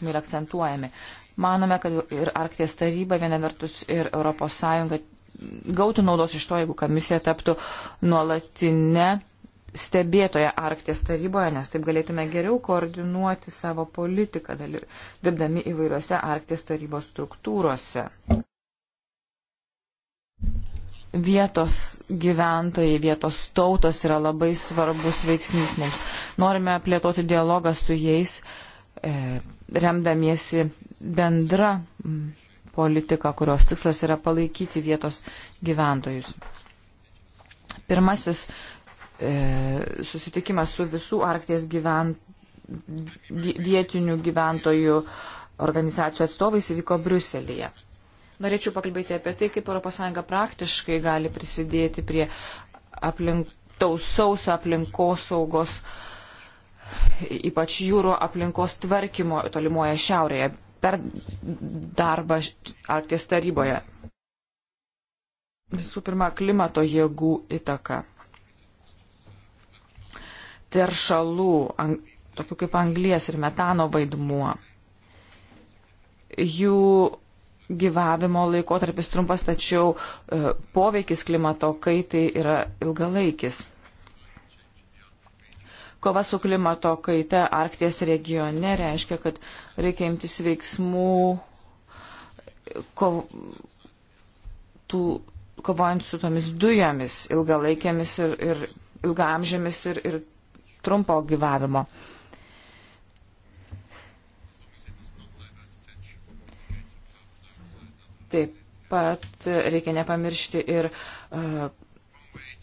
klausimai yra akcentuojami. Manome, kad ir Arkties taryba viena vertus ir ES gautų naudos iš to, jeigu komisija taptų nuolatinę stebėtoje Arkties taryboje, nes taip galėtume geriau koordinuoti savo politiką, dirbdami įvairiose Arkties tarybos struktūrose. Vietos gyventojai, vietos tautos yra labai svarbus veiksnys mums. Norime plėtoti dialogą su jais, e, remdamiesi bendra politika, kurios tikslas yra palaikyti vietos gyventojus. Pirmasis e, susitikimas su visų Arkties gyvent, vietinių gyventojų organizacijų atstovais įvyko Bruselėje. Norėčiau pakalbėti apie tai, kaip ES praktiškai gali prisidėti prie aplink, tausaus aplinkosaugos saugos ypač jūro aplinkos tvarkymo tolimoje šiaurėje per darbą Arkties taryboje. Visų pirma, klimato jėgų įtaka. Teršalų, tokių kaip anglies ir metano vaidmuo. Jų gyvavimo laikotarpis trumpas, tačiau e, poveikis klimato kaitai yra ilgalaikis. Kova su klimato kaita Arkties regione reiškia, kad reikia imtis veiksmų kov... tų, kovojant su tomis dujomis ilgalaikėmis ir, ir ilgamžėmis ir, ir trumpo gyvavimo. Taip pat reikia nepamiršti ir uh,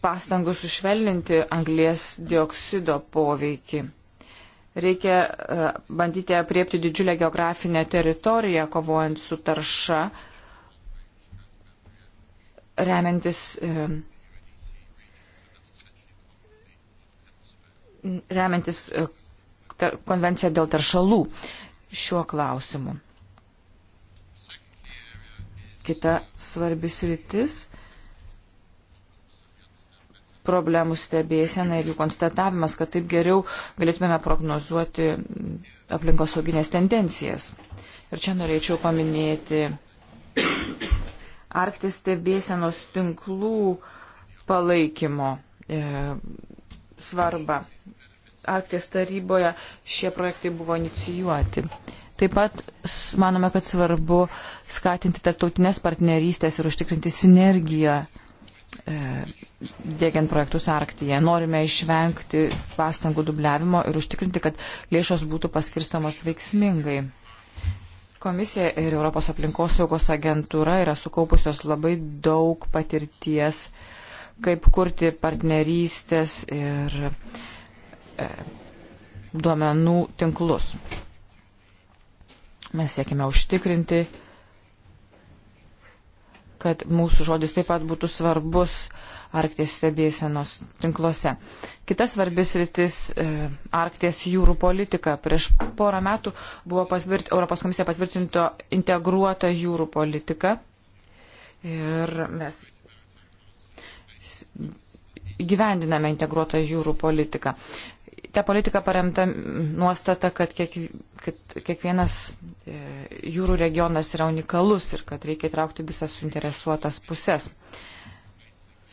pastangų sušvelninti anglės dioksido poveikį. Reikia e, bandyti apriepti didžiulę geografinę teritoriją, kovojant su tarša, remiantis, e, remiantis e, konvenciją dėl taršalų šiuo klausimu. Kita svarbis rytis problemų stebėsena ir jų konstatavimas, kad taip geriau galėtume prognozuoti aplinkosauginės tendencijas. Ir čia norėčiau paminėti Arktis stebėsenos tinklų palaikymo e, svarbą. Arktis taryboje šie projektai buvo inicijuoti. Taip pat manome, kad svarbu skatinti tarptautinės partnerystės ir užtikrinti sinergiją E, dėgiant projektus Arktyje. Norime išvengti pastangų dubliavimo ir užtikrinti, kad lėšos būtų paskirstamos veiksmingai. Komisija ir Europos aplinkos saugos agentūra yra sukaupusios labai daug patirties, kaip kurti partnerystės ir e, duomenų tinklus. Mes siekime užtikrinti kad mūsų žodis taip pat būtų svarbus Arkties stebėsenos tinkluose. Kitas svarbis rytis e, - Arkties jūrų politika. Prieš porą metų buvo patvirt, Europos komisija patvirtinto integruota jūrų politika. Ir mes gyvendiname integruotą jūrų politiką ta politika paremta nuostata, kad, kiek, kad kiekvienas e, jūrų regionas yra unikalus ir kad reikia traukti visas suinteresuotas pusės.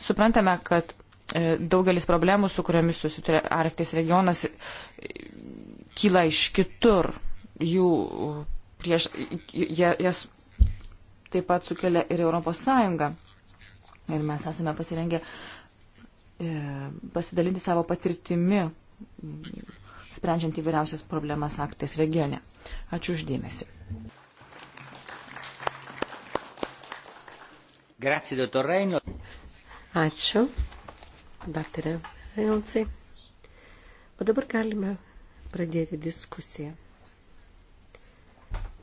Suprantame, kad e, daugelis problemų, su kuriomis susituria Arktis regionas, e, kyla iš kitur. Jų prieš, jas taip pat sukelia ir Europos Sąjunga. Ir mes esame pasirengę pasidalinti savo patirtimi sprendžiant įvairiausias problemas Arktis regione. Ačiū uždėmesi. Grazie, dottor Reino. Ačiū, daktarė Reilsai. O dabar galime pradėti diskusiją.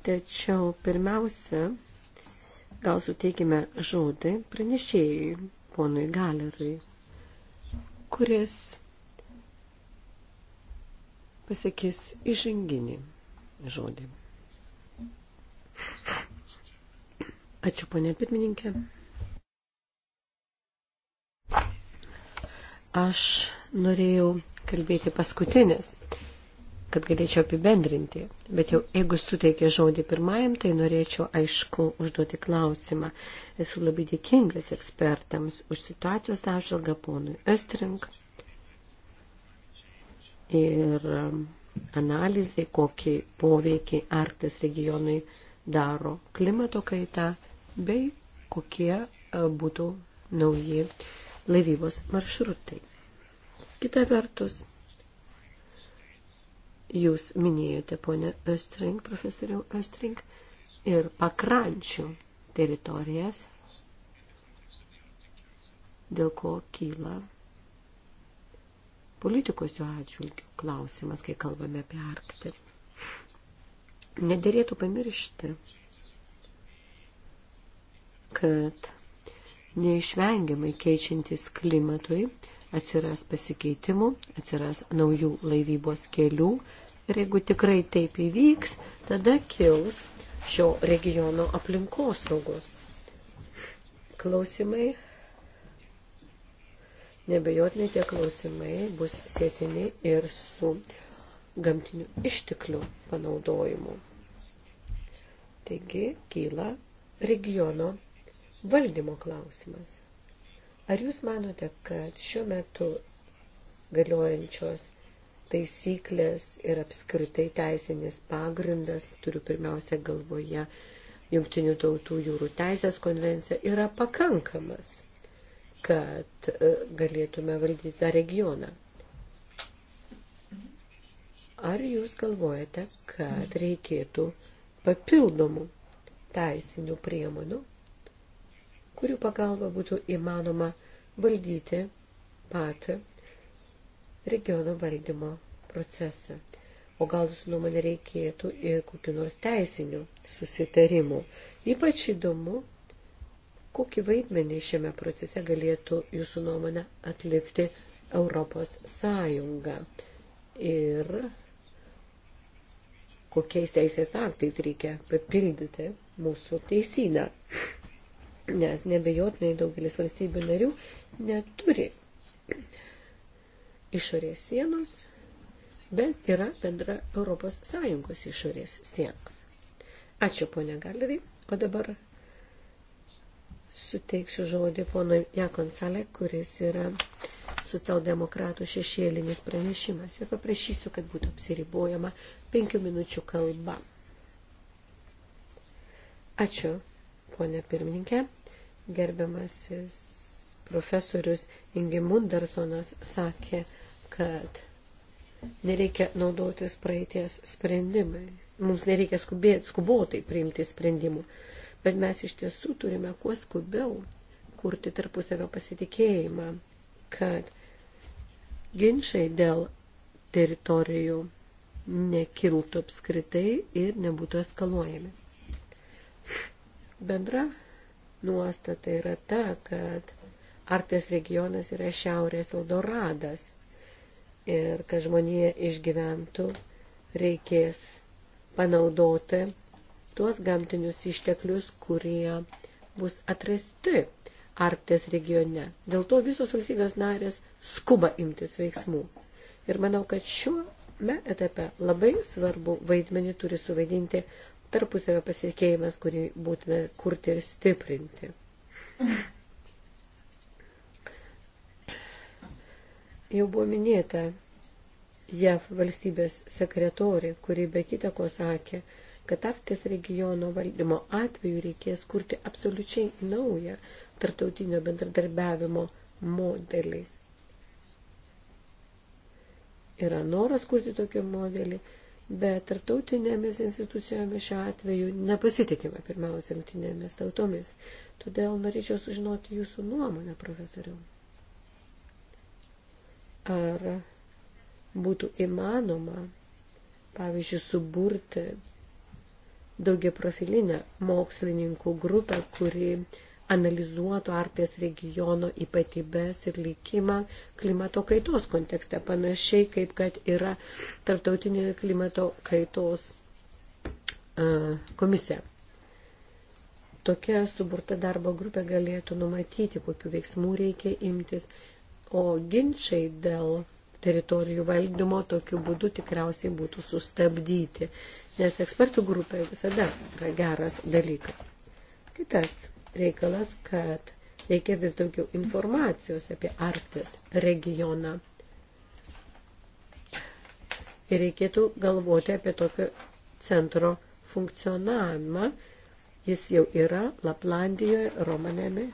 Tačiau pirmiausia, gal suteikime žodį pranešėjui, ponui Galerui, kuris pasakys išringinį žodį. Ačiū, ponė pirmininkė. Aš norėjau kalbėti paskutinės, kad galėčiau apibendrinti, bet jau jeigu suteikė žodį pirmajam, tai norėčiau aišku užduoti klausimą. Esu labai dėkingas ekspertams už situacijos apžvalgą ponui Östrink ir um, analizai, kokį poveikį Arktis regionui daro klimato kaita bei kokie e, būtų nauji laivybos maršrutai. Kita vertus, jūs minėjote, ponė Östring, profesoriau Östring, ir pakrančių teritorijas, dėl ko kyla politikos jo atžvilgių klausimas, kai kalbame apie Arktį. Nederėtų pamiršti, kad neišvengiamai keičiantis klimatui atsiras pasikeitimų, atsiras naujų laivybos kelių ir jeigu tikrai taip įvyks, tada kils šio regiono aplinkosaugos klausimai Nebejotinai tie klausimai bus sėtini ir su gamtinių išteklių panaudojimu. Taigi kyla regiono valdymo klausimas. Ar jūs manote, kad šiuo metu galiojančios taisyklės ir apskritai teisinis pagrindas, turiu pirmiausia galvoje Jungtinių tautų jūrų teisės konvencija, yra pakankamas? kad e, galėtume valdyti tą regioną. Ar jūs galvojate, kad reikėtų papildomų teisinių priemonių, kurių pagalba būtų įmanoma valdyti patį regiono valdymo procesą? O gal jūsų nuomonė reikėtų ir kokiu nors teisiniu susitarimu? Ypač įdomu kokį vaidmenį šiame procese galėtų jūsų nuomonę atlikti Europos Sąjunga ir kokiais teisės aktais reikia papildyti mūsų teisyną. Nes nebejotinai daugelis valstybių narių neturi išorės sienos, bet yra bendra Europos Sąjungos išorės siena. Ačiū, ponia Galerį, o dabar suteiksiu žodį ponui Jakonsale, kuris yra socialdemokratų šešėlinis pranešimas ir paprašysiu, kad būtų apsiribojama penkių minučių kalba. Ačiū, ponė pirmininkė. Gerbiamasis profesorius Ingimundarsonas sakė, kad nereikia naudotis praeities sprendimai. Mums nereikia skubėti, skubotai priimti sprendimų bet mes iš tiesų turime kuo skubiau kurti tarpusavio pasitikėjimą, kad ginčiai dėl teritorijų nekiltų apskritai ir nebūtų eskaluojami. Bendra nuostata yra ta, kad Arkties regionas yra šiaurės Eldoradas ir kad žmonija išgyventų reikės panaudoti tuos gamtinius išteklius, kurie bus atrasti Arkties regione. Dėl to visos valstybės narės skuba imtis veiksmų. Ir manau, kad šiuo etape labai svarbu vaidmenį turi suvaidinti tarpusavio pasitikėjimas, kurį būtina kurti ir stiprinti. Jau buvo minėta JAV valstybės sekretorė, kuri be kitako sakė, kad Afrikos regiono valdymo atveju reikės kurti absoliučiai naują tarptautinio bendradarbiavimo modelį. Yra noras kurti tokį modelį, bet tarptautinėmis institucijomis šiuo atveju nepasitikime pirmiausia jungtinėmis tautomis. Todėl norėčiau sužinoti jūsų nuomonę, profesoriau. Ar būtų įmanoma, pavyzdžiui, suburti daugia profilinę mokslininkų grupę, kuri analizuotų Arkties regiono ypatybės ir likimą klimato kaitos kontekste, panašiai kaip kad yra tarptautinė klimato kaitos uh, komisija. Tokia suburta darbo grupė galėtų numatyti, kokiu veiksmu reikia imtis, o ginčiai dėl teritorijų valdymo tokiu būdu tikriausiai būtų sustabdyti, nes ekspertų grupė visada yra geras dalykas. Kitas reikalas, kad reikia vis daugiau informacijos apie Arktis regioną. Ir reikėtų galvoti apie tokio centro funkcionavimą. Jis jau yra Laplandijoje, Romanėme,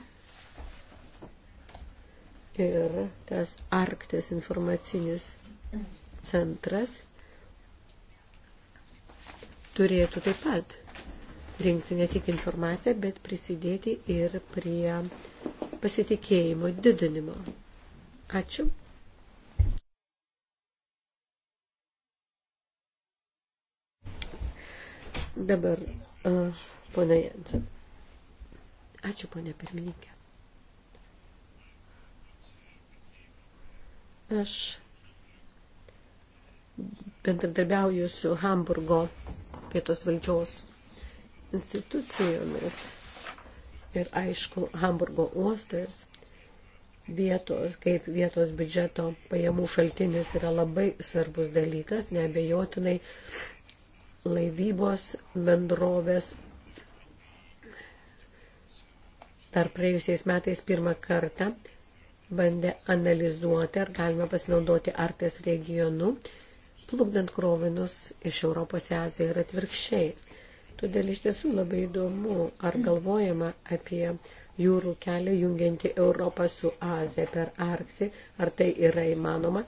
ir tas Arktis informacinis centras turėtų taip pat rinkti ne tik informaciją, bet prisidėti ir prie pasitikėjimo didinimo. Ačiū. Dabar, uh, ponia Jensen. Ačiū, ponia pirmininkė. Aš bendradarbiauju su Hamburgo vietos valdžios institucijomis ir aišku Hamburgo uostas vietos, kaip vietos biudžeto pajamų šaltinis yra labai svarbus dalykas, neabejotinai laivybos bendrovės dar praėjusiais metais pirmą kartą bandė analizuoti, ar galima pasinaudoti Arkties regionu, plukdant krovinus iš Europos į Aziją ir atvirkščiai. Todėl iš tiesų labai įdomu, ar galvojama apie jūrų kelią jungianti Europą su Azija per Arktį, ar tai yra įmanoma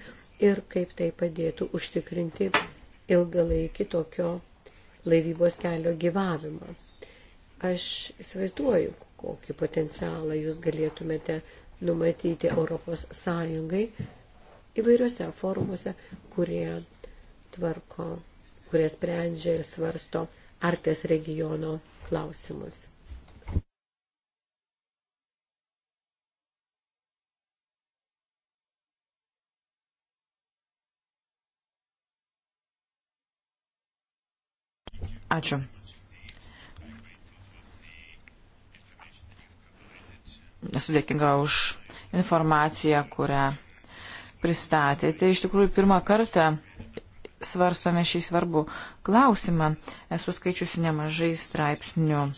ir kaip tai padėtų užtikrinti ilgalaikį tokio laivybos kelio gyvavimą. Aš įsivaizduoju, kokį potencialą jūs galėtumėte uh, numatyti Europos Sąjungai įvairiuose forumuose, kurie tvarko, kurie sprendžia ir svarsto Arkties regiono klausimus. Ačiū. esu dėkinga už informaciją, kurią pristatėte. Iš tikrųjų, pirmą kartą svarstome šį svarbų klausimą. Esu skaičiusi nemažai straipsnių e,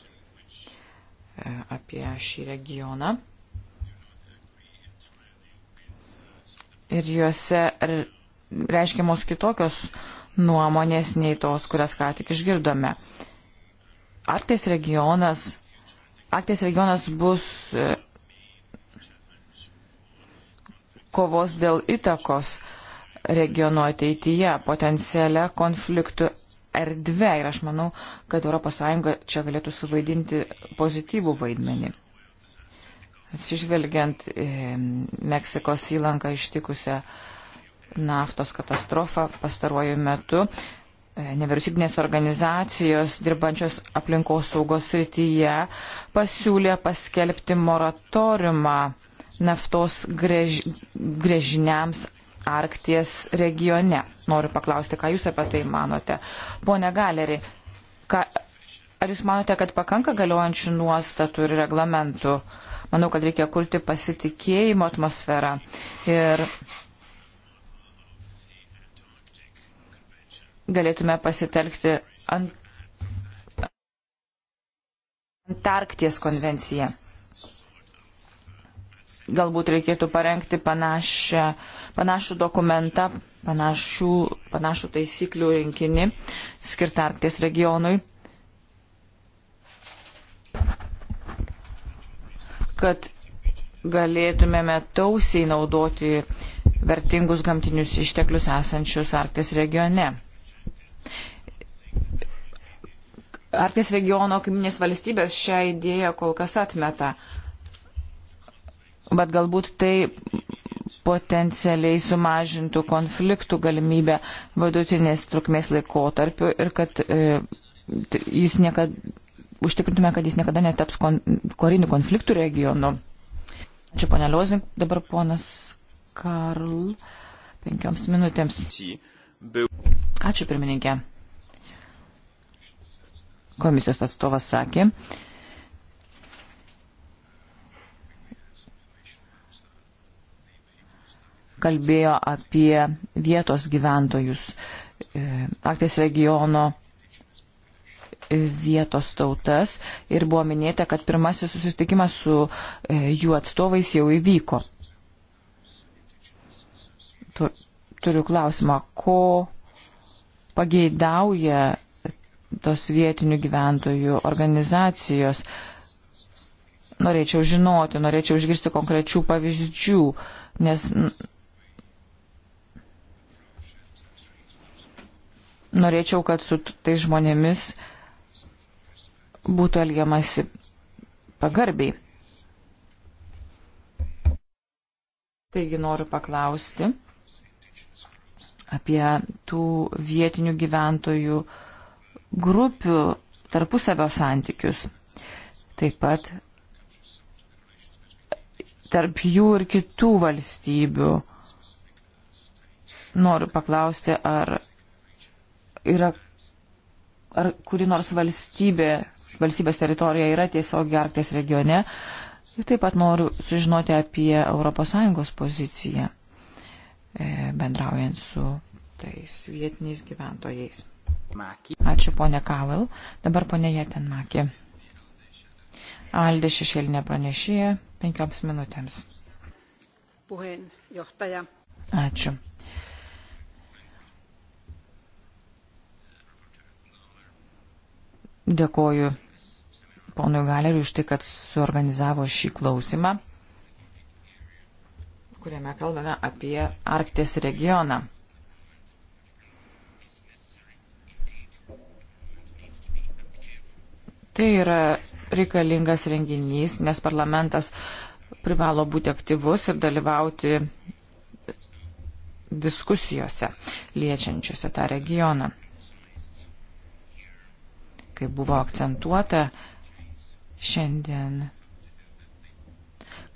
apie šį regioną. Ir juose reiškiamos kitokios nuomonės nei tos, kurias ką tik išgirdome. Arktis regionas, Arktis regionas bus e, kovos dėl įtakos regiono ateityje, potencialia konfliktų erdve. Ir aš manau, kad ES čia galėtų suvaidinti pozityvų vaidmenį. Atsižvelgiant Meksikos įlanką ištikusią naftos katastrofą pastaruoju metu, e, nevyriausybinės organizacijos dirbančios aplinkos saugos srityje pasiūlė paskelbti moratoriumą naftos grež, grežiniams Arkties regione. Noriu paklausti, ką Jūs apie tai manote. Pone Galeri, ką, ar Jūs manote, kad pakanka galiojančių nuostatų ir reglamentų? Manau, kad reikia kurti pasitikėjimo atmosferą. Ir galėtume pasitelkti ant Antarkties konvenciją galbūt reikėtų parengti panašią, panašų dokumentą, panašių, panašų taisyklių rinkinį skirtą Arkties regionui, kad galėtumėme tausiai naudoti vertingus gamtinius išteklius esančius Arkties regione. Arkties regiono kaiminės valstybės šią idėją kol kas atmeta bet galbūt tai potencialiai sumažintų konfliktų galimybę vidutinės trukmės laikotarpiu ir kad e, jis niekada, užtikrintume, kad jis niekada netaps kon, korinių konfliktų regionu. Ačiū, ponia Liozink, dabar ponas Karl, penkioms minutėms. Ačiū, pirmininkė. Komisijos atstovas sakė, kalbėjo apie vietos gyventojus, e, Arkties regiono e, vietos tautas ir buvo minėta, kad pirmasis susitikimas su e, jų atstovais jau įvyko. Turiu klausimą, ko pageidauja tos vietinių gyventojų organizacijos. Norėčiau žinoti, norėčiau išgirsti konkrečių pavyzdžių, nes norėčiau, kad su tais žmonėmis būtų elgiamasi pagarbiai. Taigi noriu paklausti apie tų vietinių gyventojų grupių tarpusavio santykius. Taip pat tarp jų ir kitų valstybių. Noriu paklausti, ar yra, ar kuri nors valstybė, valstybės teritorija yra tiesiog Arkties regione. Ir taip pat noriu sužinoti apie ES poziciją e, bendraujant su tais vietiniais gyventojais. Ačiū ponė Kavel, dabar ponė Jetenmakė. Aldė šešėlinė pranešėja penkioms minutėms. Ačiū. Dėkoju ponui Galeriu už tai, kad suorganizavo šį klausimą, kuriame kalbame apie Arktės regioną. Tai yra reikalingas renginys, nes parlamentas privalo būti aktyvus ir dalyvauti diskusijose liečiančiuose tą regioną kaip buvo akcentuota šiandien.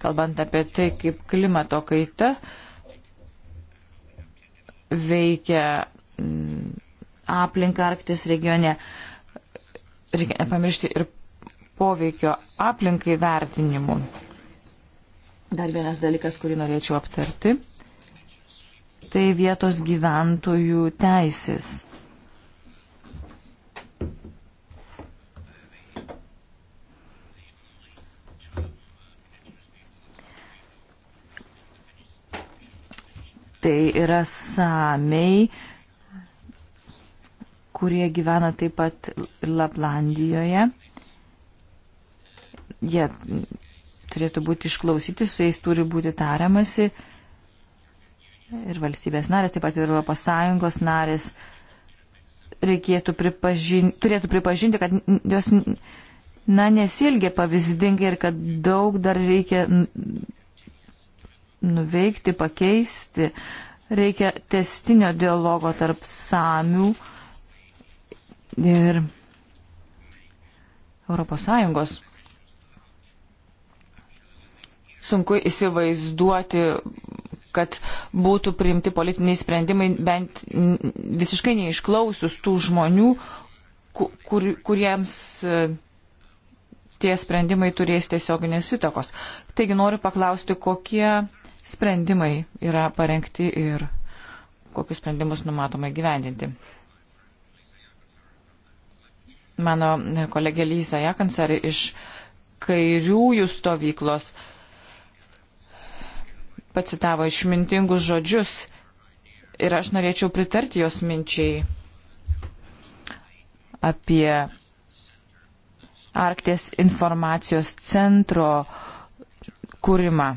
Kalbant apie tai, kaip klimato kaita veikia mm, aplinką Arktis regione, reikia nepamiršti ir poveikio aplinkai vertinimu. Dar vienas dalykas, kurį norėčiau aptarti, tai vietos gyventojų teisės. tai yra samiai, kurie gyvena taip pat Laplandijoje. Jie turėtų būti išklausyti, su jais turi būti tariamasi ir valstybės narės, taip pat ir Europos Sąjungos narės reikėtų pripažinti, turėtų pripažinti, kad jos, na, nesilgia pavyzdingai ir kad daug dar reikia nuveikti, pakeisti. Reikia testinio dialogo tarp samių ir ES. Sunku įsivaizduoti, kad būtų priimti politiniai sprendimai bent visiškai neišklausus tų žmonių, kur, kuriems e, tie sprendimai turės tiesioginės įtakos. Taigi noriu paklausti, kokie sprendimai yra parengti ir kokius sprendimus numatoma gyvendinti. Mano kolegė Lysa Jakansari iš kairiųjų stovyklos pacitavo išmintingus žodžius ir aš norėčiau pritarti jos minčiai apie Arkties informacijos centro kūrimą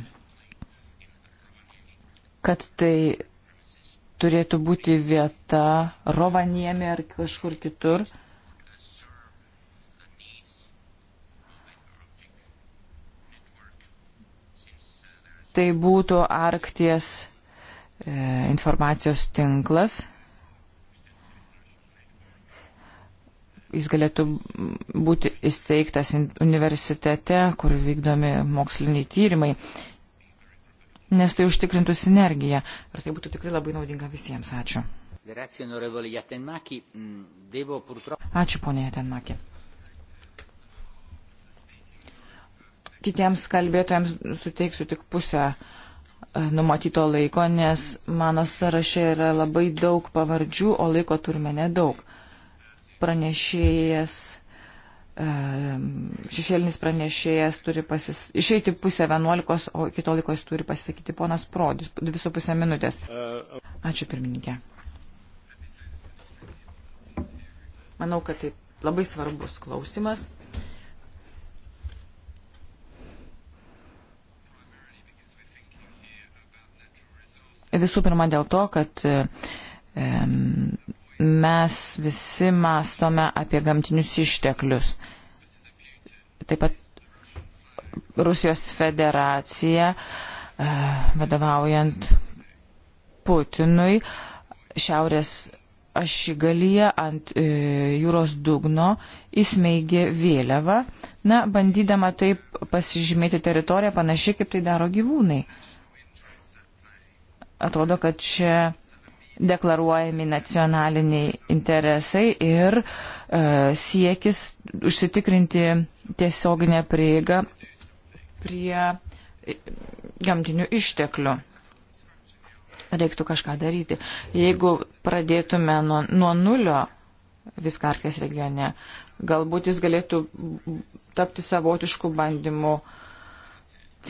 kad tai turėtų būti vieta Rovaniemi ar kažkur kitur. Tai būtų Arkties e, informacijos tinklas. Jis galėtų būti įsteigtas universitete, kur vykdomi moksliniai tyrimai. E, nes tai užtikrintų sinergiją ir tai būtų tikrai labai naudinga visiems. Ačiū. Mm, Ačiū, ponė Jatenmaki. Kitiems kalbėtojams suteiksiu tik pusę e, numatyto laiko, nes mano sąraše yra labai daug pavardžių, o laiko turime nedaug. Pranešėjas šešėlinis pranešėjas turi pasis... išeiti pusę vienuolikos, o iki to laiko jis turi pasisakyti ponas Prodis, dvi su pusę minutės. Ačiū pirmininkė. Manau, kad tai labai svarbus klausimas. Visų pirma dėl to, kad um, mes visi mąstome apie gamtinius išteklius. Taip pat Rusijos federacija, e, vadovaujant Putinui, šiaurės ašigalyje ant e, jūros dugno įsmeigė vėliavą, na, bandydama taip pasižymėti teritoriją panašiai, kaip tai daro gyvūnai. Atrodo, kad čia deklaruojami nacionaliniai interesai ir e, siekis užsitikrinti tiesioginę prieigą prie e, gamtinių išteklių. Reiktų kažką daryti. Jeigu pradėtume nuo, nuo nulio Viskarkės regione, galbūt jis galėtų tapti savotiškų bandymų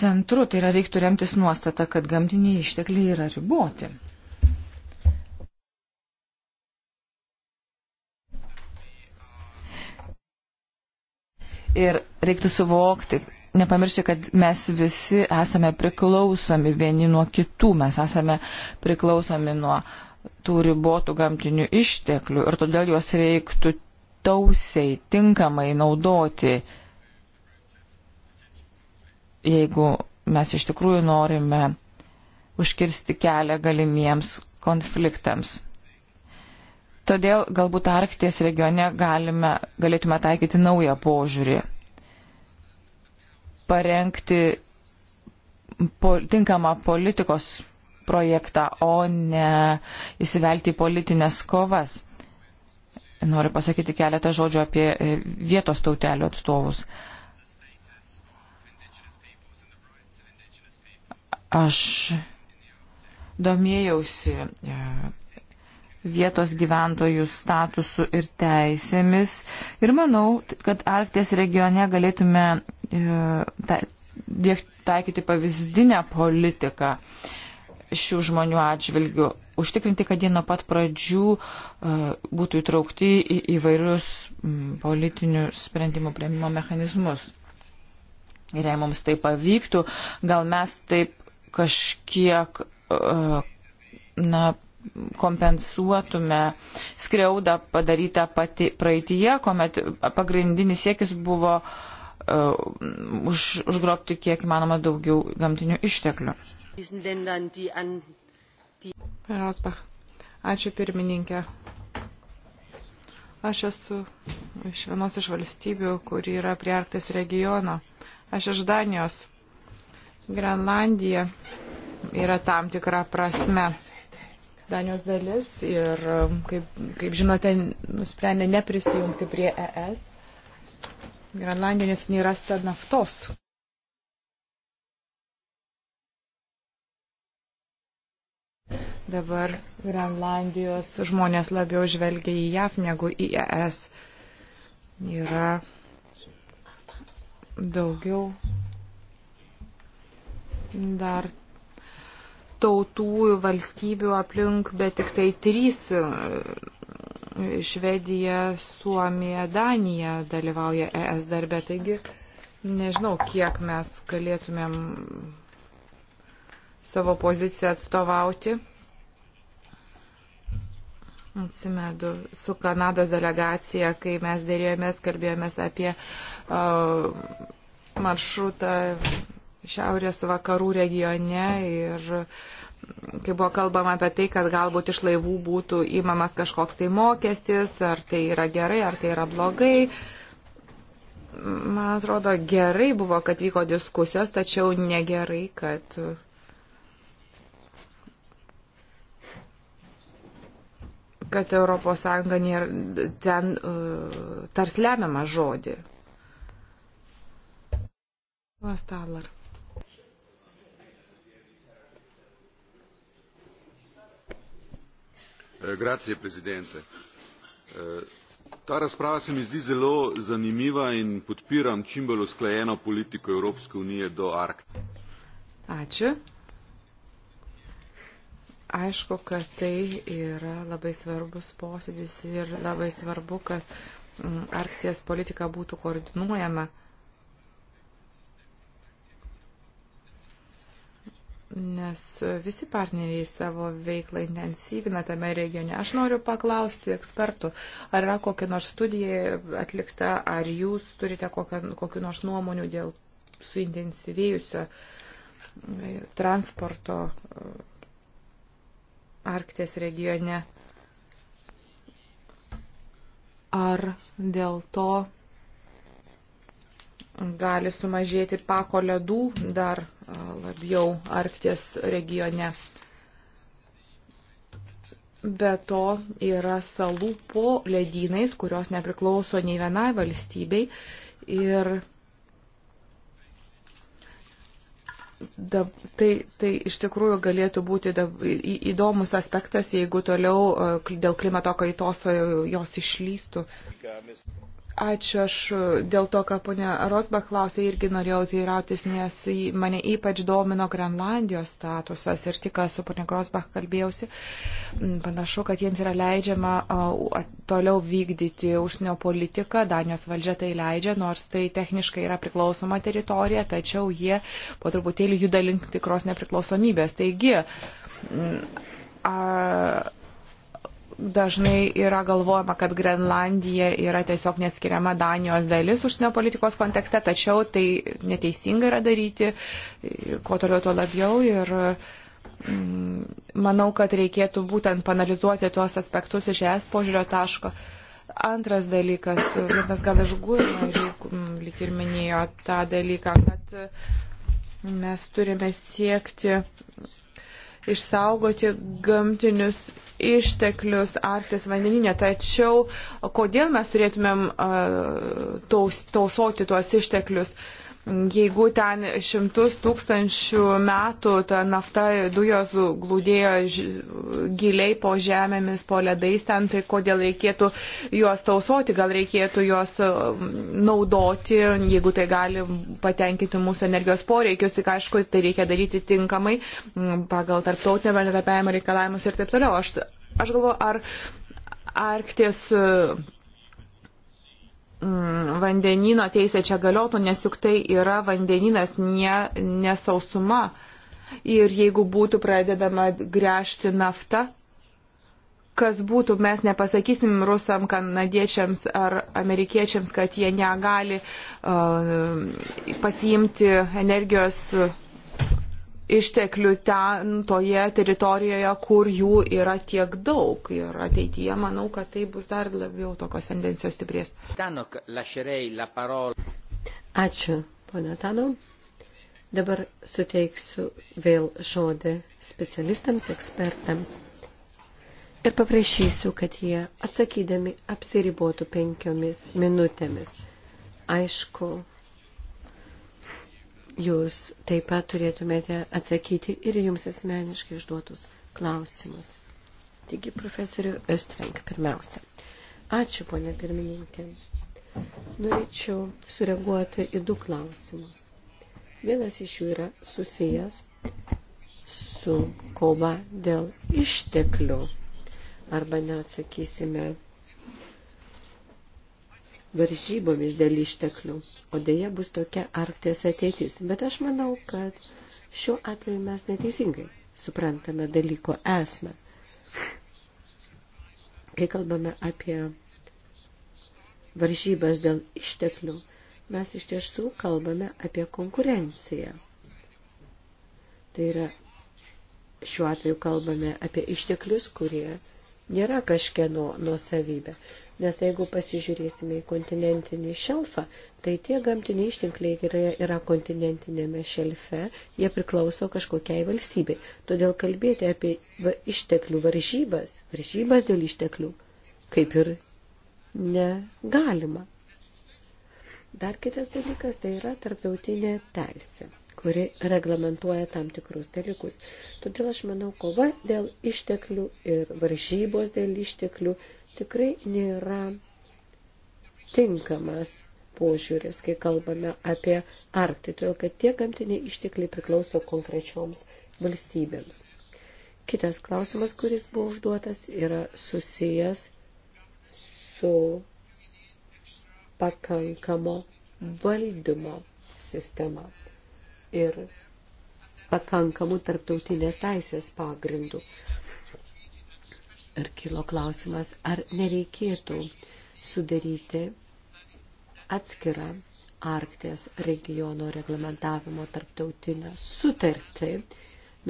centru, tai yra reiktų remtis nuostata, kad gamtiniai ištekliai yra riboti. Ir reiktų suvokti, nepamiršti, kad mes visi esame priklausomi vieni nuo kitų, mes esame priklausomi nuo tų ribotų gamtinių išteklių ir todėl juos reiktų tausiai, tinkamai naudoti, jeigu mes iš tikrųjų norime užkirsti kelią galimiems konfliktams. Todėl galbūt Arkties regione galime, galėtume taikyti naują požiūrį, parengti po, tinkamą politikos projektą, o ne įsivelti į politinės kovas. Noriu pasakyti keletą žodžių apie e, vietos tautelių atstovus. Aš domėjausi e, vietos gyventojų statusu ir teisėmis. Ir manau, kad Arkties regione galėtume e, taikyti pavyzdinę politiką šių žmonių atžvilgių, užtikrinti, kad jie nuo pat pradžių e, būtų įtraukti į įvairius politinių sprendimų prieimimo mechanizmus. Ir jei mums tai pavyktų, gal mes taip kažkiek e, na, kompensuotume skriaudą padarytą pati praeitie, kuomet pagrindinis siekis buvo uh, už, užgrobti kiek manoma daugiau gamtinių išteklių. Rasbach. Ačiū pirmininkė. Aš esu iš vienos iš valstybių, kur yra prie Arktis regiono. Aš iš Danijos. Grenlandija yra tam tikra prasme Danijos dalis ir, um, kaip, kaip žinote, nusprendė neprisijungti prie ES. Grenlandija nesiniai rasta naftos. Dabar Grenlandijos žmonės labiau žvelgia į JAF negu į ES. Yra daugiau dar tautų valstybių aplink, bet tik tai trys e, Švedija, Suomija, Danija dalyvauja ES darbe. Taigi nežinau, kiek mes galėtumėm savo poziciją atstovauti. Atsimedu, su Kanados delegacija, kai mes dėrėjomės, kalbėjomės apie uh, maršrutą šiaurės vakarų regione ir kai buvo kalbama apie tai, kad galbūt iš laivų būtų įmamas kažkoks tai mokestis, ar tai yra gerai, ar tai yra blogai. Man atrodo, gerai buvo, kad vyko diskusijos, tačiau negerai, kad kad ES ten uh, e, tars lemiamą žodį. Vastalar. Eh, grazie, prezidente. Eh, Ta razprava se mi zdi zelo zanimiva in podpiram čim bolj usklajeno politiko Evropske unije do Arktike. Ačiū. Aišku, kad tai yra labai svarbus posėdis ir labai svarbu, kad mm, Arkties politika būtų koordinuojama. nes visi partneriai savo veiklą intensyvina tame regione. Aš noriu paklausti ekspertų, ar yra kokia nors studija atlikta, ar jūs turite kokią, kokiu nors nuomonių dėl suintensyvėjusio e, transporto e, Arktės regione. Ar dėl to gali sumažėti pako ledų dar labiau Arkties regione. Be to yra salų po ledynais, kurios nepriklauso nei vienai valstybei. Ir da, tai, tai iš tikrųjų galėtų būti da, į, įdomus aspektas, jeigu toliau dėl klimato kaitos jos išlystų. Ačiū aš dėl to, ką ponia Rosbach klausė, irgi norėjau tai rautis, nes mane ypač domino Grenlandijos statusas ir tik su ponia Rosbach kalbėjausi. Mm, panašu, kad jiems yra leidžiama toliau vykdyti užsienio politiką, Danijos valdžia tai leidžia, nors tai techniškai yra priklausoma teritorija, tačiau jie po truputėlį juda link tikros nepriklausomybės. Taigi, mm, a, dažnai yra galvojama, kad Grenlandija yra tiesiog neatskiriama Danijos dalis užsienio politikos kontekste, tačiau tai neteisinga yra daryti, kuo toliau tuo labiau. Ir mm, manau, kad reikėtų būtent panalizuoti tuos aspektus iš es požiūrio taško. Antras dalykas, vienas gal iš gūrių, mm, lyg ir minėjo tą dalyką, kad mes turime siekti išsaugoti gamtinius išteklius Arktis vandeninė. Tačiau kodėl mes turėtumėm uh, taus, tausoti tuos išteklius? Uh, Jeigu ten šimtus tūkstančių metų ta nafta dujos glūdėjo giliai po žemėmis, po ledais ten, tai kodėl reikėtų juos tausoti, gal reikėtų juos e, naudoti, jeigu tai gali patenkinti mūsų energijos poreikius, tik aišku, tai reikia daryti tinkamai pagal tarptautinio bendradarbiavimo reikalavimus ir taip toliau. Aš, aš galvoju, ar Arkties. Uh, Mm, vandenino teisė čia galiotų, nes juk tai yra vandeninas, ne, ne sausuma. Ir jeigu būtų pradedama gręžti naftą, kas būtų, mes nepasakysim rusam, kanadiečiams ar amerikiečiams, kad jie negali uh, pasiimti energijos. Uh, išteklių ten, toje teritorijoje, kur jų yra tiek daug. Ir ateityje manau, kad tai bus dar labiau tokios tendencijos stiprės. Tanok, Ačiū, ponė Tano. Dabar suteiksiu vėl žodį specialistams, ekspertams ir paprašysiu, kad jie atsakydami apsiribotų penkiomis minutėmis. Aišku, jūs taip pat turėtumėte atsakyti ir jums asmeniškai išduotus klausimus. Taigi, profesoriu Östrenk, pirmiausia. Ačiū, ponė pirmininkė. Norėčiau sureaguoti į du klausimus. Vienas iš jų yra susijęs su kova dėl išteklių arba net, sakysime, varžybomis dėl išteklių, o dėja bus tokia Arkties ateitis. Bet aš manau, kad šiuo atveju mes neteisingai suprantame dalyko esmę. Kai kalbame apie varžybas dėl išteklių, mes iš tiesų kalbame apie konkurenciją. Tai yra, šiuo atveju kalbame apie išteklius, kurie nėra kažkieno nuosavybė. Nes jeigu pasižiūrėsime į kontinentinį šelfą, tai tie gamtiniai ištinkliai yra, yra kontinentinėme šelfe, jie priklauso kažkokiai valstybei. Todėl kalbėti apie va, išteklių varžybas, varžybas dėl išteklių, kaip ir negalima. Dar kitas dalykas tai yra tarptautinė teisė, kuri reglamentuoja tam tikrus dalykus. Todėl aš manau, kova dėl išteklių ir varžybos dėl išteklių tikrai nėra tinkamas požiūris, kai kalbame apie Arktį, todėl kad tie gamtiniai ištekliai priklauso konkrečioms valstybėms. Kitas klausimas, kuris buvo užduotas, yra susijęs su pakankamo valdymo sistema ir pakankamų tarptautinės teisės pagrindų ir kilo klausimas, ar nereikėtų sudaryti atskirą Arktės regiono reglamentavimo tarptautinę sutartį,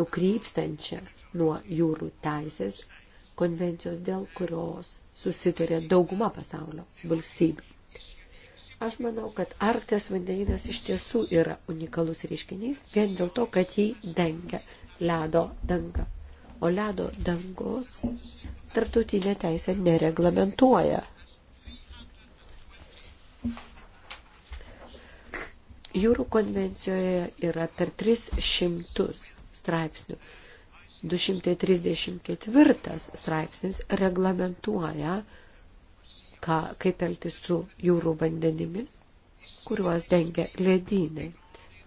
nukrypstančią nuo jūrų teisės konvencijos, dėl kurios susitarė dauguma pasaulio valstybių. Aš manau, kad Arktės vandeninas iš tiesų yra unikalus reiškinys vien dėl to, kad jį dengia ledo danga. O ledo dangos tarptautinė teisė nereglamentuoja. Jūrų konvencijoje yra per 300 straipsnių. 234 straipsnis reglamentuoja, ką, kaip elgtis su jūrų vandenimis, kuriuos dengia ledynai.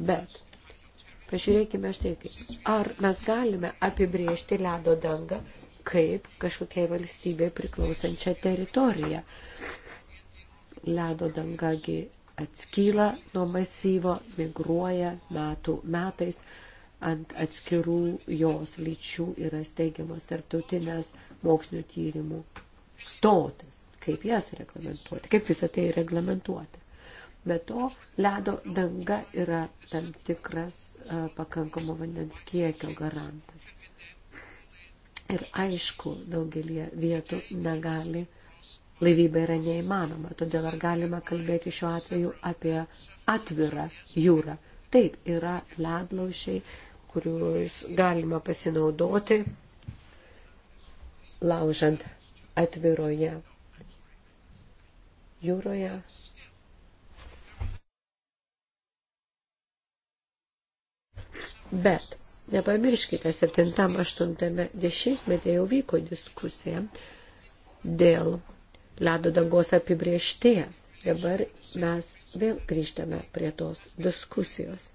Bet pažiūrėkime štai kaip. Ar mes galime apibriežti ledo dangą kaip kažkokiai valstybė priklausančią teritoriją. Ledo dangagi atskyla nuo masyvo, migruoja metų metais, ant atskirų jos lyčių yra steigiamos tarptautinės mokslinio tyrimų stotis. Kaip jas reglamentuoti, kaip visą tai reglamentuoti. Be to, ledo danga yra tam tikras a, pakankamo vandens kiekio garantas. Ir aišku, daugelie vietų negali, laivybė yra neįmanoma, todėl ar galima kalbėti šiuo atveju apie atvirą jūrą. Taip, yra ledlaušiai, kuriuos galima pasinaudoti, laužant atviroje jūroje. Bet Nepamirškite, 7-8 dešimtmetį jau vyko diskusija dėl ledo dangos apibriešties. Dabar mes vėl grįžtame prie tos diskusijos.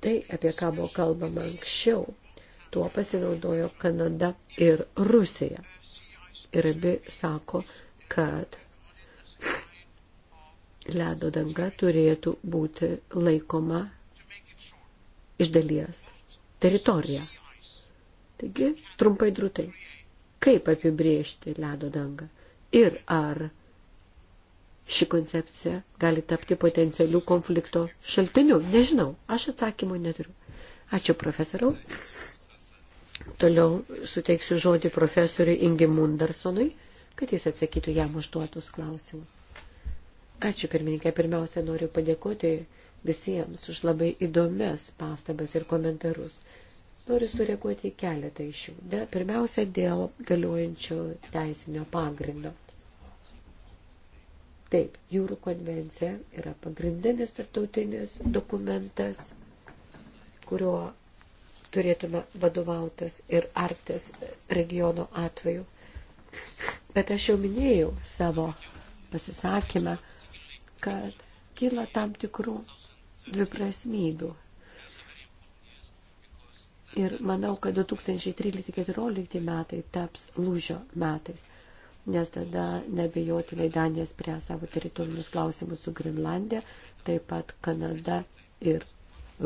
Tai, apie ką buvo kalbama anksčiau, tuo pasinaudojo Kanada ir Rusija. Ir abi sako, kad ledo danga turėtų būti laikoma iš dalies teritoriją. Taigi, trumpai drūtai, kaip apibriežti ledo dangą ir ar ši koncepcija gali tapti potencialių konflikto šaltiniu. Nežinau, aš atsakymo neturiu. Ačiū profesoriau. Toliau suteiksiu žodį profesoriui Ingi Mundarsonui, kad jis atsakytų jam užduotus klausimus. Ačiū pirmininkė. Pirmiausia, noriu padėkoti visiems už labai įdomias pastabas ir komentarus. Noriu sureaguoti į keletą iš jų. De, pirmiausia, dėl galiojančio teisinio pagrindo. Taip, jūrų konvencija yra pagrindinis tarptautinis dokumentas, kuriuo turėtume vadovautas ir Arktis regiono atveju. Bet aš jau minėjau savo pasisakymą, kad kyla tam tikrų dviprasmybių. Ir manau, kad 2013-2014 metai taps lūžio metais, nes tada nebejotinai Danija spręs savo teritorinius klausimus su Grenlandija, taip pat Kanada ir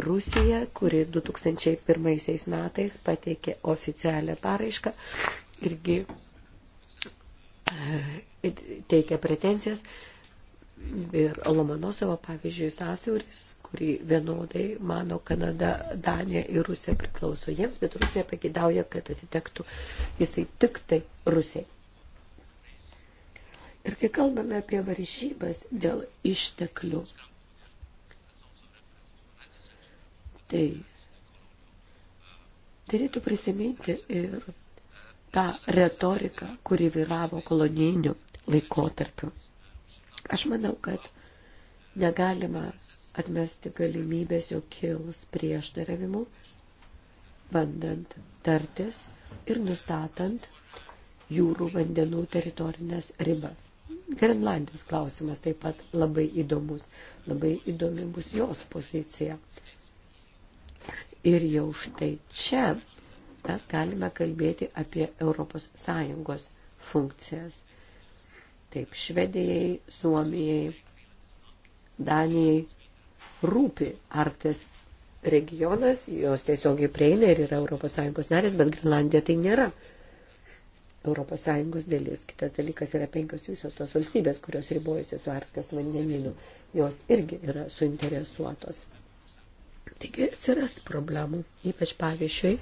Rusija, kuri 2001 metais pateikė oficialią paraišką irgi e, teikia pretencijas ir Lomonosovo, pavyzdžiui, sąsiauris kurį vienodai mano Kanada, Danija ir Rusija priklauso jiems, bet Rusija pagidauja, kad atitektų jisai tik tai Rusijai. Ir kai kalbame apie varžybas dėl išteklių, tai Turėtų prisiminti ir tą retoriką, kuri vyravo kolonijiniu laikotarpiu. Aš manau, kad negalima atmesti galimybės, jog kilus prieštaravimu, bandant tartis ir nustatant jūrų vandenų teritorinės ribas. Grenlandijos klausimas taip pat labai įdomus, labai įdomi bus jos pozicija. Ir jau štai čia mes galime kalbėti apie ES funkcijas. Taip, Švedijai, Suomijai, Danijai rūpi Arktis regionas, jos tiesiogiai prieina ir yra ES narės, bet Grenlandija tai nėra ES dalis. Kitas dalykas yra penkios visos tos valstybės, kurios ribojasi su Arktis vandeninu, jos irgi yra suinteresuotos. Taigi atsiras problemų, ypač pavyzdžiui,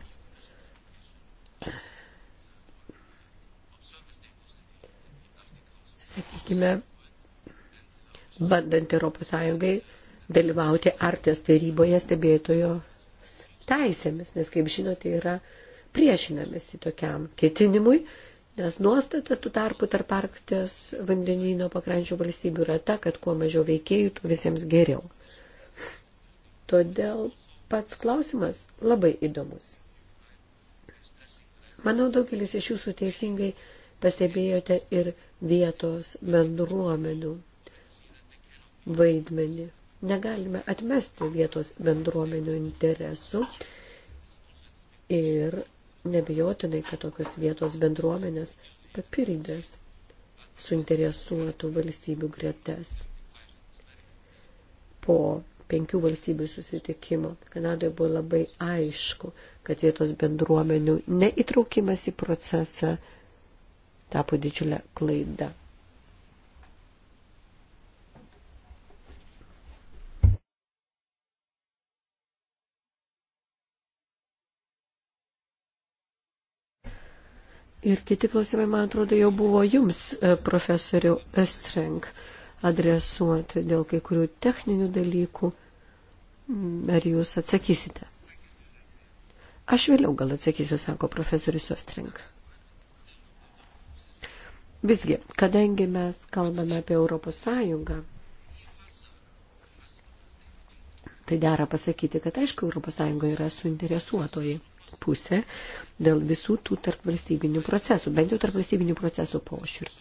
sakykime, bandant Europos Sąjungai dalyvauti artės taryboje stebėtojo teisėmis, nes, kaip žinote, yra priešinamėsi tokiam ketinimui, nes nuostata tų tarpų tarp arktės vandenyno pakrančių valstybių yra ta, kad kuo mažiau veikėjų, tuo visiems geriau. Todėl pats klausimas labai įdomus. Manau, daugelis iš jūsų teisingai pastebėjote ir vietos bendruomenių vaidmenį. Negalime atmesti vietos bendruomenių interesų ir nebijotinai, kad tokios vietos bendruomenės papildės suinteresuotų valstybių gretes. Po penkių valstybių susitikimo Kanadoje buvo labai aišku, kad vietos bendruomenių neįtraukimas į procesą tapo didžiulę klaidą. Ir kiti klausimai, man atrodo, jau buvo jums, e, profesoriu Estrenk, adresuoti dėl kai kurių techninių dalykų. Mm, ar jūs atsakysite? Aš vėliau gal atsakysiu, sako profesorius Ostrenk. Visgi, kadangi mes kalbame apie Europos Sąjungą, tai dera pasakyti, kad aišku, Europos Sąjunga yra suinteresuotojai pusę dėl visų tų tarpvalstybinių procesų, bent jau tarpvalstybinių procesų pošiūrį.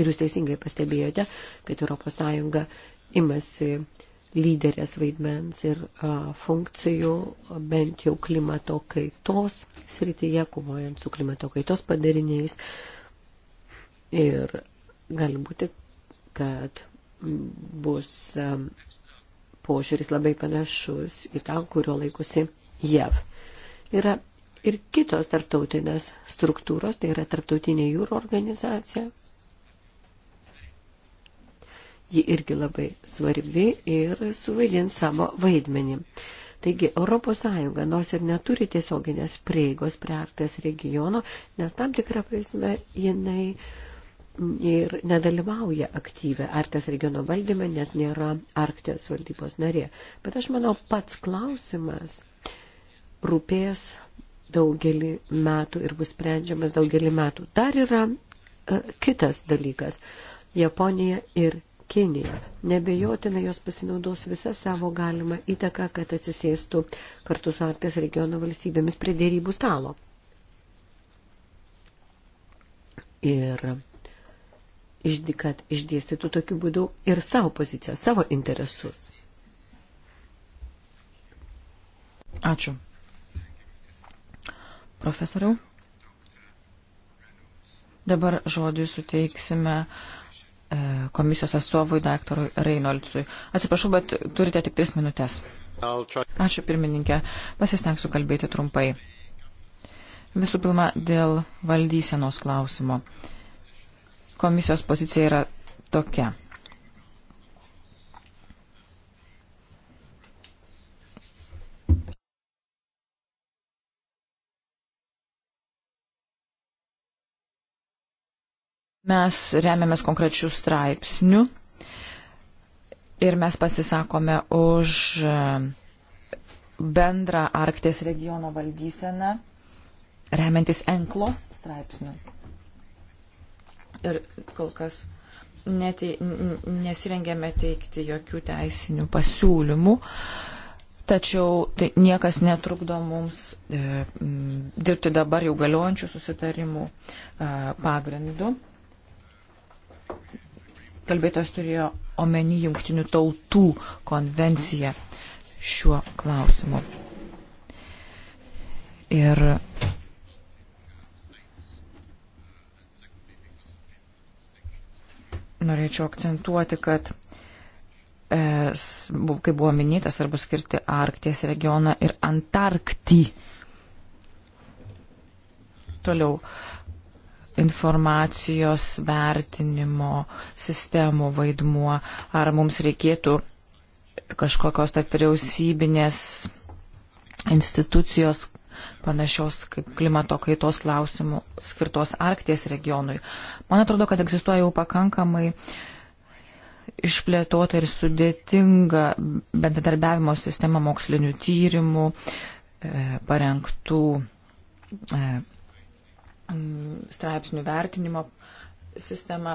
Ir jūs teisingai pastebėjote, kad ES imasi lyderės vaidmens ir a, funkcijų bent jau klimato kaitos srityje, kovojant su klimato kaitos padariniais. Ir gali būti, kad bus a, požiūris labai panašus į tą, kurio laikosi JAV. E yra ir kitos tarptautinės struktūros, tai yra tarptautinė jūro organizacija. Ji irgi labai svarbi ir suvaidins savo vaidmenį. Taigi, ES nors ir neturi tiesioginės prieigos prie Arkties regiono, nes tam tikrą prasme jinai ir nedalyvauja aktyvę Arkties regiono valdyme, nes nėra Arkties valdybos narė. Bet aš manau, pats klausimas – rūpės daugelį metų ir bus sprendžiamas daugelį metų. Dar yra uh, kitas dalykas. Japonija ir Kinija. Nebejotinai jos pasinaudos visą savo galimą įtaką, kad atsisėstų kartu su Arktis regiono valstybėmis prie dėrybų stalo. Ir kad išdėstytų tokiu būdu ir savo poziciją, savo interesus. Ačiū profesoriau. Dabar žodį suteiksime e, komisijos atstovui daktarui Reinoldsui. Atsiprašau, bet turite tik tris minutės. Ačiū pirmininkė. Pasistengsiu kalbėti trumpai. Visų pirma, dėl valdysenos klausimo. Komisijos pozicija yra tokia. Mes remiamės konkrečių straipsnių ir mes pasisakome už e, bendrą Arktės regiono valdyseną, remiantis enklos straipsnių. Ir kol kas netei, nesirengėme teikti jokių teisinių pasiūlymų, tačiau tai niekas netrukdo mums e, dirbti dabar jau galiojančių susitarimų e, pagrindu. Kalbėtojas turėjo omeny jungtinių tautų konvenciją šiuo klausimu. Ir norėčiau akcentuoti, kad e, kaip buvo minėtas, arba skirti Arkties regioną ir Antarktį. Toliau. Uh, informacijos vertinimo sistemų vaidmuo, ar mums reikėtų kažkokios tarp vyriausybinės institucijos panašios kaip klimato kaitos klausimų skirtos Arkties regionui. Man atrodo, kad egzistuoja jau pakankamai išplėtota ir sudėtinga bendradarbiavimo sistema mokslinių tyrimų, e, parengtų e, Mm, straipsnių vertinimo sistemą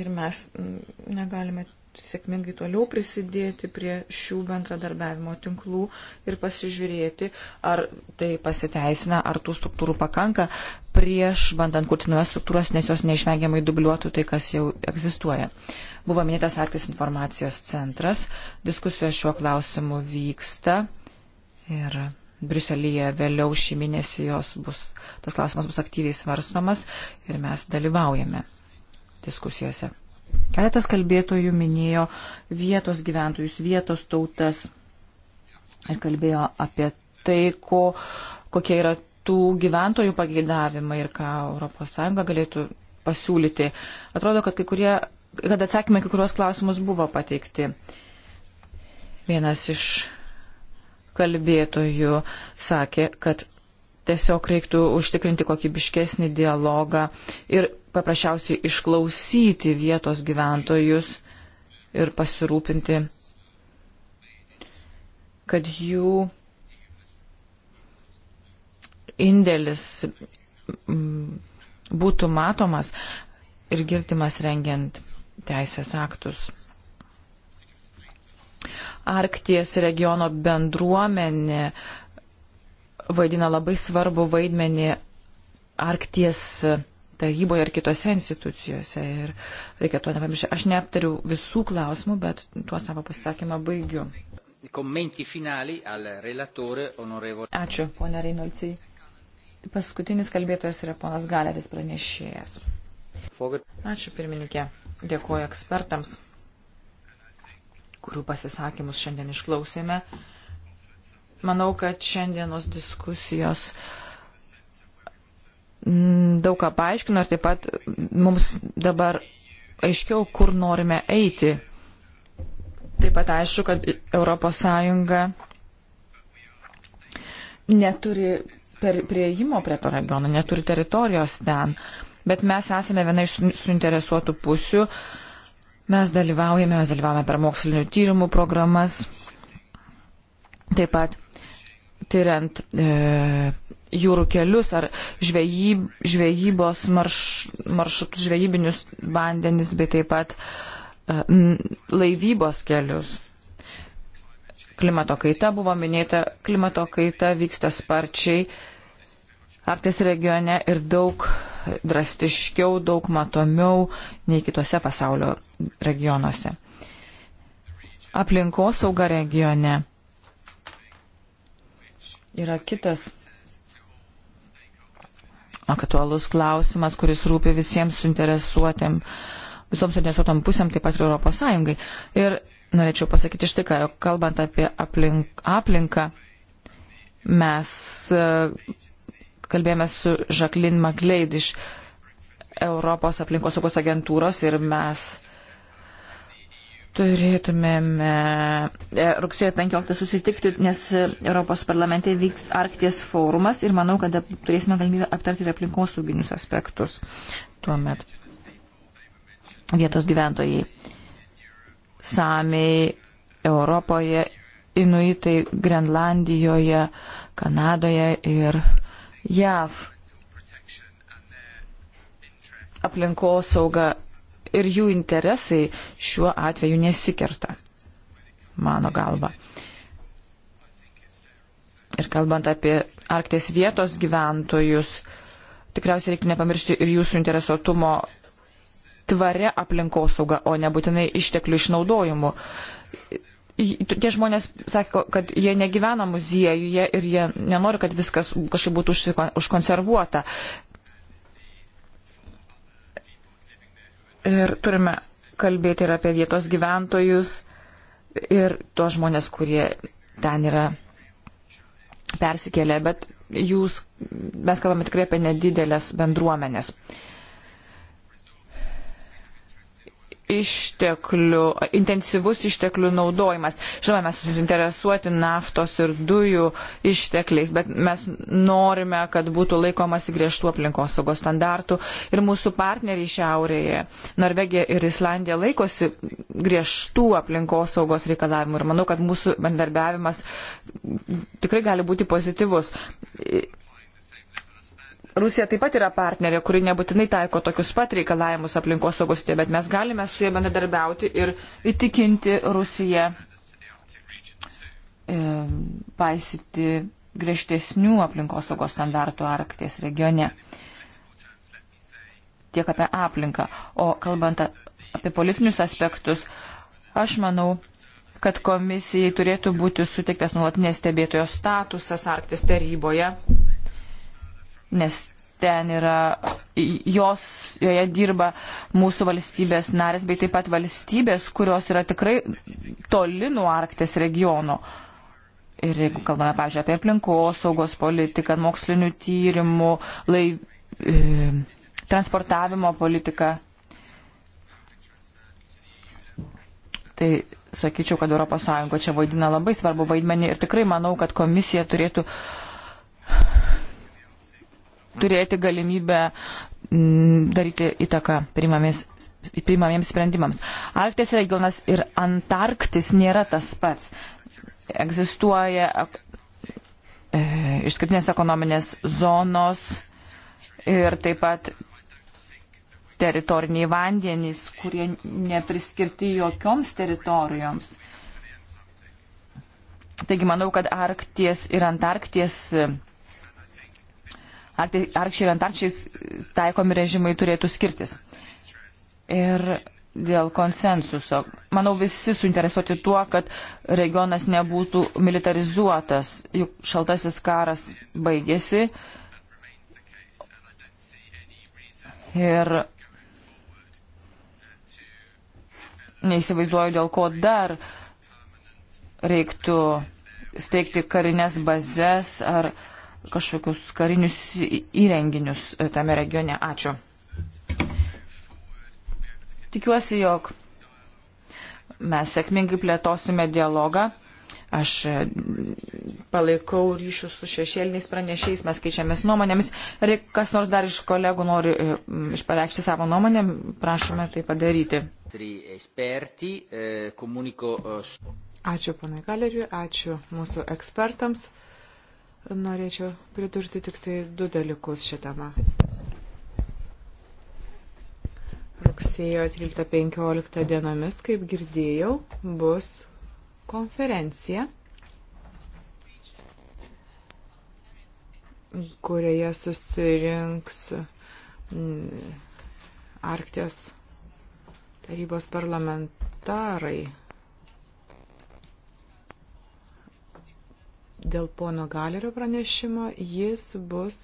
ir mes mm, negalime sėkmingai toliau prisidėti prie šių bendradarbiavimo tinklų ir pasižiūrėti, ar tai pasiteisina, ar tų struktūrų pakanka prieš bandant kurti naujas struktūras, nes jos neišvengiamai dubliuotų tai, kas jau egzistuoja. Buvo minėtas Arktis informacijos centras, diskusijos šiuo klausimu vyksta ir Briuselyje vėliau šį mėnesį jos bus, tas klausimas bus aktyviai svarstomas ir mes dalyvaujame diskusijose. Keletas kalbėtojų minėjo vietos gyventojus, vietos tautas ir kalbėjo apie tai, ko, kokie yra tų gyventojų pageidavimai ir ką ES galėtų pasiūlyti. Atrodo, kad, kai kurie, kad atsakymai kai kuriuos klausimus buvo pateikti. Vienas iš kalbėtojų sakė, kad tiesiog reiktų užtikrinti kokybiškesnį dialogą ir paprasčiausiai išklausyti vietos gyventojus ir pasirūpinti, kad jų indėlis mm, būtų matomas ir girdimas rengiant teisės aktus. Arkties regiono bendruomenė vaidina labai svarbu vaidmenį Arkties taryboje ir kitose institucijose. Ir reikia to nepamiršti. Aš neaptariu visų klausimų, bet tuo savo pasisakymą baigiu. Ačiū, ponia Reinolcijai. Paskutinis kalbėtojas yra ponas Galeris pranešėjas. Ačiū pirmininkė. Dėkuoju ekspertams kurių pasisakymus šiandien išklausėme. Manau, kad šiandienos diskusijos mm, daug ką paaiškino ir taip pat mums dabar aiškiau, kur norime eiti. Taip pat aišku, kad ES neturi per, prieimo prie to regiono, neturi teritorijos ten, bet mes esame viena iš suinteresuotų pusių. Uh, Mes dalyvaujame, mes dalyvaujame per mokslinių tyrimų programas, taip pat tyriant e, jūrų kelius ar žvejyb, žvejybos marš, maršrutus, žvejybinius vandenis, bei taip pat e, laivybos kelius. Klimato kaita buvo minėta, klimato kaita vyksta sparčiai Arktis regione ir daug drastiškiau, daug matomiau nei kitose pasaulio regionuose. Aplinkosauga regione yra kitas aktualus klausimas, kuris rūpi visiems suinteresuotėm, visoms suinteresuotam pusėm, taip pat ir Europos Sąjungai. Ir norėčiau pasakyti štai ką, kalbant apie aplink, aplinką, mes kalbėjome su Žaklin Makleid iš Europos aplinkosaugos agentūros ir mes turėtumėme e, rugsėjo 15 susitikti, nes Europos parlamente vyks Arkties forumas ir manau, kad turėsime galimybę aptarti ir aplinkosauginius aspektus tuomet vietos gyventojai. Samiai Europoje, Inuitai Grenlandijoje, Kanadoje ir JAV aplinkosauga ir jų interesai šiuo atveju nesikerta, mano galva. Ir kalbant apie Arkties vietos gyventojus, tikriausiai reikia nepamiršti ir jų suinteresuotumo tvaria aplinkosauga, o nebūtinai išteklių išnaudojimu tie žmonės sako, kad jie negyvena muziejuje ir jie nenori, kad viskas kažkaip būtų užkonservuota. Ir turime kalbėti ir apie vietos gyventojus ir tos žmonės, kurie ten yra persikėlę, bet jūs, mes kalbame tikrai apie nedidelės bendruomenės. Uh, išteklių, intensyvus išteklių naudojimas. Žinoma, mes susinteresuoti naftos ir dujų ištekliais, bet mes norime, kad būtų laikomasi griežtų aplinkosaugos standartų ir mūsų partneriai šiaurėje, Norvegija ir Islandija laikosi griežtų aplinkosaugos reikalavimų ir manau, kad mūsų bendarbiavimas tikrai gali būti pozityvus. Rusija taip pat yra partnerė, kuri nebūtinai taiko tokius pat reikalavimus aplinkos saugustie, bet mes galime su jie bendradarbiauti ir įtikinti Rusiją e, paisyti griežtesnių aplinkos saugos standartų Arkties regione. Tiek apie aplinką. O kalbant apie politinius aspektus, aš manau, kad komisijai turėtų būti suteiktas nuolatinės stebėtojos statusas Arktis taryboje nes ten yra, jos, joje dirba mūsų valstybės narės, bei taip pat valstybės, kurios yra tikrai toli nuo Arktės regiono. Ir jeigu kalbame, pažiūrėjau, apie aplinkos saugos politiką, mokslinių tyrimų, laiv, e, transportavimo politiką, tai sakyčiau, kad ES čia vaidina labai svarbu vaidmenį ir tikrai manau, kad komisija turėtų turėti galimybę mm, daryti įtaką priimamiems sprendimams. Arktis regionas ir Antarktis nėra tas pats. Egzistuoja e, išskirtinės ekonominės zonos ir taip pat teritoriniai vandenys, kurie nepriskirti jokioms teritorijoms. Taigi manau, kad Arkties ir Antarkties ar tai arkščiai ir antarkščiais taikomi režimai turėtų skirtis. Ir dėl konsensuso. Manau, visi suinteresuoti tuo, kad regionas nebūtų militarizuotas, juk šaltasis karas baigėsi. Ir neįsivaizduoju, dėl ko dar reiktų steigti karinės bazės ar uh, kažkokius karinius įrenginius tame regione. Ačiū. Tikiuosi, jog mes sėkmingai plėtosime dialogą. Aš e, palaikau ryšius su šešėliniais pranešiais, mes keičiamės nuomonėmis. Ar kas nors dar iš kolegų nori e, išpareikšti savo nuomonę, prašome tai padaryti. E, ačiū panai galeriui, ačiū mūsų ekspertams. Norėčiau pridurti tik tai du dalykus šią temą. Rugsėjo 13-15 dienomis, kaip girdėjau, bus konferencija, kurioje susirinks mm, Arkties tarybos parlamentarai. dėl pono Galerio pranešimo. Jis bus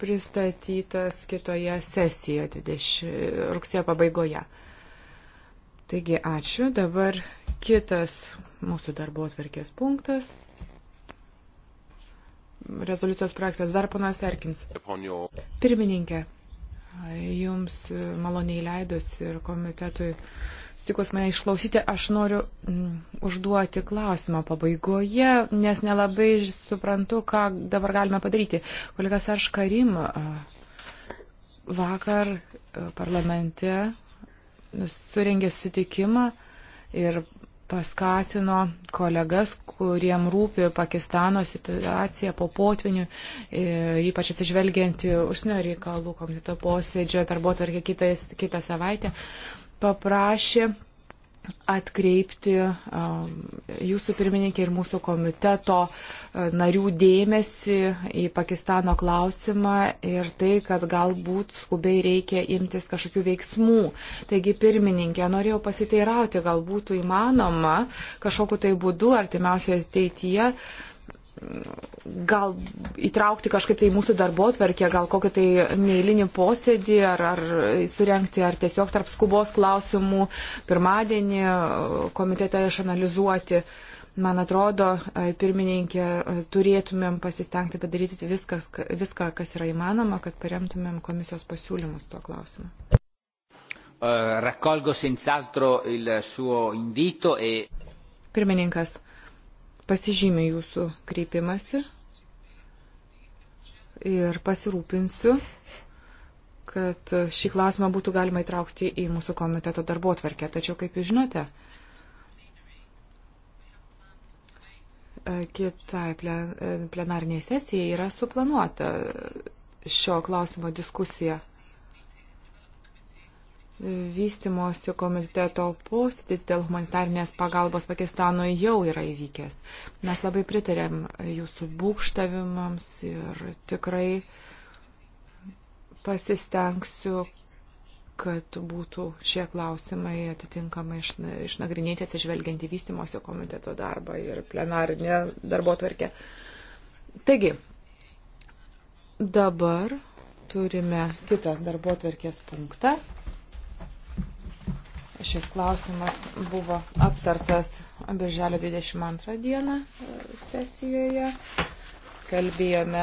pristatytas kitoje sesijoje 20, rugsėjo pabaigoje. Taigi ačiū. Dabar kitas mūsų darbo atverkės punktas. Rezoliucijos projektas dar panas Erkins. Pirmininkė, jums maloniai leidus ir komitetui sutikus mane išklausyti, aš noriu mm, užduoti klausimą pabaigoje, nes nelabai suprantu, ką dabar galime padaryti. Kolegas Arškarim vakar parlamente surengė sutikimą ir paskatino kolegas, kuriem rūpi Pakistano situacija po potvinių, e, ypač atsižvelgiant į užsienio reikalų komiteto posėdžio darbo tvarkę kitą savaitę, paprašė atkreipti um, jūsų pirmininkė ir mūsų komiteto uh, narių dėmesį į Pakistano klausimą ir tai, kad galbūt skubiai reikia imtis kažkokių veiksmų. Taigi, pirmininkė, norėjau pasiteirauti, galbūt įmanoma kažkokiu tai būdu artimiausioje ateityje gal įtraukti kažkaip tai mūsų darbo atverkę, gal kokį tai neįlinį posėdį ar, ar surenkti, ar tiesiog tarp skubos klausimų pirmadienį komitete išanalizuoti. Man atrodo, e, pirmininkė, e, turėtumėm pasistengti padaryti viskas, viską, kas yra įmanoma, kad paremtumėm komisijos pasiūlymus tuo klausimu. Eh, e- Pirmininkas, pasižymė jūsų kreipimasi ir pasirūpinsiu, kad šį klausimą būtų galima įtraukti į mūsų komiteto darbo atverkę. Tačiau, kaip jūs žinote, kitai plenarniai sesijai yra suplanuota šio klausimo diskusija vystimosi komiteto posėdis dėl humanitarnės pagalbos Pakistanui jau yra įvykęs. Mes labai pritarėm jūsų būkštavimams ir tikrai pasistengsiu, kad būtų šie klausimai atitinkamai išnagrinėti atsižvelgiant į vystimosi komiteto darbą ir plenarinę darbo tvarkę. Taigi, dabar turime kitą darbo tvarkės punktą. Šis klausimas buvo aptartas birželio 22 dieną e, sesijoje. Kalbėjome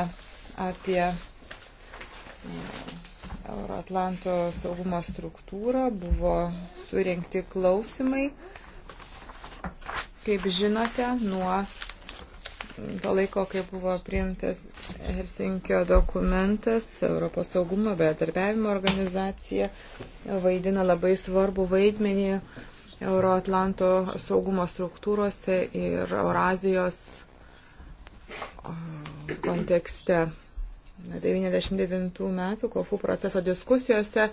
apie e, Euroatlanto saugumo struktūrą, buvo surinkti klausimai, kaip žinote, nuo to laiko, kai buvo priimtas Helsinkio dokumentas, Europos saugumo bedarbiavimo organizacija vaidina labai svarbų vaidmenį Euroatlanto saugumo struktūrose ir Eurazijos kontekste. 99 metų kofų proceso diskusijose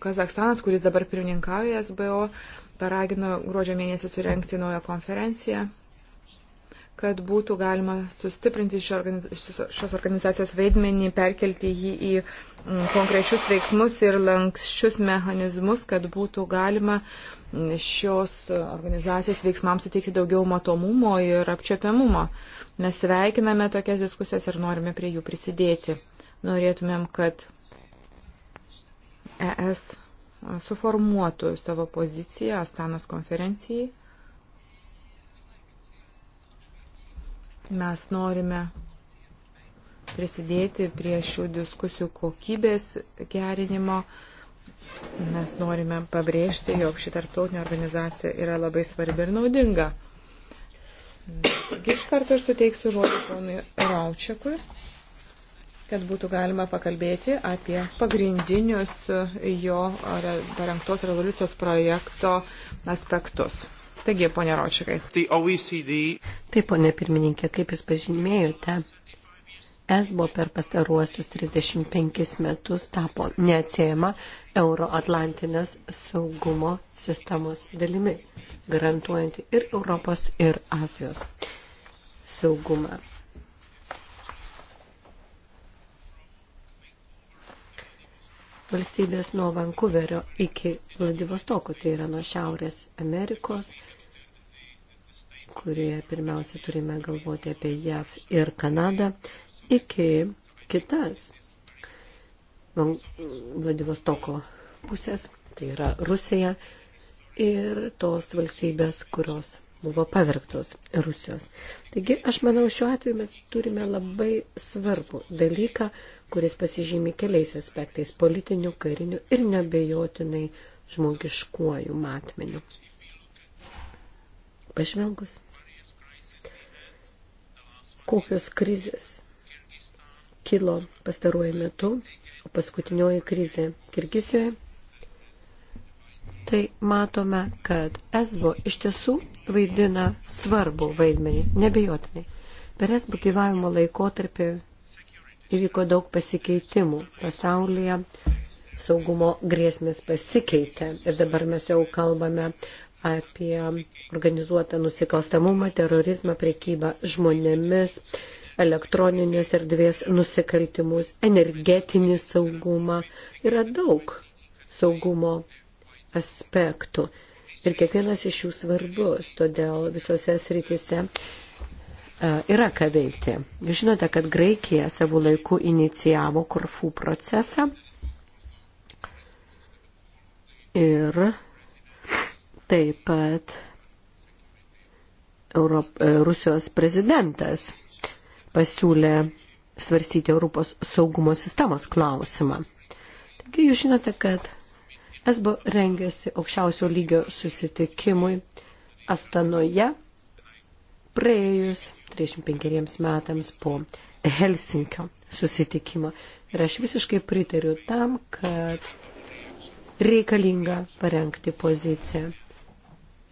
Kazakstanas, kuris dabar pirmininkauja SBO, paragino gruodžio mėnesį surenkti naują konferenciją kad būtų galima sustiprinti šios organizacijos vaidmenį, perkelti jį į mm, konkrečius veiksmus ir lankščius mechanizmus, kad būtų galima mm, šios organizacijos veiksmams suteikti daugiau matomumo ir apčiopiamumo. Mes sveikiname tokias diskusijas ir norime prie jų prisidėti. Norėtumėm, kad ES suformuotų savo poziciją Astanos konferencijai. Mes norime prisidėti prie šių diskusijų kokybės gerinimo. Mes norime pabrėžti, jog ši tarptautinė organizacija yra labai svarbi ir naudinga. Iš karto aš suteiksiu žodį ponui Raučiakui kad būtų galima pakalbėti apie pagrindinius jo parengtos rezoliucijos projekto aspektus. Taigi, ponė Ročikai. OECD... Taip, ponė pirmininkė, kaip Jūs pažymėjote, ESBO per pastaruosius 35 metus tapo neatsiejama Euroatlantinės saugumo sistemos dalimi, garantuojanti ir Europos, ir Azijos saugumą. valstybės nuo Vankuverio iki Vladivostoko, tai yra nuo Šiaurės Amerikos, kurioje pirmiausia turime galvoti apie JAV ir Kanadą, iki kitas Vladivostoko pusės, tai yra Rusija ir tos valstybės, kurios buvo pavirktos Rusijos. Taigi, aš manau, šiuo atveju mes turime labai svarbų dalyką, kuris pasižymi keliais aspektais - politiniu, kariniu ir nebejotinai žmogiškuoju matmeniu. Pažvelgus, kokios krizės kilo pastaruoju metu, o paskutinioji krizė Kirgizijoje, tai matome, kad esbo iš tiesų vaidina svarbu vaidmenį, nebejotinai. Per esbo gyvavimo laikotarpį įvyko daug pasikeitimų pasaulyje, saugumo grėsmės pasikeitė ir dabar mes jau kalbame apie organizuotą nusikalstamumą, terorizmą, priekybą žmonėmis, elektroninės erdvės nusikaltimus, energetinį saugumą. Yra daug saugumo aspektų ir kiekvienas iš jų svarbus, todėl visose srityse E, yra ką veikti. Jūs žinote, kad Graikija savo laiku inicijavo kurfų procesą ir taip pat Europ, e, Rusijos prezidentas pasiūlė svarstyti Europos saugumo sistemos klausimą. Taigi jūs žinote, kad esbo rengiasi aukščiausio lygio susitikimui Astanoje praėjus 35 metams po Helsinkio susitikimo. Ir aš visiškai pritariu tam, kad reikalinga parengti poziciją.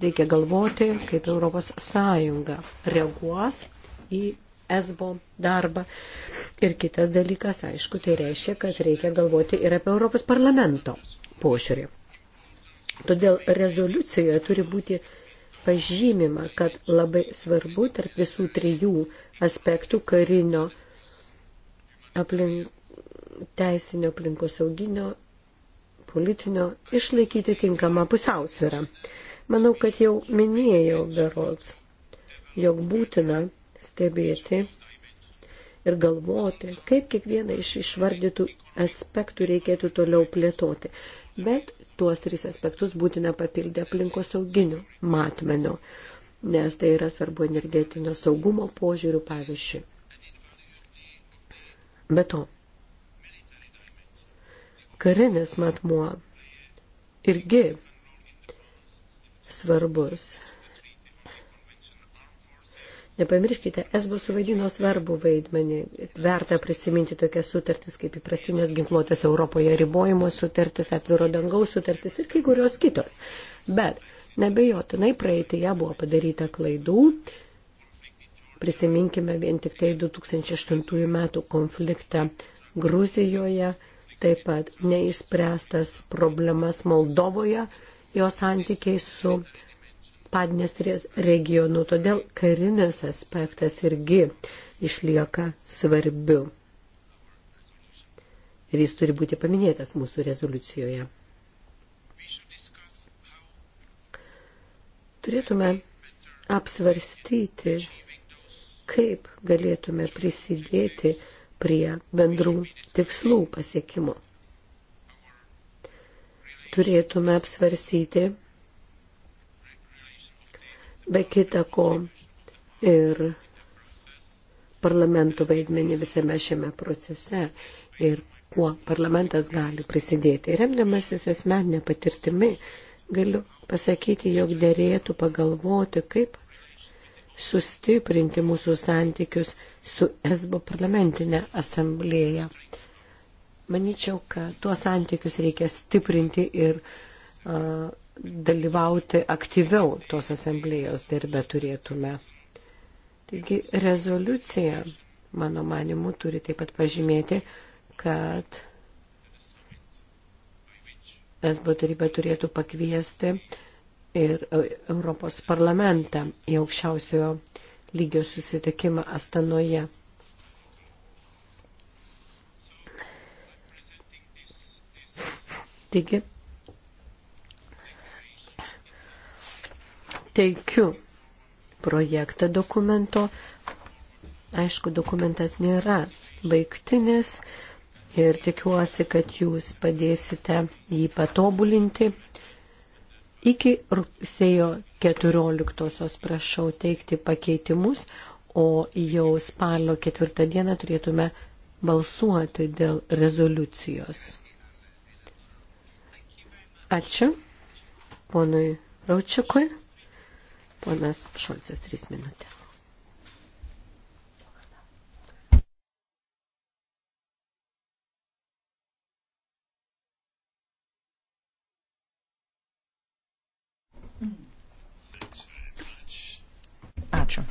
Reikia galvoti, kaip ES reaguos į esbo darbą. Ir kitas dalykas, aišku, tai reiškia, kad reikia galvoti ir apie Europos parlamento požiūrį. Todėl rezoliucijoje turi būti pažymima, kad labai svarbu tarp visų trijų aspektų karinio aplink, teisinio aplinkosauginio, politinio išlaikyti tinkamą pusiausvyrą. Manau, kad jau minėjau berods, jog būtina stebėti ir galvoti, kaip kiekvieną iš išvardytų aspektų reikėtų toliau plėtoti. Bet tuos tris aspektus būtina papildyti aplinkosauginiu matmeniu, nes tai yra svarbu energetinio saugumo požiūrių pavyzdžiui. Be to, karinis matmuo irgi svarbus Nepamirškite, esbo suvaidino svarbu vaidmenį. Verta prisiminti tokias sutartis kaip įprastinės ginkluotės Europoje ribojimo sutartis, atviro dangaus sutartis ir kai kurios kitos. Bet nebejotinai praeitėje buvo padaryta klaidų. Prisiminkime vien tik tai 2008 metų konfliktą Gruzijoje, taip pat neišspręstas problemas Moldovoje, jo santykiai su Padnestrės regionu, todėl karinės aspektas irgi išlieka svarbiu. Ir jis turi būti paminėtas mūsų rezoliucijoje. Turėtume apsvarstyti, kaip galėtume prisidėti prie bendrų tikslų pasiekimo. Turėtume apsvarstyti be kita ko ir parlamento vaidmenį visame šiame procese ir kuo parlamentas gali prisidėti. Remdamasis asmeninė patirtimi, galiu pasakyti, jog dėrėtų pagalvoti, kaip sustiprinti mūsų santykius su ESBO parlamentinė asamblėja. Maničiau, kad tuos santykius reikia stiprinti ir uh, dalyvauti aktyviau tos asamblėjos darbe turėtume. Taigi rezoliucija, mano manimu, turi taip pat pažymėti, kad SBO taryba turėtų pakviesti ir e- Europos parlamentą į aukščiausiojo lygio susitikimą Astanoje. Taigi, teikiu projektą dokumento. Aišku, dokumentas nėra baigtinis ir tikiuosi, kad jūs padėsite jį patobulinti. Iki rugsėjo 14-osios prašau teikti pakeitimus, o jau spalio 4 dieną turėtume balsuoti dėl rezoliucijos. Ačiū ponui Raučiukui. Ponas Šolcas, trys minutės. Ačiū.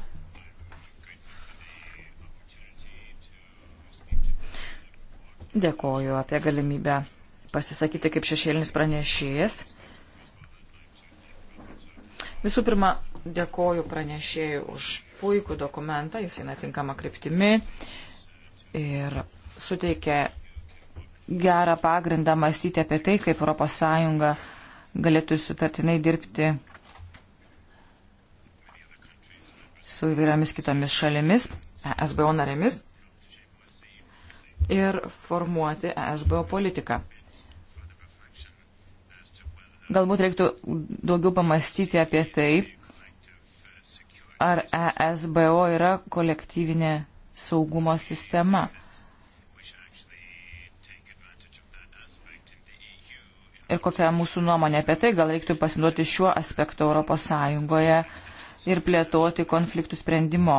Dėkoju apie galimybę pasisakyti kaip šešėlinis pranešėjas. Visų pirma, Dėkoju pranešėjui už puikų dokumentą, jis eina tinkama kryptimi ir suteikia gerą pagrindą mąstyti apie tai, kaip ES galėtų sutartinai dirbti su įvairiamis kitomis šalimis, ESBO narėmis ir formuoti ESBO politiką. Galbūt reiktų daugiau pamastyti apie tai, ar ESBO yra kolektyvinė saugumo sistema. Ir kokia mūsų nuomonė apie tai, gal reiktų pasiduoti šiuo aspektu Europos Sąjungoje ir plėtoti konfliktų sprendimo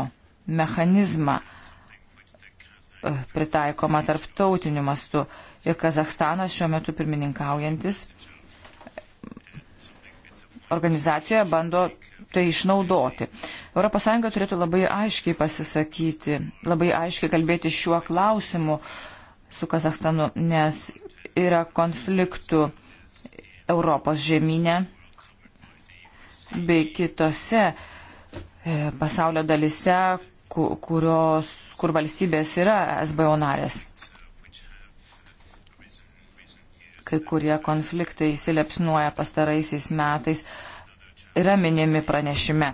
mechanizmą e, pritaikoma tarptautiniu mastu. Ir Kazakstanas šiuo metu pirmininkaujantis organizacijoje bando tai išnaudoti. ES turėtų labai aiškiai pasisakyti, labai aiškiai kalbėti šiuo klausimu su Kazakstanu, nes yra konfliktų Europos žemynė bei kitose e, pasaulio dalise, kurios, kur valstybės yra SBO narės. kai kurie konfliktai įsilepsnuoja pastaraisiais metais, yra minimi pranešime.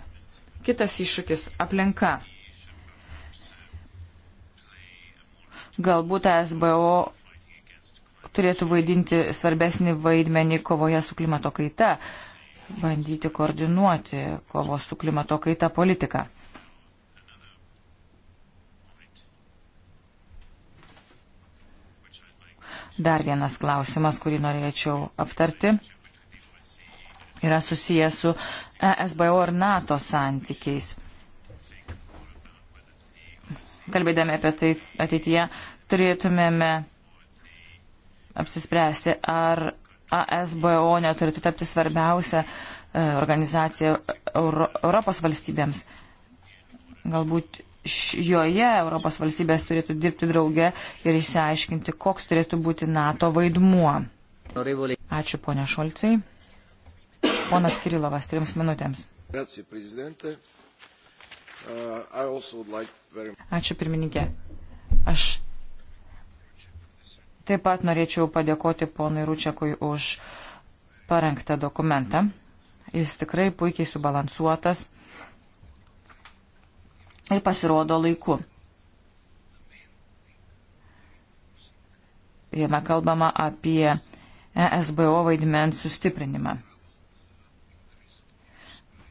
Kitas iššūkis - aplinka. Galbūt SBO turėtų vaidinti svarbesnį vaidmenį kovoje su klimato kaita, bandyti koordinuoti kovos su klimato kaita politiką. Dar vienas klausimas, kurį norėčiau aptarti, yra susijęs su ESBO ir NATO santykiais. Kalbėdami apie tai ateityje, turėtumėme apsispręsti, ar ASBO neturėtų tapti svarbiausia e, organizacija Euro, Europos valstybėms. Galbūt joje Europos valstybės turėtų dirbti drauge ir išsiaiškinti, koks turėtų būti NATO vaidmuo. Ačiū, ponia Šolcai. Ponas Kirilovas, trims minutėms. Uh, Ačiū, pirmininkė. Aš taip pat norėčiau padėkoti ponui Rūčiakui už parengtą dokumentą. Jis tikrai puikiai subalansuotas ir pasirodo laiku. Jame kalbama apie ESBO vaidmens sustiprinimą.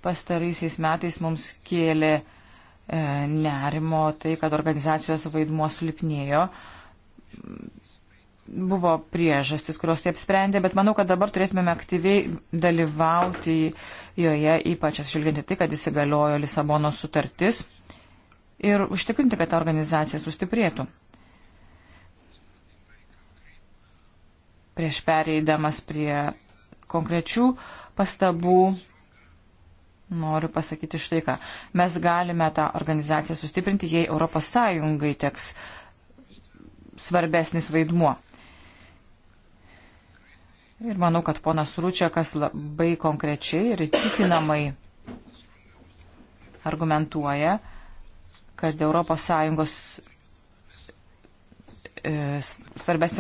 Pastaraisiais metais mums kėlė e, nerimo tai, kad organizacijos vaidmuo sulipnėjo. Buvo priežastis, kurios taip sprendė, bet manau, kad dabar turėtumėme aktyviai dalyvauti joje, ypač atsižvelgiant į tai, kad įsigaliojo Lisabono sutartis ir užtikrinti, kad ta organizacija sustiprėtų. Prieš pereidamas prie konkrečių pastabų noriu pasakyti štai ką. Mes galime tą organizaciją sustiprinti, jei ES teks svarbesnis vaidmuo. Ir manau, kad ponas Rūčiakas labai konkrečiai ir įtikinamai argumentuoja, kad ES e, svarbesnis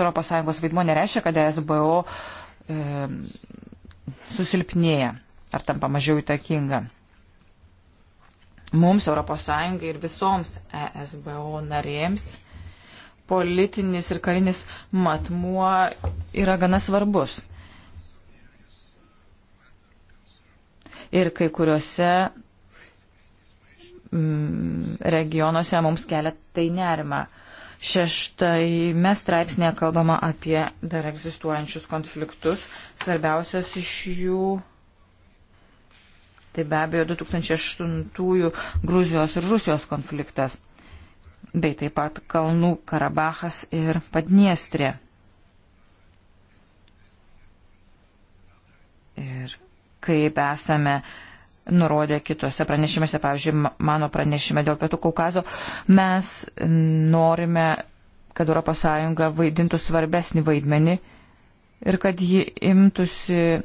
ES vaidmo nereiškia, kad e SBO e, susilpnėja ar tampa mažiau įtakinga. Mums ES ir visoms ESBO narėms politinis ir karinis matmuo yra gana svarbus. Ir kai kuriuose Mm, regionuose mums kelia tai nerima. Šeštame straipsnėje kalbama apie dar egzistuojančius konfliktus. Svarbiausias iš jų. Tai be abejo 2008 Gruzijos ir Rusijos konfliktas, bei taip pat Kalnų Karabachas ir Padniestrė. Ir kaip esame uh, nurodė kitose pranešimuose, pavyzdžiui, mano pranešime dėl Pietų Kaukazo, mes norime, kad ES vaidintų svarbesnį vaidmenį ir kad ji imtųsi e,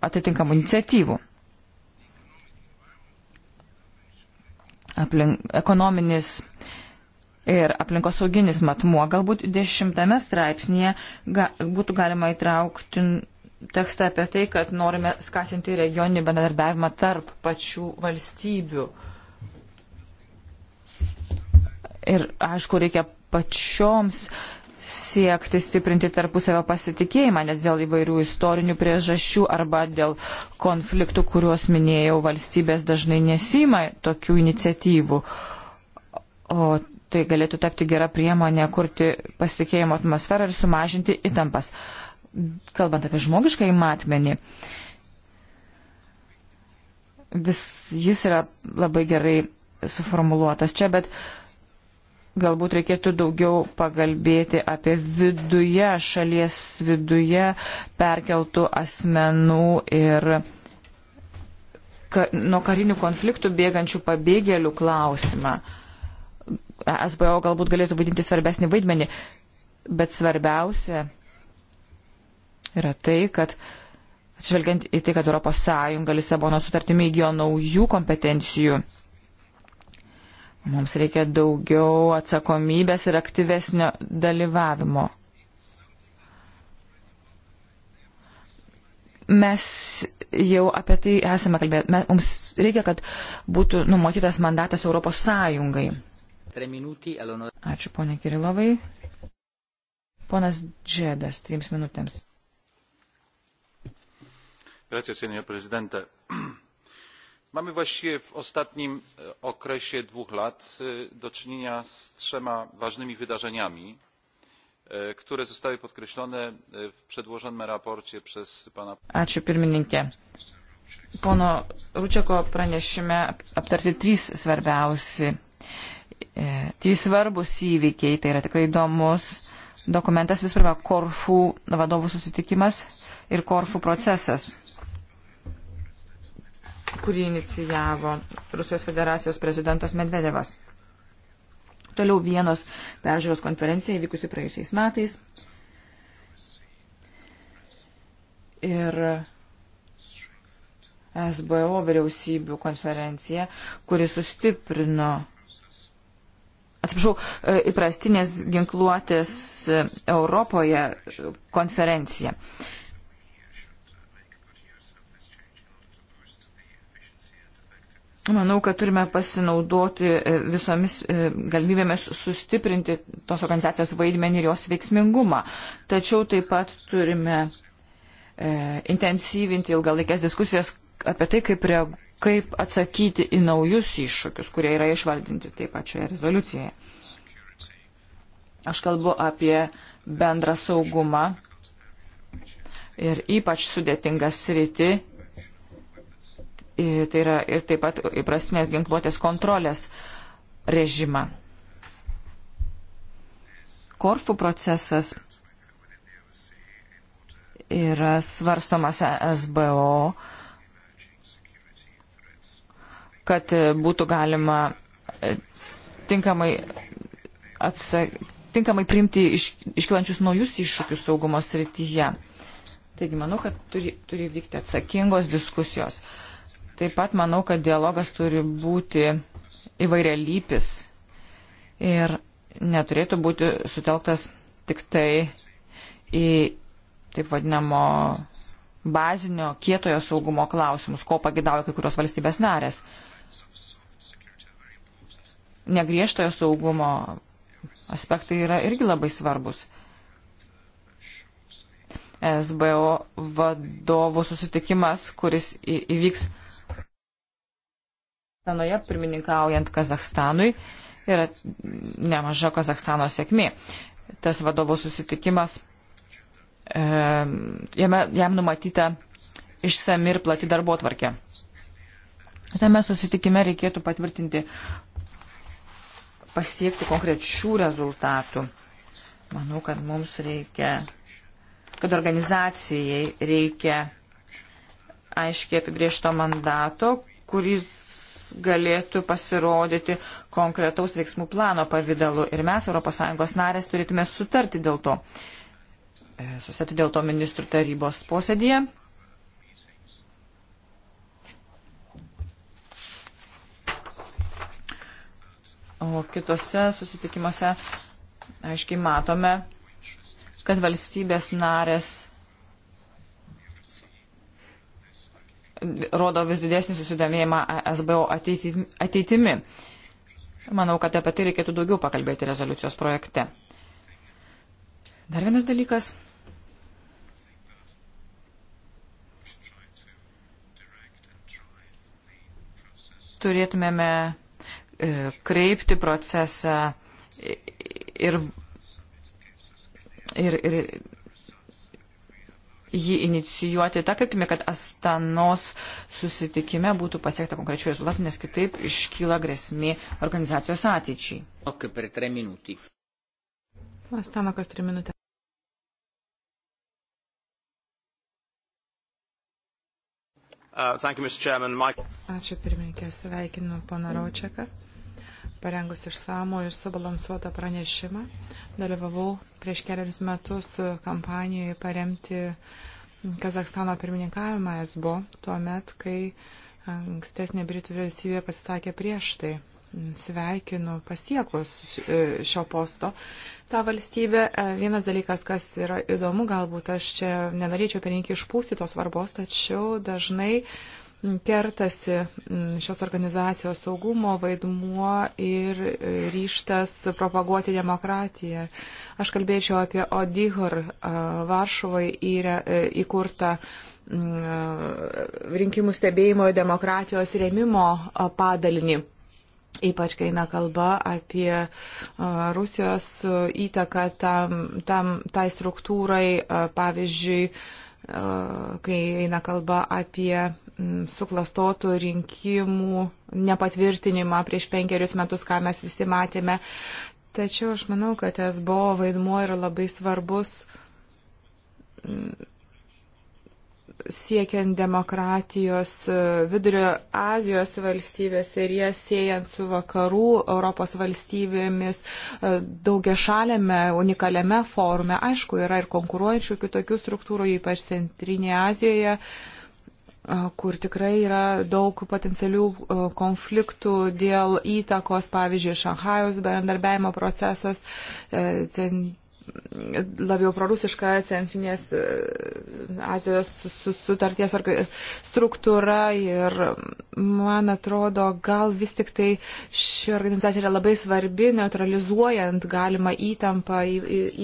atitinkamų iniciatyvų. Aplink, ekonominis ir aplinkosauginis matmuo. Galbūt dešimtame straipsnėje ga, būtų galima įtraukti tekstą apie tai, kad norime skatinti regioninį bendradarbiavimą tarp pačių valstybių. Ir aišku, reikia pačioms siekti stiprinti tarpusavio pasitikėjimą, nes dėl įvairių istorinių priežasčių arba dėl konfliktų, kuriuos minėjau, valstybės dažnai nesima tokių iniciatyvų. O tai galėtų tapti gera priemonė kurti pasitikėjimo atmosferą ir sumažinti įtampas. Mm kalbant apie žmogišką įmatmenį, vis, jis yra labai gerai suformuluotas čia, bet galbūt reikėtų daugiau pagalbėti apie viduje, šalies viduje perkeltų asmenų ir ka, nuo karinių konfliktų bėgančių pabėgėlių klausimą. E SBO galbūt galėtų vaidinti svarbesnį vaidmenį, bet svarbiausia yra tai, kad Atšvelgiant į tai, kad ES Lisabono sutartimi įgijo naujų kompetencijų, mums reikia daugiau atsakomybės ir aktyvesnio dalyvavimo. Mes jau apie tai esame kalbėję. Mums reikia, kad būtų numatytas mandatas Europos Sąjungai. Ačiū, ponė Kirilovai. Ponas Džedas, trims minutėms panie przewodniczący! mamy właściwie w ostatnim e, okresie dwóch lat e, do czynienia z trzema ważnymi wydarzeniami e, które zostały podkreślone w przedłożonym sprawozdaniu przez pana. ačiū pirmininke. pono ručeko pranešime aptarti trys svarbiausi trys svarbūs įvykiai tai yra tikrai įdomus dokumentas visų pirma korfų vadovų susitikimas ir korfų procesas kurį inicijavo Rusijos federacijos prezidentas Medvedevas. Toliau vienos peržiūros konferencija įvykusi praėjusiais metais. Ir SBO vyriausybių konferencija, kuri sustiprino, atsiprašau, e, įprastinės ginkluotės e, Europoje e, konferencija. Manau, kad turime pasinaudoti e, visomis e, galimybėmis sustiprinti tos organizacijos vaidmenį ir jos veiksmingumą. Tačiau taip pat turime e, intensyvinti ilgalaikės diskusijas apie tai, kaip, re, kaip atsakyti į naujus iššūkius, kurie yra išvaldinti taip pačioje rezoliucijoje. Aš kalbu apie bendrą saugumą ir ypač sudėtingą sritį tai yra ir taip pat įprastinės ginkluotės kontrolės režimą. Korfų procesas yra svarstomas SBO, kad būtų galima e, tinkamai, atsak, tinkamai priimti iš, iškilančius naujus iššūkius saugumo srityje. Taigi manau, kad turi, turi vykti atsakingos diskusijos. Uh, Taip pat manau, kad dialogas turi būti įvairialypis ir neturėtų būti sutelktas tik tai į taip vadinamo bazinio kietojo saugumo klausimus, ko pagidauja kai kurios valstybės narės. Negriežtojo saugumo aspektai yra irgi labai svarbus. SBO vadovų susitikimas, kuris įvyks Stanoje pirmininkaujant Kazahstanui yra nemaža Kazahstano sėkmė. Tas vadovų susitikimas, e, jame, jam numatyta išsami ir plati darbo tvarkė. Tame susitikime reikėtų patvirtinti pasiekti konkrečių rezultatų. Manau, kad mums reikia, kad organizacijai reikia aiškiai apibriešto mandato, kuris galėtų pasirodyti konkretaus veiksmų plano pavydalu. Ir mes, ES narės, turėtume sutarti dėl to. E, susitarti dėl to ministrų tarybos posėdėje. O kitose susitikimuose aiškiai matome, kad valstybės narės rodo vis didesnį susidomėjimą SBO ateitimi. Manau, kad apie tai reikėtų daugiau pakalbėti rezoliucijos projekte. Dar vienas dalykas. Turėtumėme e, kreipti procesą ir, ir, ir jį inicijuoti tą kryptimį, kad Astanos susitikime būtų pasiekta konkrečių rezultatų, nes kitaip iškyla grėsmė organizacijos ateičiai. O kaip per tre minutį. Astanokas tri minutę. Uh, you, My... Ačiū pirmininkė, sveikinu pana Raučiaką. Mm parengus išsamų ir subalansuotą pranešimą. Dalyvavau prieš keliarius metus kampanijoje paremti Kazakstano pirmininkavimą SBO, tuo met, kai ankstesnė Britų vyriausybė pasisakė prieš tai. Sveikinu pasiekus šio posto tą valstybę. E, vienas dalykas, kas yra įdomu, galbūt aš čia nenorėčiau pernykį išpūsti tos svarbos, tačiau dažnai uh, kertasi mm, šios organizacijos saugumo vaidmuo ir e, ryštas propaguoti demokratiją. Aš kalbėčiau apie Odihor e, Varšuvai e, įkurtą mm, rinkimų stebėjimo ir demokratijos rėmimo padalinį. Ypač kai eina kalba apie Rusijos įtaką tam, tam, tai struktūrai, pavyzdžiui, kai eina kalba apie Mm, suklastotų rinkimų nepatvirtinimą prieš penkerius metus, ką mes visi matėme. Tačiau aš manau, kad SBO vaidmuo yra labai svarbus mm, siekiant demokratijos e, vidurio Azijos valstybės ir jas siejant su vakarų Europos valstybėmis e, daugia šalėme, unikaliame forume. Aišku, yra ir konkuruojančių kitokių struktūrų, ypač Centrinėje Azijoje, kur tikrai yra daug potencialių konfliktų dėl įtakos, pavyzdžiui, Šanhajus bendarbiajimo procesas, e, labiau prorusiška Centrinės e, Azijos sutarties struktūra ir man atrodo, gal vis tik tai ši organizacija yra labai svarbi, neutralizuojant galimą įtampą,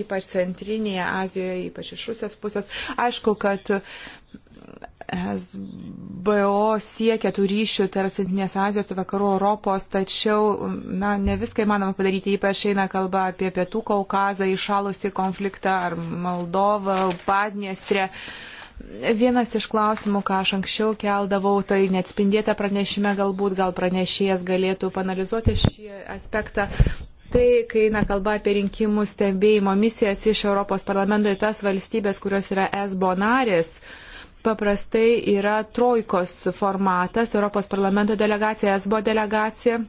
ypač Centrinėje Azijoje, ypač iš Rusijos pusės. Aišku, kad E SBO siekia tų ryšių tarp Centrinės Azijos ir Vakarų Europos, tačiau na, ne viską įmanoma padaryti, ypač eina kalba apie Pietų Kaukazą, įšalusi konfliktą ar Moldovą, Padniestrę. Vienas iš klausimų, ką aš anksčiau keldavau, tai neatspindėta pranešime galbūt, gal pranešėjas galėtų panalizuoti šį aspektą. Tai, kai eina kalba apie rinkimų stebėjimo misijas iš Europos parlamento į tas valstybės, kurios yra SBO narės, uh, paprastai yra trojkos formatas, Europos parlamento delegacija, SBO delegacija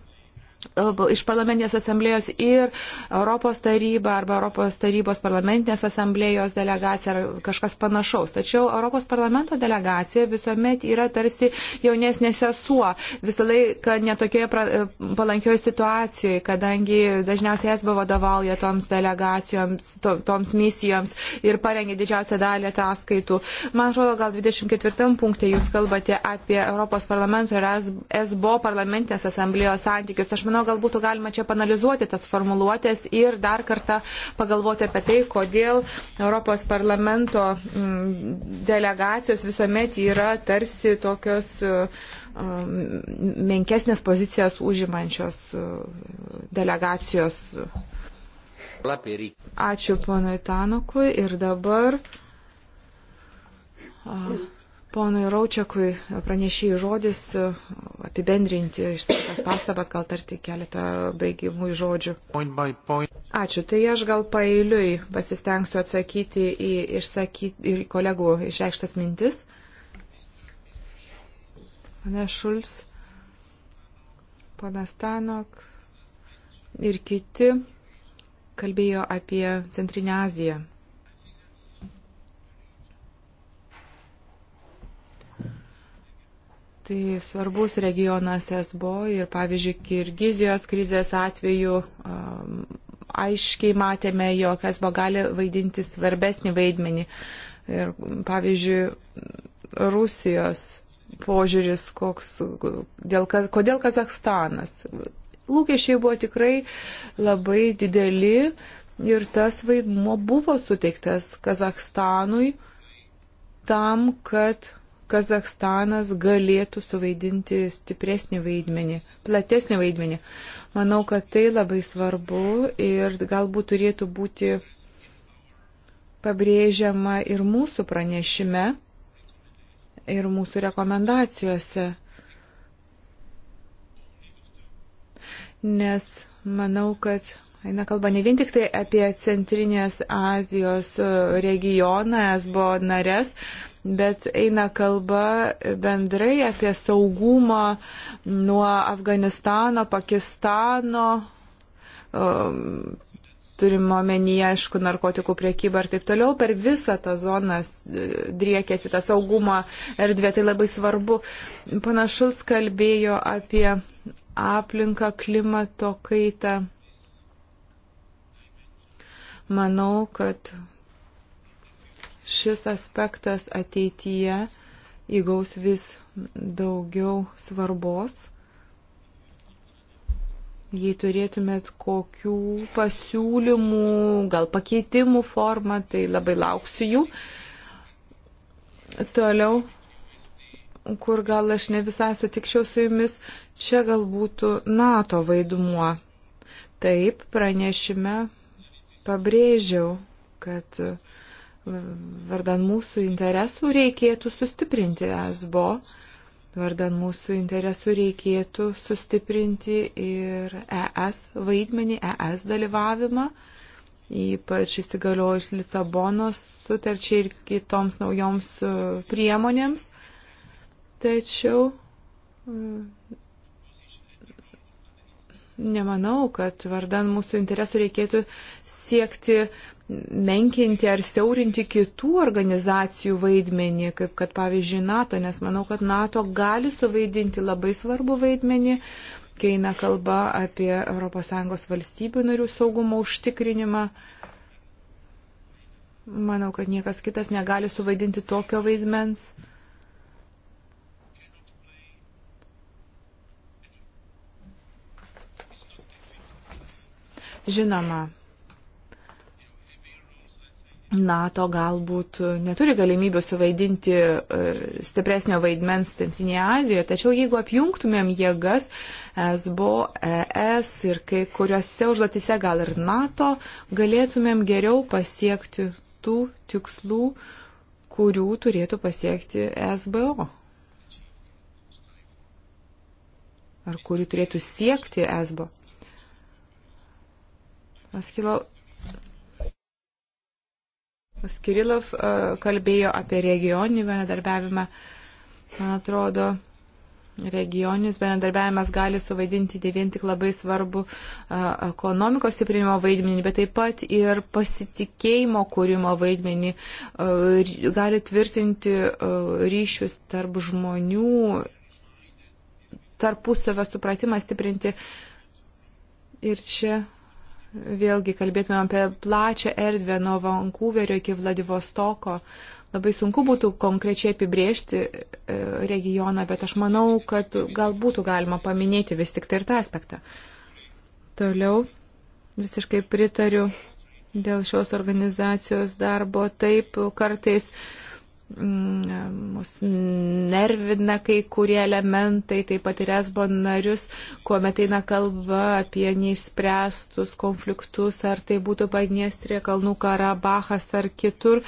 iš parlamentinės asamblėjos ir Europos taryba arba Europos tarybos parlamentinės asamblėjos delegacija ar kažkas panašaus. Tačiau Europos parlamento delegacija visuomet yra tarsi jaunesnė sesuo, visą laiką netokioje palankioje situacijoje, kadangi dažniausiai esbo vadovauja toms delegacijoms, to, toms misijoms ir parengia didžiausią dalį ataskaitų. Man atrodo, gal 24 punktė jūs kalbate apie Europos parlamento ir esbo parlamentinės asamblėjos santykius. Aš manau, gal būtų galima čia panalizuoti tas formuluotės ir dar kartą pagalvoti apie tai, kodėl Europos parlamento mm, delegacijos visuomet yra tarsi tokios e, mm, menkesnės pozicijas užimančios e, delegacijos. Ačiū ponui Tanukui ir dabar. Uh. Ponui Raučiakui pranešėjai žodis apibendrinti išsakytas pastabas, gal tarti keletą baigimų žodžių. Point point. Ačiū. Tai aš gal paeiliui pasistengsiu atsakyti į, išsakyti, į kolegų išreikštas mintis. Pane Šulc, pana Stanok ir kiti kalbėjo apie Centrinę Aziją. Tai svarbus regionas SBO ir pavyzdžiui Kirgizijos krizės atveju um, aiškiai matėme, jog SBO gali vaidinti svarbesnį vaidmenį. Ir pavyzdžiui, Rusijos požiūris, koks, dėl, kodėl Kazakstanas. Lūkesčiai buvo tikrai labai dideli ir tas vaidmuo buvo suteiktas Kazakstanui tam, kad Kazakstanas galėtų suvaidinti stipresnį vaidmenį, platesnį vaidmenį. Manau, kad tai labai svarbu ir galbūt turėtų būti pabrėžiama ir mūsų pranešime, ir mūsų rekomendacijose. Nes manau, kad Eina kalba ne vien tik tai apie Centrinės Azijos regioną, esbo nares, bet eina kalba bendrai apie saugumą nuo Afganistano, Pakistano, um, turim omenyje, aišku, narkotikų priekybą ir taip toliau, per visą tą zoną e, driekėsi tą saugumą erdvė, tai labai svarbu. Panašus kalbėjo apie aplinką, klimato kaitą. Manau, kad šis aspektas ateityje įgaus vis daugiau svarbos. Jei turėtumėt kokių pasiūlymų, gal pakeitimų formą, tai labai lauksiu jų. Toliau, kur gal aš ne visai sutikčiau su jumis, čia gal būtų NATO vaidmuo. Taip, pranešime pabrėžiau, kad uh, vardan mūsų interesų reikėtų sustiprinti ESBO, vardan mūsų interesų reikėtų sustiprinti ir ES vaidmenį, ES dalyvavimą, ypač įsigaliojus Lisabonos sutarčiai ir kitoms naujoms e, priemonėms. Tačiau e, nemanau, kad vardan mūsų interesų reikėtų siekti uh, menkinti ar siaurinti kitų organizacijų vaidmenį, kaip kad pavyzdžiui NATO, nes manau, kad NATO gali suvaidinti labai svarbu vaidmenį, kai eina kalba apie ES valstybių narių saugumo užtikrinimą. Manau, kad niekas kitas negali suvaidinti tokio vaidmens. Žinoma, NATO galbūt neturi galimybių suvaidinti e, stipresnio vaidmens Centrinėje Azijoje, tačiau jeigu apjungtumėm jėgas SBO, ES ir kai kuriuose užduotise gal ir NATO, galėtumėm geriau pasiekti tų tikslų, kurių turėtų pasiekti SBO. Ar kurių turėtų siekti SBO. Aš kilau Kirilov e, kalbėjo apie regioninį bendradarbiavimą. Man atrodo, regioninis bendradarbiavimas gali suvaidinti ne vien tik labai svarbu e, ekonomikos stiprinimo vaidmenį, bet taip pat ir pasitikėjimo kūrimo vaidmenį, e, gali tvirtinti ryšius tarp žmonių, tarpusavę supratimą stiprinti. Ir čia vėlgi kalbėtumėm apie plačią erdvę nuo Vancouverio iki Vladivostoko, labai sunku būtų konkrečiai apibriežti e, regioną, bet aš manau, kad gal būtų galima paminėti vis tik tai ir tą aspektą. Toliau visiškai pritariu dėl šios organizacijos darbo. Taip, kartais uh, Mm, mus nervina kai kurie elementai, taip pat ir esbo narius, kuomet eina kalba apie neišspręstus konfliktus, ar tai būtų Padniestrė, Kalnų Karabachas ar kitur.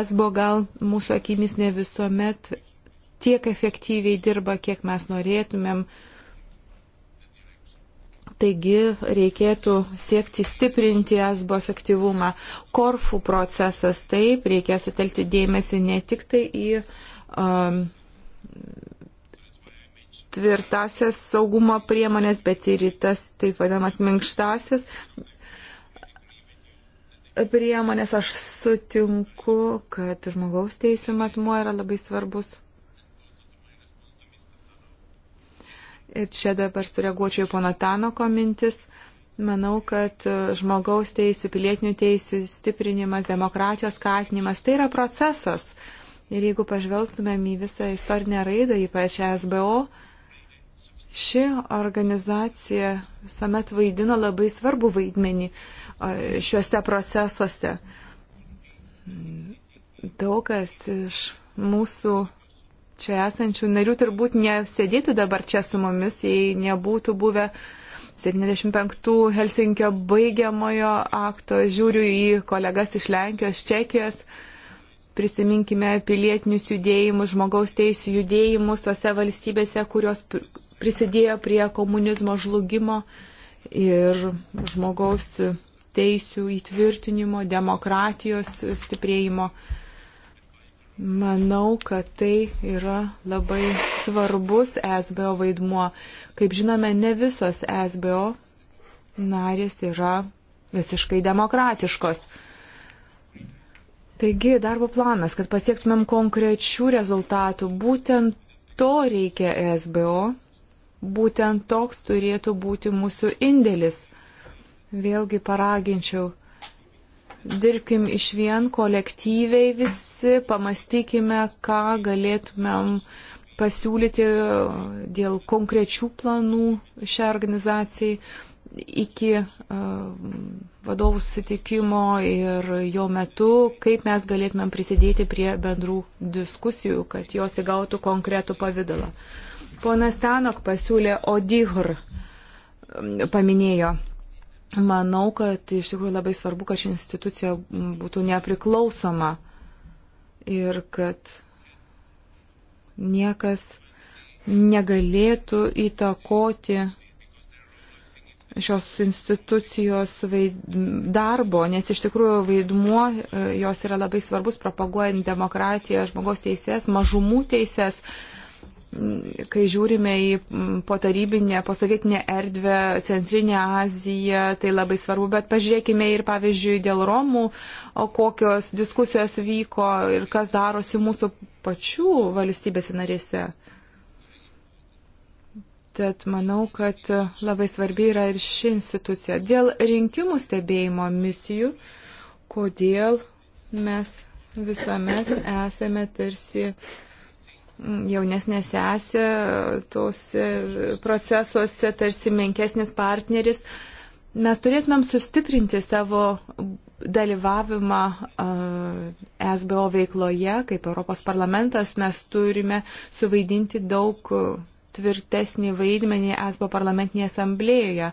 Esbo gal mūsų akimis ne visuomet tiek efektyviai dirba, kiek mes norėtumėm. Uh, Taigi reikėtų siekti stiprinti esbo efektyvumą. Korfų procesas taip, reikia sutelkti dėmesį ne tik tai į um, tvirtasias saugumo priemonės, bet ir į tas taip vadinamas minkštasias priemonės. Aš sutinku, kad žmogaus teisų matmuo yra labai svarbus. Ir čia dabar sureaguočiau į pono Tanoko mintis. Manau, kad e, žmogaus teisų, pilietinių teisų stiprinimas, demokratijos skatinimas, tai yra procesas. Ir jeigu pažvelgtumėm į visą istorinę raidą, ypač SBO, ši organizacija visuomet vaidino labai svarbu vaidmenį e, šiuose procesuose. Daug kas iš mūsų čia esančių narių turbūt nesėdėtų dabar čia su mumis, jei nebūtų buvę 75 Helsinkio baigiamojo akto. Žiūriu į kolegas iš Lenkijos, Čekijos. Prisiminkime pilietinius judėjimus, žmogaus teisų judėjimus tose valstybėse, kurios prisidėjo prie komunizmo žlugimo ir žmogaus teisų įtvirtinimo, demokratijos stiprėjimo. Manau, kad tai yra labai svarbus SBO vaidmuo. Kaip žinome, ne visos SBO narės yra visiškai demokratiškos. Taigi, darbo planas, kad pasiektumėm konkrečių rezultatų, būtent to reikia SBO, būtent toks turėtų būti mūsų indėlis. Vėlgi paraginčiau dirbkim iš vien kolektyviai visi, pamastykime, ką galėtumėm pasiūlyti dėl konkrečių planų šią organizacijai iki uh, vadovų sutikimo ir jo metu, kaip mes galėtumėm prisidėti prie bendrų diskusijų, kad jos įgautų konkretų pavydalą. Ponas Tenok pasiūlė Odihr um, paminėjo manau, kad iš tikrųjų labai svarbu, kad ši institucija būtų nepriklausoma ir kad niekas negalėtų įtakoti šios institucijos darbo, nes iš tikrųjų vaidmuo e, jos yra labai svarbus propaguojant demokratiją, žmogaus teises, mažumų teises. Uh, kai žiūrime į potarybinę, posovietinę erdvę, Centrinę Aziją, tai labai svarbu, bet pažiūrėkime ir, pavyzdžiui, dėl Romų, kokios diskusijos vyko ir kas darosi mūsų pačių valstybėse narėse. Tad manau, kad labai svarbi yra ir ši institucija. Dėl rinkimų stebėjimo misijų, kodėl mes visuomet esame tarsi uh, jaunesnė sesė tose procesuose, tarsi menkesnis partneris. Mes turėtumėm sustiprinti savo dalyvavimą SBO veikloje, kaip Europos parlamentas mes turime suvaidinti daug tvirtesnį vaidmenį ESBO parlamentinėje asamblėjoje.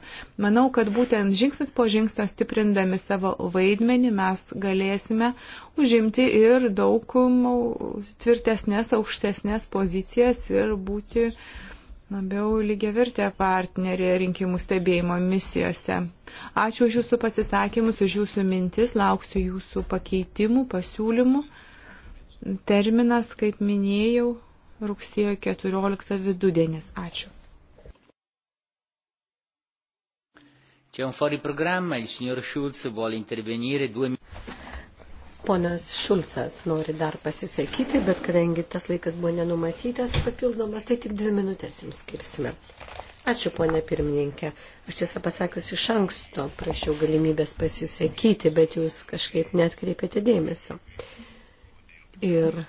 Manau, kad būtent žingsnis po žingsnio stiprindami savo vaidmenį mes galėsime užimti ir daug tvirtesnės, aukštesnės pozicijas ir būti labiau lygiavertė partnerė rinkimų stebėjimo misijose. Ačiū už Jūsų pasisakymus, už Jūsų mintis, lauksiu Jūsų pakeitimų, pasiūlymų. Terminas, kaip minėjau, rugsėjo 14 vidudienis. Ačiū. C'è un fuori programma, il signor Schulz vuole intervenire due minuti. Ponas Šulcas nori dar pasisakyti, bet kadangi tas laikas buvo nenumatytas papildomas, tai tik dvi minutės jums skirsime. Ačiū, ponė pirmininkė. Aš tiesą pasakius iš anksto prašiau galimybės pasisakyti, bet jūs kažkaip netkreipėte dėmesio. Ir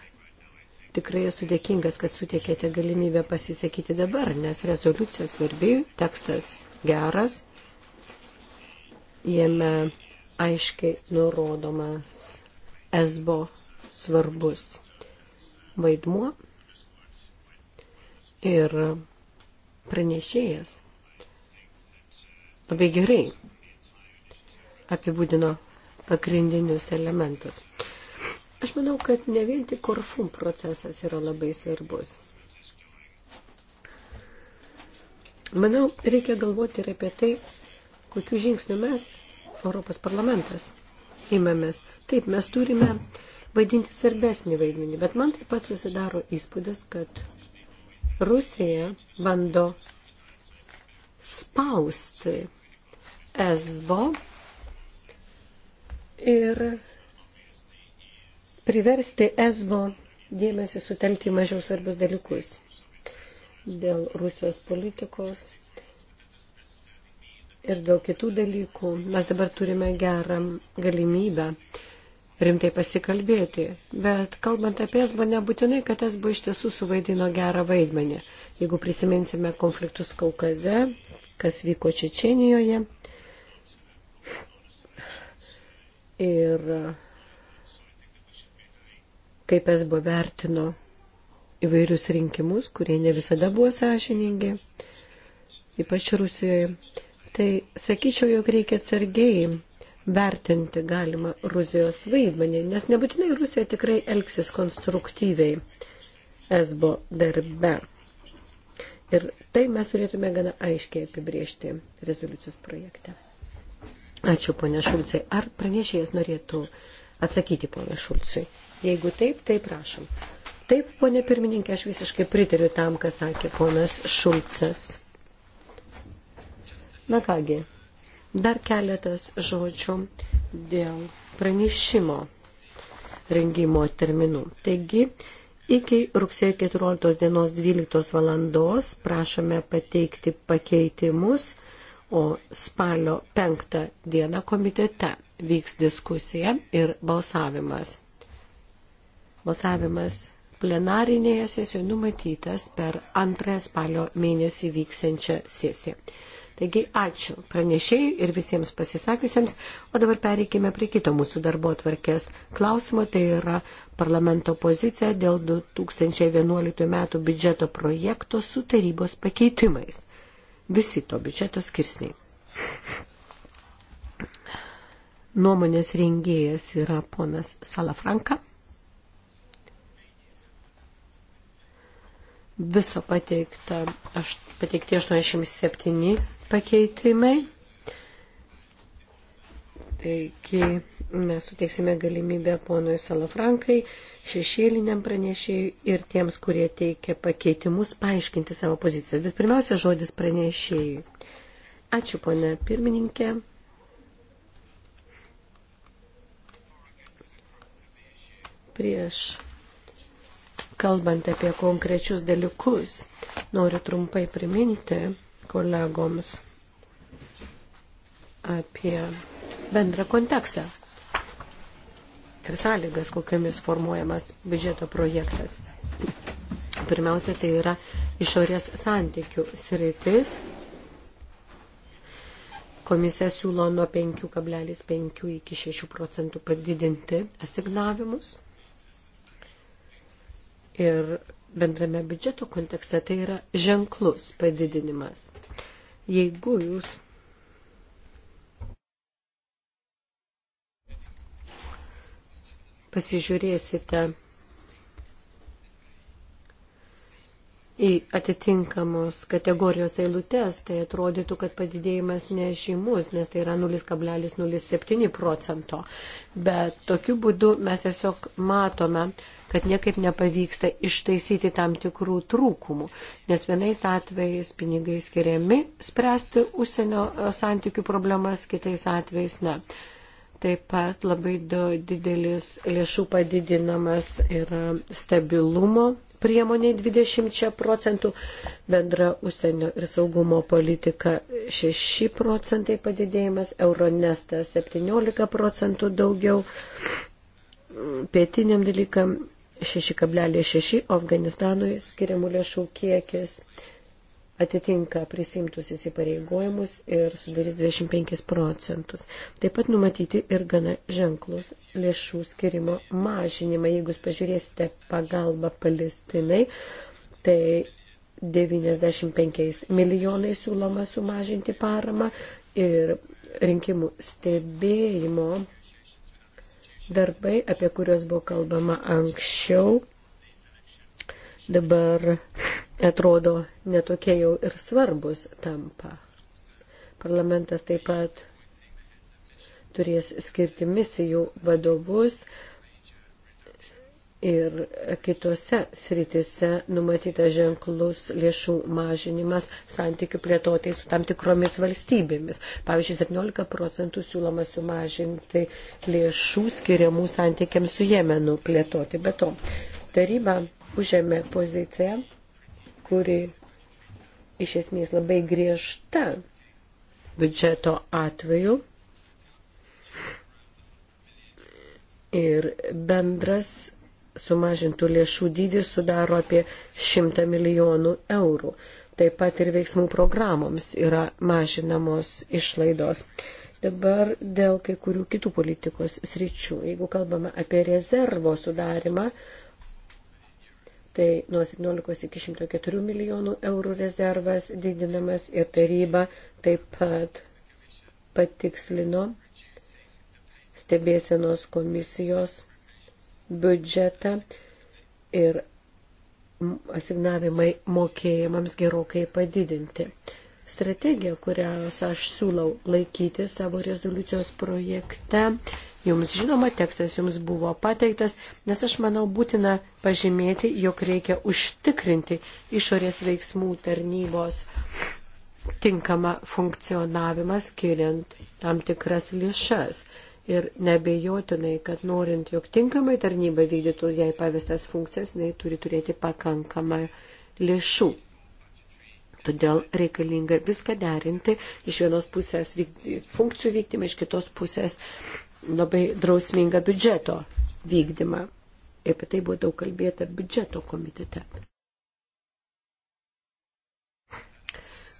tikrai esu dėkingas, kad suteikėte galimybę pasisakyti dabar, nes rezoliucija svarbi, tekstas geras, jame aiškiai nurodomas esbo svarbus vaidmuo ir pranešėjas labai gerai apibūdino pagrindinius elementus. Aš manau, kad ne vien tik korfum procesas yra labai svarbus. Manau, reikia galvoti ir apie tai, kokiu žingsniu mes, Europos parlamentas, imamės. Taip, mes turime vaidinti svarbesnį vaidmenį, bet man taip pat susidaro įspūdis, kad Rusija bando spausti esbo ir priversti ESBO dėmesį sutelkti mažiau svarbius dalykus dėl Rusijos politikos ir dėl kitų dalykų. Mes dabar turime gerą galimybę rimtai pasikalbėti, bet kalbant apie ESBO, nebūtinai, kad ESBO iš tiesų suvaidino gerą vaidmenį. Jeigu prisiminsime konfliktus Kaukaze, kas vyko Čečenijoje ir kaip esbo vertino įvairius rinkimus, kurie ne visada buvo sąžiningi, ypač Rusijoje. Tai sakyčiau, jog reikia atsargiai vertinti galima Rusijos vaidmenį, nes nebūtinai Rusija tikrai elgsis konstruktyviai esbo darbe. Ir tai mes turėtume gana aiškiai apibriežti rezoliucijos projekte. Ačiū, ponia Šulcai. Ar pranešėjas norėtų atsakyti, ponia Šulcai? Jeigu taip, tai prašom. Taip, ponė pirmininkė, aš visiškai pritariu tam, ką sakė ponas Šulcas. Na kągi, dar keletas žodžių dėl pranešimo rengimo terminų. Taigi, iki rugsėjo 14 dienos 12 valandos prašome pateikti pakeitimus, o spalio 5 dieną komitete vyks diskusija ir balsavimas. Balsavimas plenarinėje sesijoje numatytas per antrąją spalio mėnesį vyksiančią sesiją. Taigi ačiū pranešėjai ir visiems pasisakiusiems, o dabar pereikime prie kito mūsų darbo atvarkės klausimo, tai yra parlamento pozicija dėl 2011 metų biudžeto projekto su tarybos pakeitimais. Visi to biudžeto skirsniai. Nuomonės rengėjas yra ponas Salafranka. Viso pateikta, aš, pateikti 87 pakeitimai. Taigi mes suteiksime galimybę ponui Salafrankai, šešėliniam pranešėjui ir tiems, kurie teikia pakeitimus, paaiškinti savo pozicijas. Bet pirmiausia, žodis pranešėjui. Ačiū, ponė pirmininkė. Prieš Kalbant apie konkrečius dalykus, noriu trumpai priminti kolegoms apie bendrą kontekstą ir sąlygas, kokiamis formuojamas biudžeto projektas. Pirmiausia, tai yra išorės santykių sritis. Komisija siūlo nuo 5,5 iki 6 procentų padidinti asignavimus ir bendrame biudžeto kontekste tai yra ženklus padidinimas. Jeigu jūs pasižiūrėsite į atitinkamos kategorijos eilutes, tai atrodytų, kad padidėjimas nežymus, nes tai yra 0,07 procento. Bet tokiu būdu mes tiesiog matome, kad niekaip nepavyksta ištaisyti tam tikrų trūkumų, nes vienais atvejais pinigai skiriami spręsti užsienio e, santykių problemas, kitais atvejais ne. Taip pat labai didelis lėšų padidinamas yra stabilumo priemonė 20 procentų, bendra užsienio ir saugumo politika 6 procentai padidėjimas, Euronestas 17 procentų daugiau, pietiniam dalykam 6,6 Afganistanui skiriamų lėšų kiekis atitinka prisimtus įsipareigojimus ir sudarys 25 procentus. Taip pat numatyti ir gana ženklus lėšų skirimo mažinimą. Jeigu jūs pažiūrėsite pagalbą palestinai, tai 95 milijonai siūloma sumažinti paramą ir rinkimų stebėjimo darbai, apie kuriuos buvo kalbama anksčiau, dabar atrodo netokie jau ir svarbus tampa. Parlamentas taip pat turės skirti misijų vadovus ir kitose sritise numatytas ženklus lėšų mažinimas santykių plėtotai su tam tikromis valstybėmis. Pavyzdžiui, 17 procentų siūloma sumažinti lėšų skiriamų santykiams su Jemenu plėtoti. Be to, taryba užėmė poziciją, kuri iš esmės labai griežta biudžeto atveju. Ir bendras sumažintų lėšų dydis sudaro apie 100 milijonų eurų. Taip pat ir veiksmų programoms yra mažinamos išlaidos. Dabar dėl kai kurių kitų politikos sričių. Jeigu kalbame apie rezervo sudarimą, tai nuo 17 iki 104 milijonų eurų rezervas didinamas ir taryba taip pat patikslino stebėsenos komisijos biudžetą ir asignavimai mokėjimams gerokai padidinti. Strategija, kurios aš siūlau laikyti savo rezoliucijos projekte, jums žinoma, tekstas jums buvo pateiktas, nes aš manau būtina pažymėti, jog reikia užtikrinti išorės veiksmų tarnybos tinkamą funkcionavimą skiriant tam tikras lėšas. Ir nebejotinai, kad norint, jog tinkamai tarnyba vykdytų jai pavestas funkcijas, jinai turi turėti pakankamą lėšų. Todėl reikalinga viską derinti, iš vienos pusės vykdy, funkcijų vykdymą, iš kitos pusės labai drausmingą biudžeto vykdymą. Ir apie tai buvo daug kalbėta biudžeto komitete.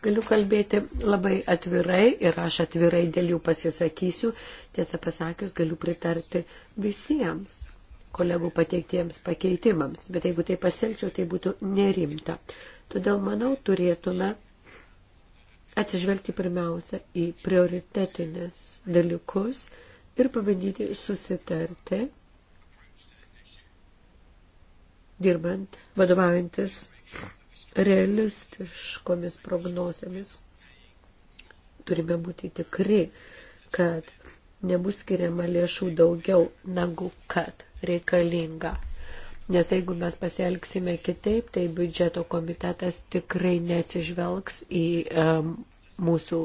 Galiu kalbėti labai atvirai ir aš atvirai dėl jų pasisakysiu. Tiesą pasakius, galiu pritarti visiems kolegų pateiktiems pakeitimams, bet jeigu tai pasielgčiau, tai būtų nerimta. Todėl, manau, turėtume atsižvelgti pirmiausia į prioritetinės dalykus ir pabandyti susitarti, dirbant, vadovaujantis realistiškomis prognozėmis. Turime būti tikri, kad nebus skiriama lėšų daugiau negu kad reikalinga. Nes jeigu mes pasielgsime kitaip, tai biudžeto komitetas tikrai neatsižvelgs į um, mūsų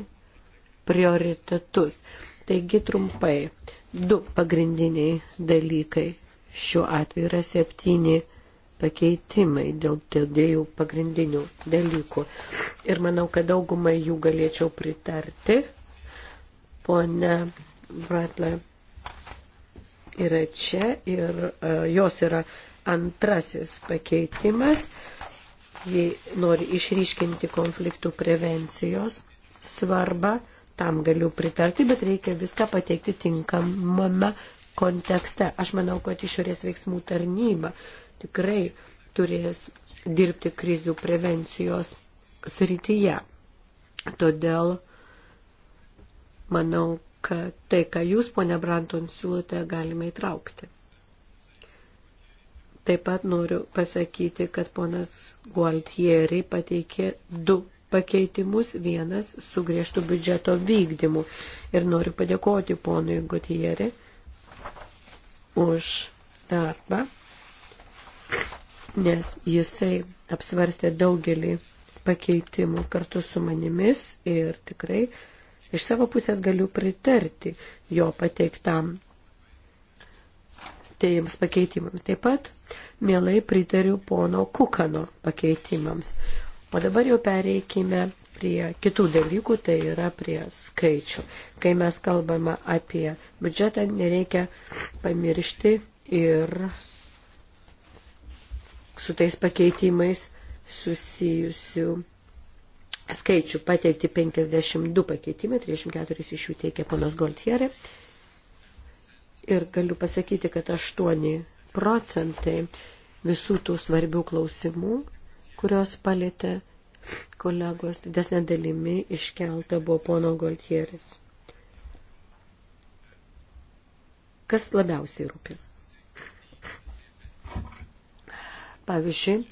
prioritetus. Taigi trumpai, du pagrindiniai dalykai šiuo atveju yra septyni pakeitimai dėl dviejų pagrindinių dalykų. Ir manau, kad daugumai jų galėčiau pritarti. Pone Bratle yra čia ir uh, jos yra antrasis pakeitimas. Ji nori išryškinti konfliktų prevencijos svarbą, tam galiu pritarti, bet reikia viską pateikti tinkamame kontekste. Aš manau, kad išorės veiksmų tarnyba tikrai turės dirbti krizių prevencijos srityje. Todėl manau, kad tai, ką jūs, ponia Branton, siūlote, galime įtraukti. Taip pat noriu pasakyti, kad ponas Gualtieri pateikė du pakeitimus, vienas su griežtų biudžeto vykdymu. Ir noriu padėkoti ponui Gualtieri už darbą nes jisai apsvarstė daugelį pakeitimų kartu su manimis ir tikrai iš savo pusės galiu pritarti jo pateiktam tiems pakeitimams. Taip pat mielai pritariu pono Kukano pakeitimams. O dabar jau pereikime prie kitų dalykų, tai yra prie skaičių. Kai mes kalbame apie biudžetą, nereikia pamiršti ir su tais pakeitimais susijusių skaičių. Pateikti 52 pakeitimai, 34 iš jų teikia ponas Goldhierė. Ir galiu pasakyti, kad 8 procentai visų tų svarbių klausimų, kurios palėtė kolegos didesnė dalimi iškelta buvo pono Goldhieris. Kas labiausiai rūpi? Pavyzdžiui,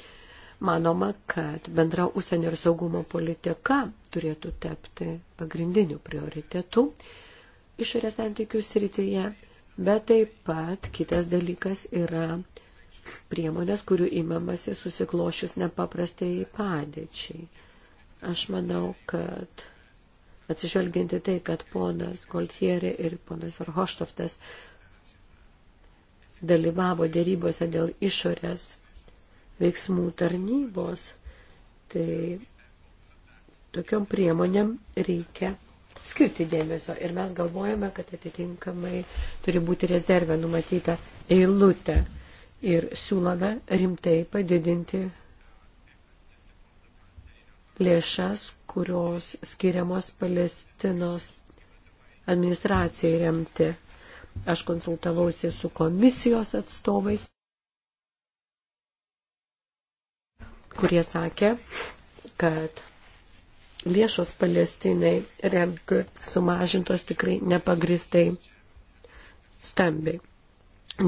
manoma, kad bendra užsienio ir saugumo politika turėtų tapti pagrindiniu prioritetu išorės santykių srityje, bet taip pat kitas dalykas yra priemonės, kurių įmamasi susiklošius nepaprastai padėčiai. Aš manau, kad atsižvelginti tai, kad ponas Goltieri ir ponas Verhoštoftas dalyvavo dėrybose dėl išorės veiksmų tarnybos, tai tokiom priemonėm reikia skirti dėmesio. Ir mes galvojame, kad atitinkamai turi būti rezervė numatyta eilutė. Ir siūlome rimtai padidinti lėšas, kurios skiriamos Palestinos administracijai remti. Aš konsultavausi su komisijos atstovais. kurie sakė, kad lėšos palestinai remk sumažintos tikrai nepagristai stambiai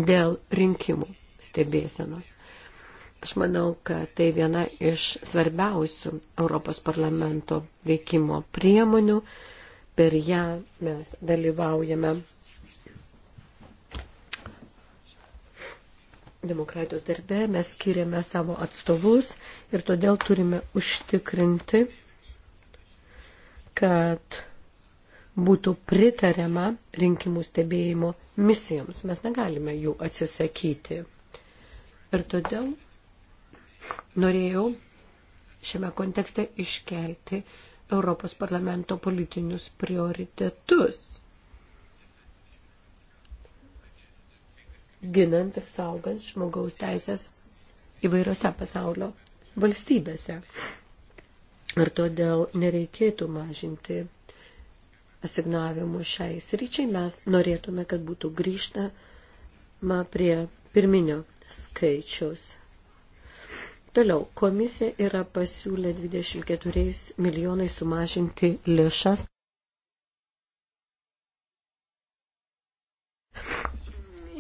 dėl rinkimų stebėsenos. Aš manau, kad tai viena iš svarbiausių Europos parlamento veikimo priemonių. Per ją mes dalyvaujame demokratijos darbe, mes skiriame savo atstovus ir todėl turime užtikrinti, kad būtų pritariama rinkimų stebėjimo misijoms. Mes negalime jų atsisakyti. Ir todėl norėjau šiame kontekste iškelti Europos parlamento politinius prioritetus. ginant ir saugant žmogaus teisės įvairiose pasaulio valstybėse. Ir todėl nereikėtų mažinti asignavimų šiai sryčiai. Mes norėtume, kad būtų grįžtama prie pirminio skaičiaus. Toliau, komisija yra pasiūlę 24 milijonai sumažinti lėšas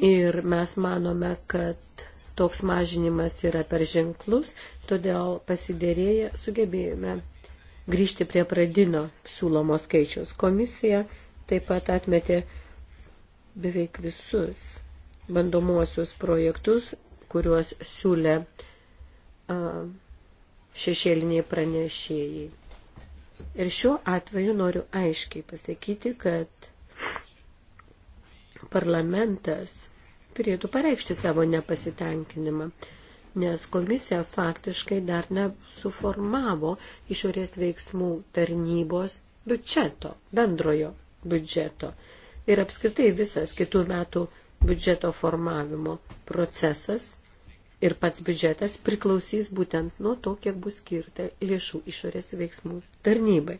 Ir mes manome, kad toks mažinimas yra per ženklus, todėl pasidėrėję sugebėjome grįžti prie pradinio siūlomo skaičiaus. Komisija taip pat atmetė beveik visus bandomuosius projektus, kuriuos siūlė a, šešėliniai pranešėjai. Ir šiuo atveju noriu aiškiai pasakyti, kad parlamentas turėtų pareikšti savo nepasitenkinimą, nes komisija faktiškai dar nesuformavo išorės veiksmų tarnybos biudžeto, bendrojo biudžeto. Ir apskritai visas kitų metų biudžeto formavimo procesas ir pats biudžetas priklausys būtent nuo to, kiek bus skirta lėšų išorės veiksmų tarnybai.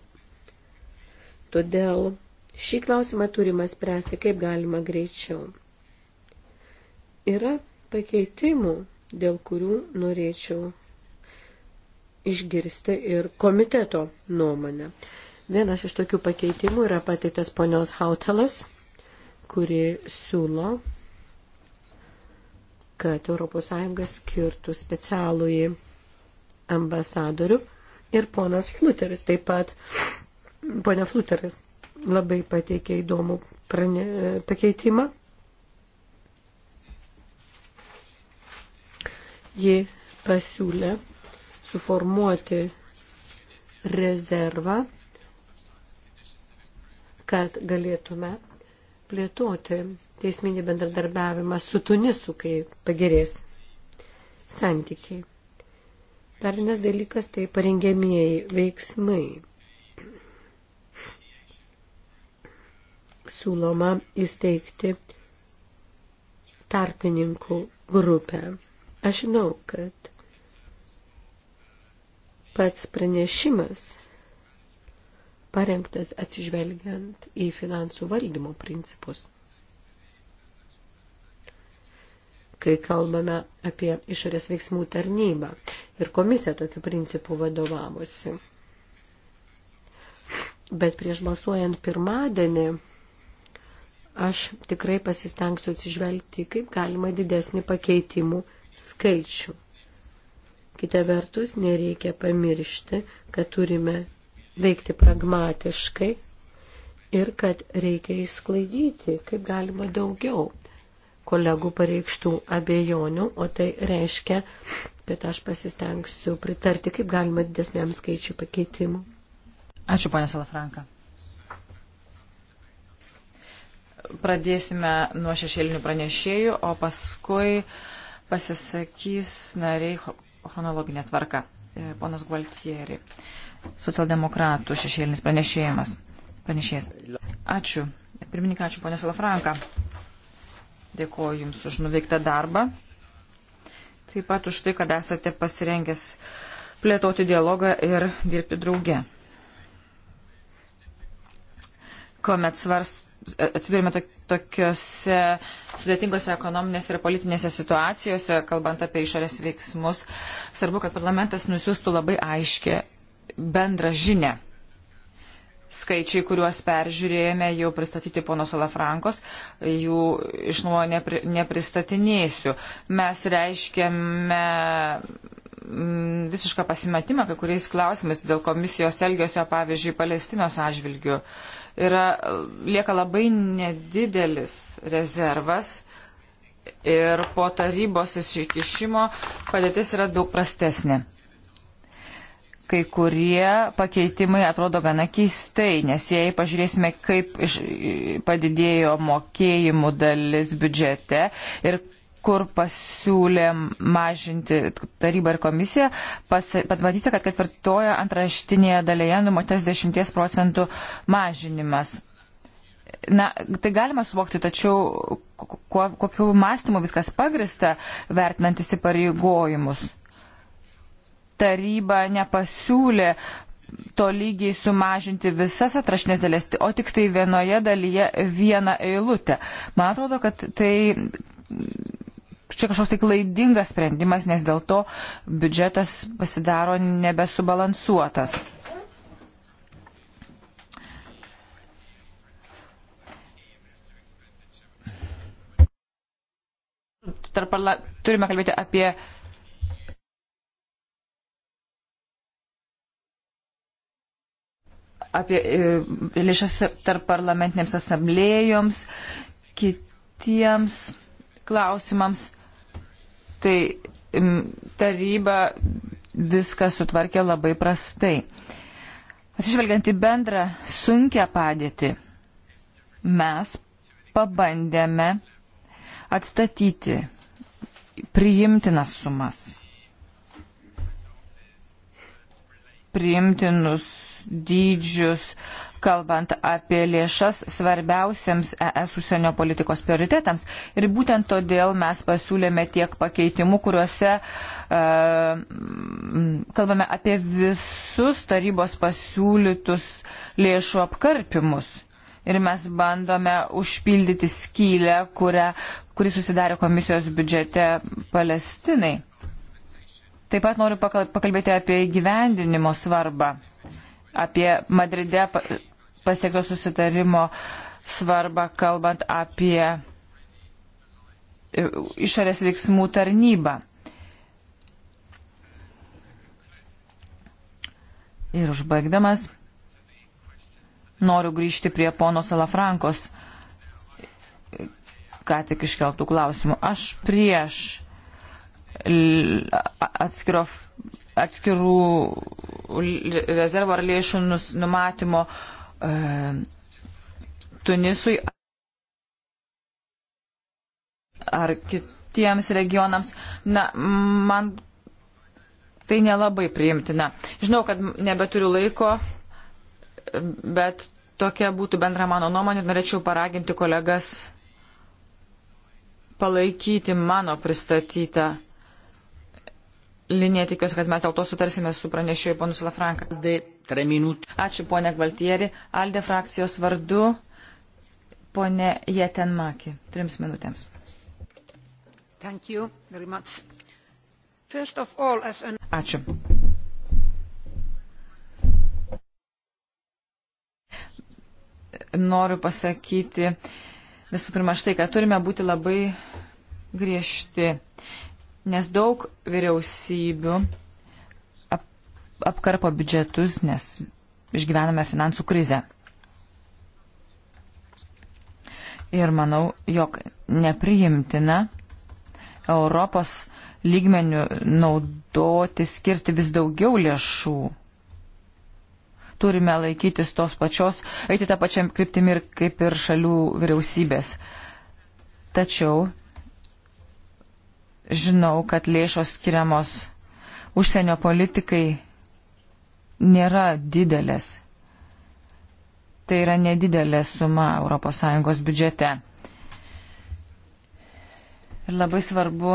Todėl Šį klausimą turime spręsti kaip galima greičiau. Yra pakeitimų, dėl kurių norėčiau išgirsti ir komiteto nuomonę. Vienas iš tokių pakeitimų yra pateiktas ponios Hautelas, kuri siūlo, kad ES skirtų specialųjį ambasadorių ir ponas Fluteris taip pat, ponia Fluteris labai pateikė įdomų prane, pakeitimą. Ji pasiūlė suformuoti rezervą, kad galėtume plėtoti teisminį bendradarbiavimą su Tunisu, kai pagerės santykiai. Dar vienas dalykas tai parengėmieji veiksmai. siūloma įsteigti tarpininkų grupę. Aš žinau, kad pats pranešimas parengtas atsižvelgiant į finansų valdymo principus. Kai kalbame apie išorės veiksmų tarnybą ir komisija tokiu principu vadovavosi. Bet prieš balsuojant pirmadienį aš tikrai pasistengsiu atsižvelgti, kaip galima didesnį pakeitimų skaičių. Kita vertus, nereikia pamiršti, kad turime veikti pragmatiškai ir kad reikia įsklaidyti, kaip galima daugiau kolegų pareikštų abejonių, o tai reiškia, kad aš pasistengsiu pritarti, kaip galima didesniam skaičiu pakeitimų. Ačiū, ponė Salafranka. Pradėsime nuo šešėlinių pranešėjų, o paskui pasisakys nariai chronologinė tvarka. E, ponas Gualtieri, socialdemokratų šešėlinis pranešėjimas. Pranešėjas. Ačiū. Pirmininkai, ačiū ponė Salafranka. Dėkuoju Jums už nuveiktą darbą. Taip pat už tai, kad esate pasirengęs plėtoti dialogą ir dirbti drauge. Komet svarst atsidurime tokiuose sudėtingose ekonominėse ir politinėse situacijose, kalbant apie išorės veiksmus. Svarbu, kad parlamentas nusiųstų labai aiškę bendrą žinę. Skaičiai, kuriuos peržiūrėjome, jau pristatyti pono Salafrankos, jų iš nuo nepri, nepristatinėsiu. Mes reiškiame mm, visišką pasimetimą kai kuriais klausimais dėl komisijos elgesio, pavyzdžiui, Palestinos atžvilgių. Uh, yra, lieka labai nedidelis rezervas ir po tarybos įsikišimo padėtis yra daug prastesnė. Kai kurie pakeitimai atrodo gana keistai, nes jei pažiūrėsime, kaip padidėjo mokėjimų dalis biudžete ir kur pasiūlė mažinti tarybą ir komisiją, pamatysite, kad ketvirtojo antraštinėje dalyje numatytas 10 procentų mažinimas. Na, tai galima suvokti, tačiau kuo, kokiu mąstymu viskas pagrista, vertinant įsipareigojimus. Taryba nepasiūlė tolygiai sumažinti visas atrašinės dalies, o tik tai vienoje dalyje vieną eilutę. Man atrodo, kad tai čia kažkoks tai klaidingas sprendimas, nes dėl to biudžetas pasidaro nebesubalansuotas. Tarparla, turime kalbėti apie apie e, lėšas tarp parlamentinėms asamblėjoms, kitiems klausimams tai taryba viską sutvarkė labai prastai. Atsižvelgiant į bendrą sunkę padėtį, mes pabandėme atstatyti priimtinas sumas, priimtinus dydžius, kalbant apie lėšas svarbiausiams ES užsienio politikos prioritetams. Ir būtent todėl mes pasiūlėme tiek pakeitimų, kuriuose uh, kalbame apie visus tarybos pasiūlytus lėšų apkarpimus. Ir mes bandome užpildyti skylę, kurią, kuri susidarė komisijos biudžete Palestinai. Taip pat noriu pakalbėti apie įgyvendinimo svarbą, apie Madride pasiekto susitarimo svarbą, kalbant apie e, išorės veiksmų tarnybą. Ir užbaigdamas, noriu grįžti prie pono Salafrankos, e, ką tik iškeltų klausimų. Aš prieš atskiro, atskirų rezervo ar lėšų numatymo uh, E, Tunisui ar kitiems regionams. Na, man tai nelabai priimtina. Žinau, kad nebeturiu laiko, bet tokia būtų bendra mano nuomonė ir norėčiau paraginti kolegas palaikyti mano pristatytą liniją. Tikiuosi, kad mes dėl to sutarsime su pranešėju ponus Lafranka. Ačiū ponė Gvaltieri. Alde frakcijos vardu ponė Jetenmaki. Trims minutėms. All, an... Ačiū. Noriu pasakyti visų pirma štai, kad turime būti labai griežti nes daug vyriausybių ap, apkarpo biudžetus, nes išgyvename finansų krizę. Ir manau, jog nepriimtina Europos lygmenių naudoti, skirti vis daugiau lėšų. Turime laikytis tos pačios, eiti tą pačią kryptimį ir kaip ir šalių vyriausybės. Tačiau Žinau, kad lėšos skiriamos užsienio politikai nėra didelės. Tai yra nedidelė suma ES biudžete. Ir labai svarbu,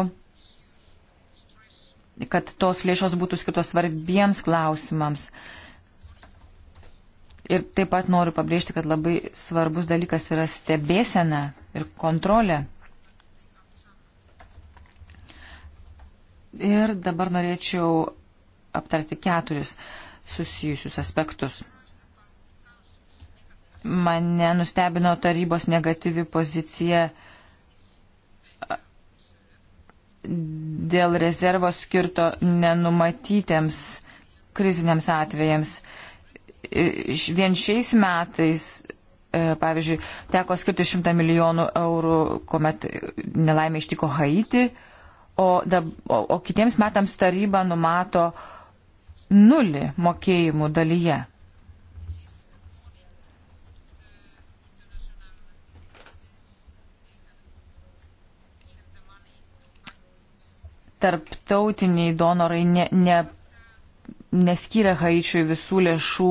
kad tos lėšos būtų skirtos svarbiems klausimams. Ir taip pat noriu pabrėžti, kad labai svarbus dalykas yra stebėsena ir kontrolė. Ir dabar norėčiau aptarti keturis susijusius aspektus. Mane nustebino tarybos negatyvi pozicija dėl rezervo skirto nenumatytiems kriziniams atvejams. Vien šiais metais, e, pavyzdžiui, teko skirti 100 milijonų eurų, kuomet nelaimė ištiko Haiti o, dab, o, o kitiems metams taryba numato nulį mokėjimų dalyje. Tarptautiniai donorai ne, ne, neskyrė Haičiui visų lėšų,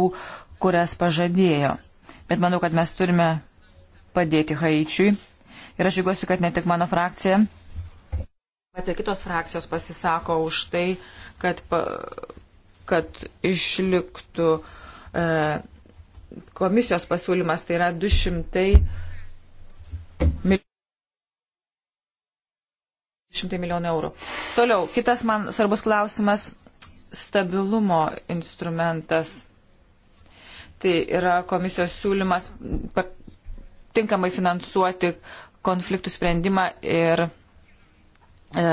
kurias pažadėjo. Bet manau, kad mes turime padėti Haičiui. Ir aš žiūriuosi, kad ne tik mano frakcija, Bet ir kitos frakcijos pasisako už tai, kad, kad išliktų e, komisijos pasiūlymas, tai yra 200 milijonų. 100 milijonų eurų. Toliau, kitas man svarbus klausimas - stabilumo instrumentas. Tai yra komisijos siūlymas tinkamai finansuoti konfliktų sprendimą ir E,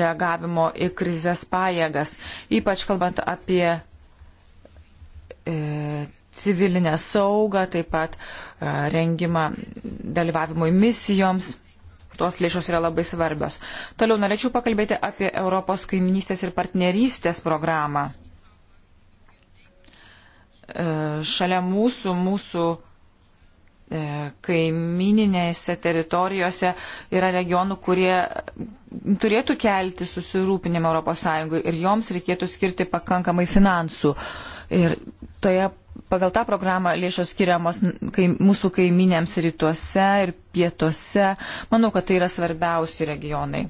reagavimo į krizės pajėgas, ypač kalbant apie e, civilinę saugą, taip pat e, rengimą dalyvavimui misijoms. Tos lėšos yra labai svarbios. Toliau norėčiau pakalbėti apie Europos kaiminystės ir partnerystės programą. Šalia mūsų, mūsų E, kaimininėse teritorijose yra regionų, kurie turėtų kelti susirūpinimą ES ir joms reikėtų skirti pakankamai finansų. Ir toje, pagal tą programą lėšos skiriamos kai, mūsų kaiminėms rytuose ir pietuose. Manau, kad tai yra svarbiausi regionai.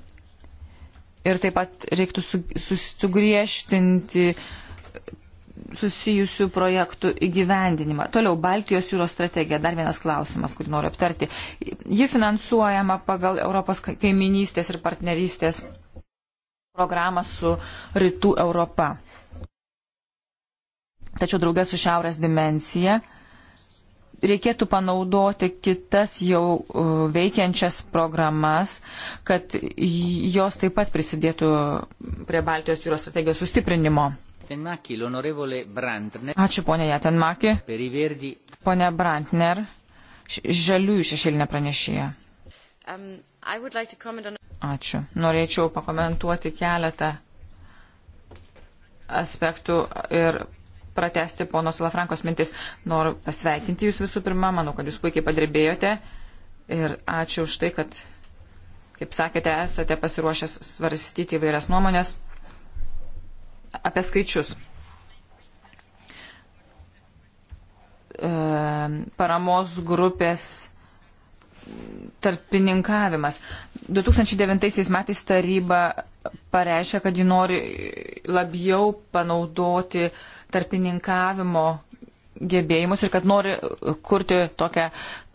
Ir taip pat reiktų su, su, sugriežtinti su, susijusių projektų įgyvendinimą. Toliau, Baltijos jūros strategija, dar vienas klausimas, kurį noriu aptarti. Ji finansuojama pagal Europos kaiminystės ir partnerystės programą su Rytų Europa. Tačiau draugė su Šiaurės dimensija reikėtų panaudoti kitas jau e, veikiančias programas, kad jos taip pat prisidėtų prie Baltijos jūros strategijos sustiprinimo. Ačiū ponė Jatenmaki. Pone Brantner, žaliųjų šešėlinė pranešėja. Um, ačiū. Norėčiau pakomentuoti keletą aspektų ir pratesti ponos Lafrankos mintis. Noriu pasveikinti Jūs visų pirma, manau, kad Jūs puikiai padirbėjote ir ačiū už tai, kad, kaip sakėte, esate pasiruošęs svarstyti įvairias nuomonės apie skaičius. E, paramos grupės tarpininkavimas. 2009 metais taryba pareiškia, kad ji nori labiau panaudoti tarpininkavimo gebėjimus ir kad nori kurti tokią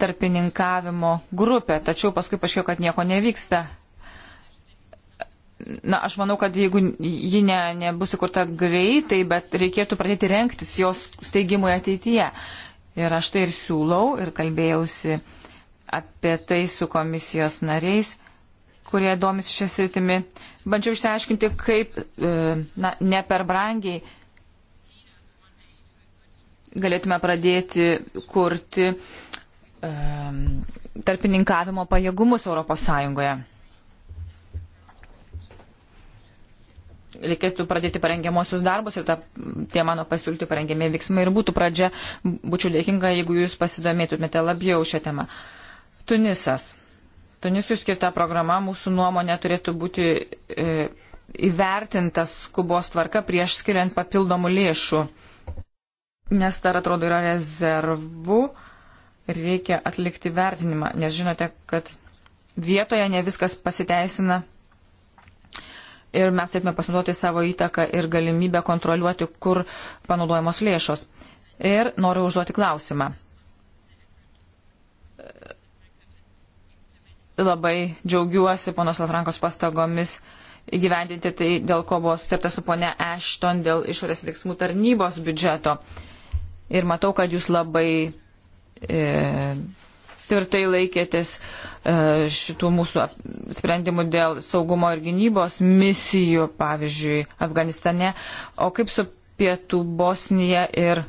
tarpininkavimo grupę, tačiau paskui paaiškėjo, kad nieko nevyksta na, aš manau, kad jeigu ji ne, nebus įkurta greitai, bet reikėtų pradėti renktis jos steigimui ateityje. Ir aš tai ir siūlau ir kalbėjausi apie tai su komisijos nariais, kurie domis šią sritimį. Bandžiau išsiaiškinti, kaip e, na, ne per brangiai galėtume pradėti kurti um, tarpininkavimo pajėgumus Europos Sąjungoje. reikėtų pradėti parengiamosius darbus ir ta, tie mano pasiūlyti parengiami veiksmai ir būtų pradžia. Būčiau dėkinga, jeigu jūs pasidomėtumėte labiau šią temą. Tunisas. Tunisui skirta programa mūsų nuomonė turėtų būti e, įvertintas skubos tvarka prieš skiriant papildomų lėšų, nes dar atrodo yra rezervų ir reikia atlikti vertinimą, nes žinote, kad vietoje ne viskas pasiteisina ir mes turėtume pasinaudoti savo įtaką ir galimybę kontroliuoti, kur panaudojamos lėšos. Ir noriu užduoti klausimą. Labai džiaugiuosi ponos Lafrankos pastagomis įgyvendinti tai, dėl ko buvo sutarta su ponia Ashton dėl išorės veiksmų tarnybos biudžeto. Ir matau, kad jūs labai e, tvirtai laikėtės e, šitų mūsų sprendimų dėl saugumo ir gynybos misijų, pavyzdžiui, Afganistane. O kaip su Pietų Bosnija ir,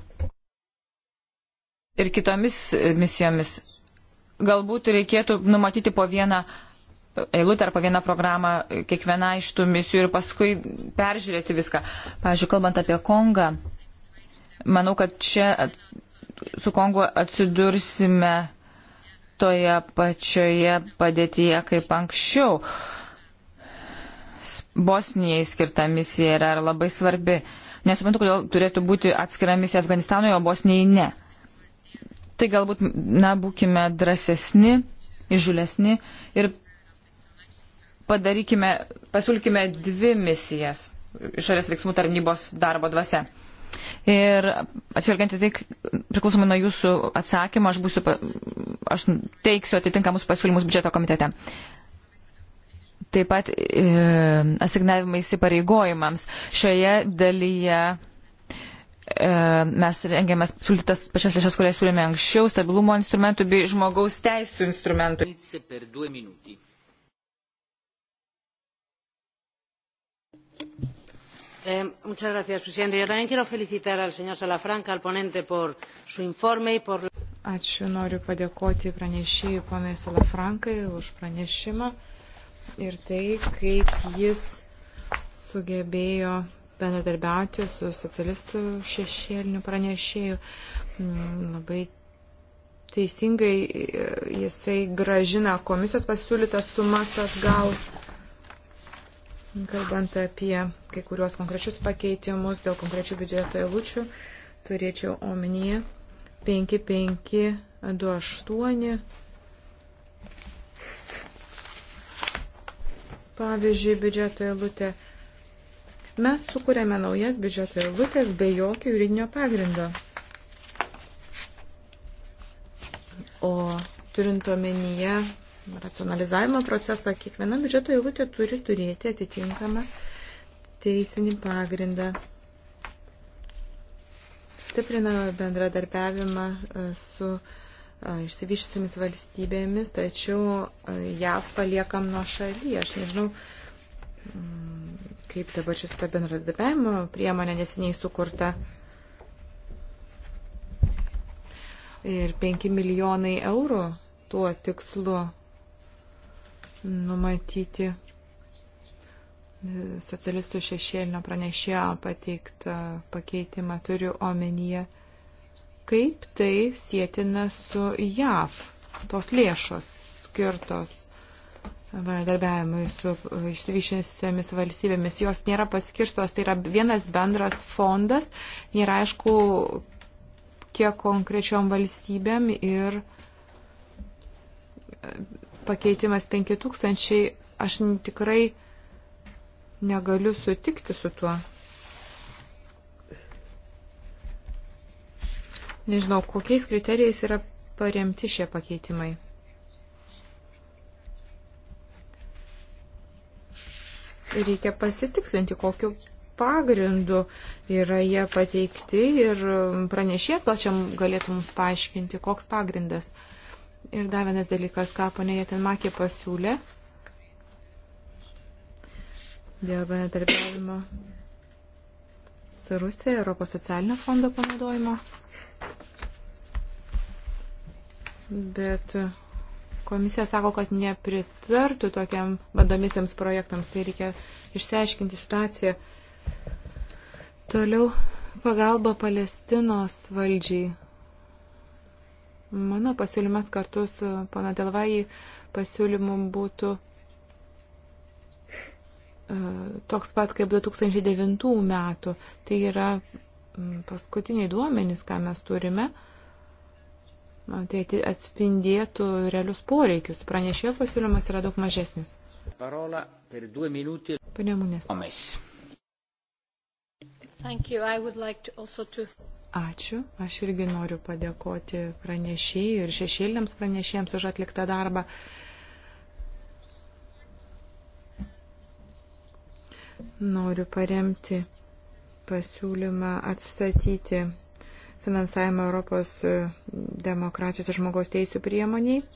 ir kitomis misijomis? Galbūt reikėtų numatyti po vieną eilutę ar po vieną programą kiekvieną iš tų misijų ir paskui peržiūrėti viską. Pavyzdžiui, kalbant apie Kongą, manau, kad čia su Kongu atsidursime toje pačioje padėtyje kaip anksčiau. Bosnijai skirta misija yra labai svarbi. Nesuprantu, kodėl turėtų būti atskira misija Afganistanoje, o Bosnijai ne. Tai galbūt, na, būkime drąsesni, išžulesni ir padarykime, pasiūlykime dvi misijas išorės veiksmų tarnybos darbo dvasia. Ir atsižvelgiant į tai, priklausomai nuo jūsų atsakymą, aš, būsiu, aš teiksiu atitinkamus pasiūlymus biudžeto komitete. Taip pat e, asignavimai įsipareigojimams. Šioje dalyje e, mes rengiamės siūlyti tas pačias lėšas, kurias siūlėme anksčiau, stabilumo instrumentų bei žmogaus teisų instrumentų. Eh, señor presidente. Yo también quiero felicitar al señor Salafranca, al ponente, por su informe y por. Ačiū, noriu padėkoti pranešėjai ponai Salafrankai už pranešimą ir tai, kaip jis sugebėjo bendradarbiauti su socialistų šešėliniu pranešėju. Mm, labai teisingai e, jisai gražina komisijos pasiūlytas sumas atgal. Kalbant apie kai kuriuos konkrečius pakeitimus dėl konkrečių biudžeto eilučių, turėčiau omenyje 5528. Pavyzdžiui, biudžeto eilutė. Mes sukūrėme naujas biudžeto eilutės be jokio juridinio pagrindo. O turint omenyje racionalizavimo procesą, kiekviena biudžeto eilutė turi turėti atitinkamą teisinį pagrindą. Stipriname bendradarbiavimą e, su e, išsivyščiusiamis valstybėmis, tačiau e, JAV paliekam nuo šaly. Aš nežinau, mm, kaip dabar šitą bendradarbiavimo priemonę nesiniai sukurta. Ir 5 milijonai eurų tuo tikslu numatyti socialistų šešėlinio pranešėjo pateiktą pakeitimą turiu omenyje, kaip tai sėtina su JAV, tos lėšos skirtos bendradarbiavimui su išsivyšinėmis valstybėmis. Jos nėra paskirštos, tai yra vienas bendras fondas, nėra aišku, kiek konkrečiom valstybėm ir pakeitimas 5000, aš tikrai negaliu sutikti su tuo. Nežinau, kokiais kriterijais yra paremti šie pakeitimai. Reikia pasitikslinti, kokiu pagrindu yra jie pateikti ir pranešės gal čia galėtų mums paaiškinti, koks pagrindas. Ir dar vienas dalykas, ką ponė Jatinmakė pasiūlė dėl bendradarbiavimo su Rusija, Europos socialinio fondo panaudojimo. Bet komisija sako, kad nepritartų tokiam vadomisiams projektams, tai reikia išsiaiškinti situaciją. Toliau pagalba Palestinos valdžiai. Mano pasiūlymas kartu su pana Delvai pasiūlymu būtų e, toks pat kaip 2009 metų. Tai yra paskutiniai duomenys, ką mes turime. Tai atspindėtų realius poreikius. Pranešėjo pasiūlymas yra daug mažesnis. Pane Munės. Like to to... Ačiū. Aš irgi noriu padėkoti pranešėjai ir šešėlėms pranešėjams už atliktą darbą. Noriu paremti pasiūlymą atstatyti finansavimą Europos demokratijos ir žmogaus teisų priemoniai.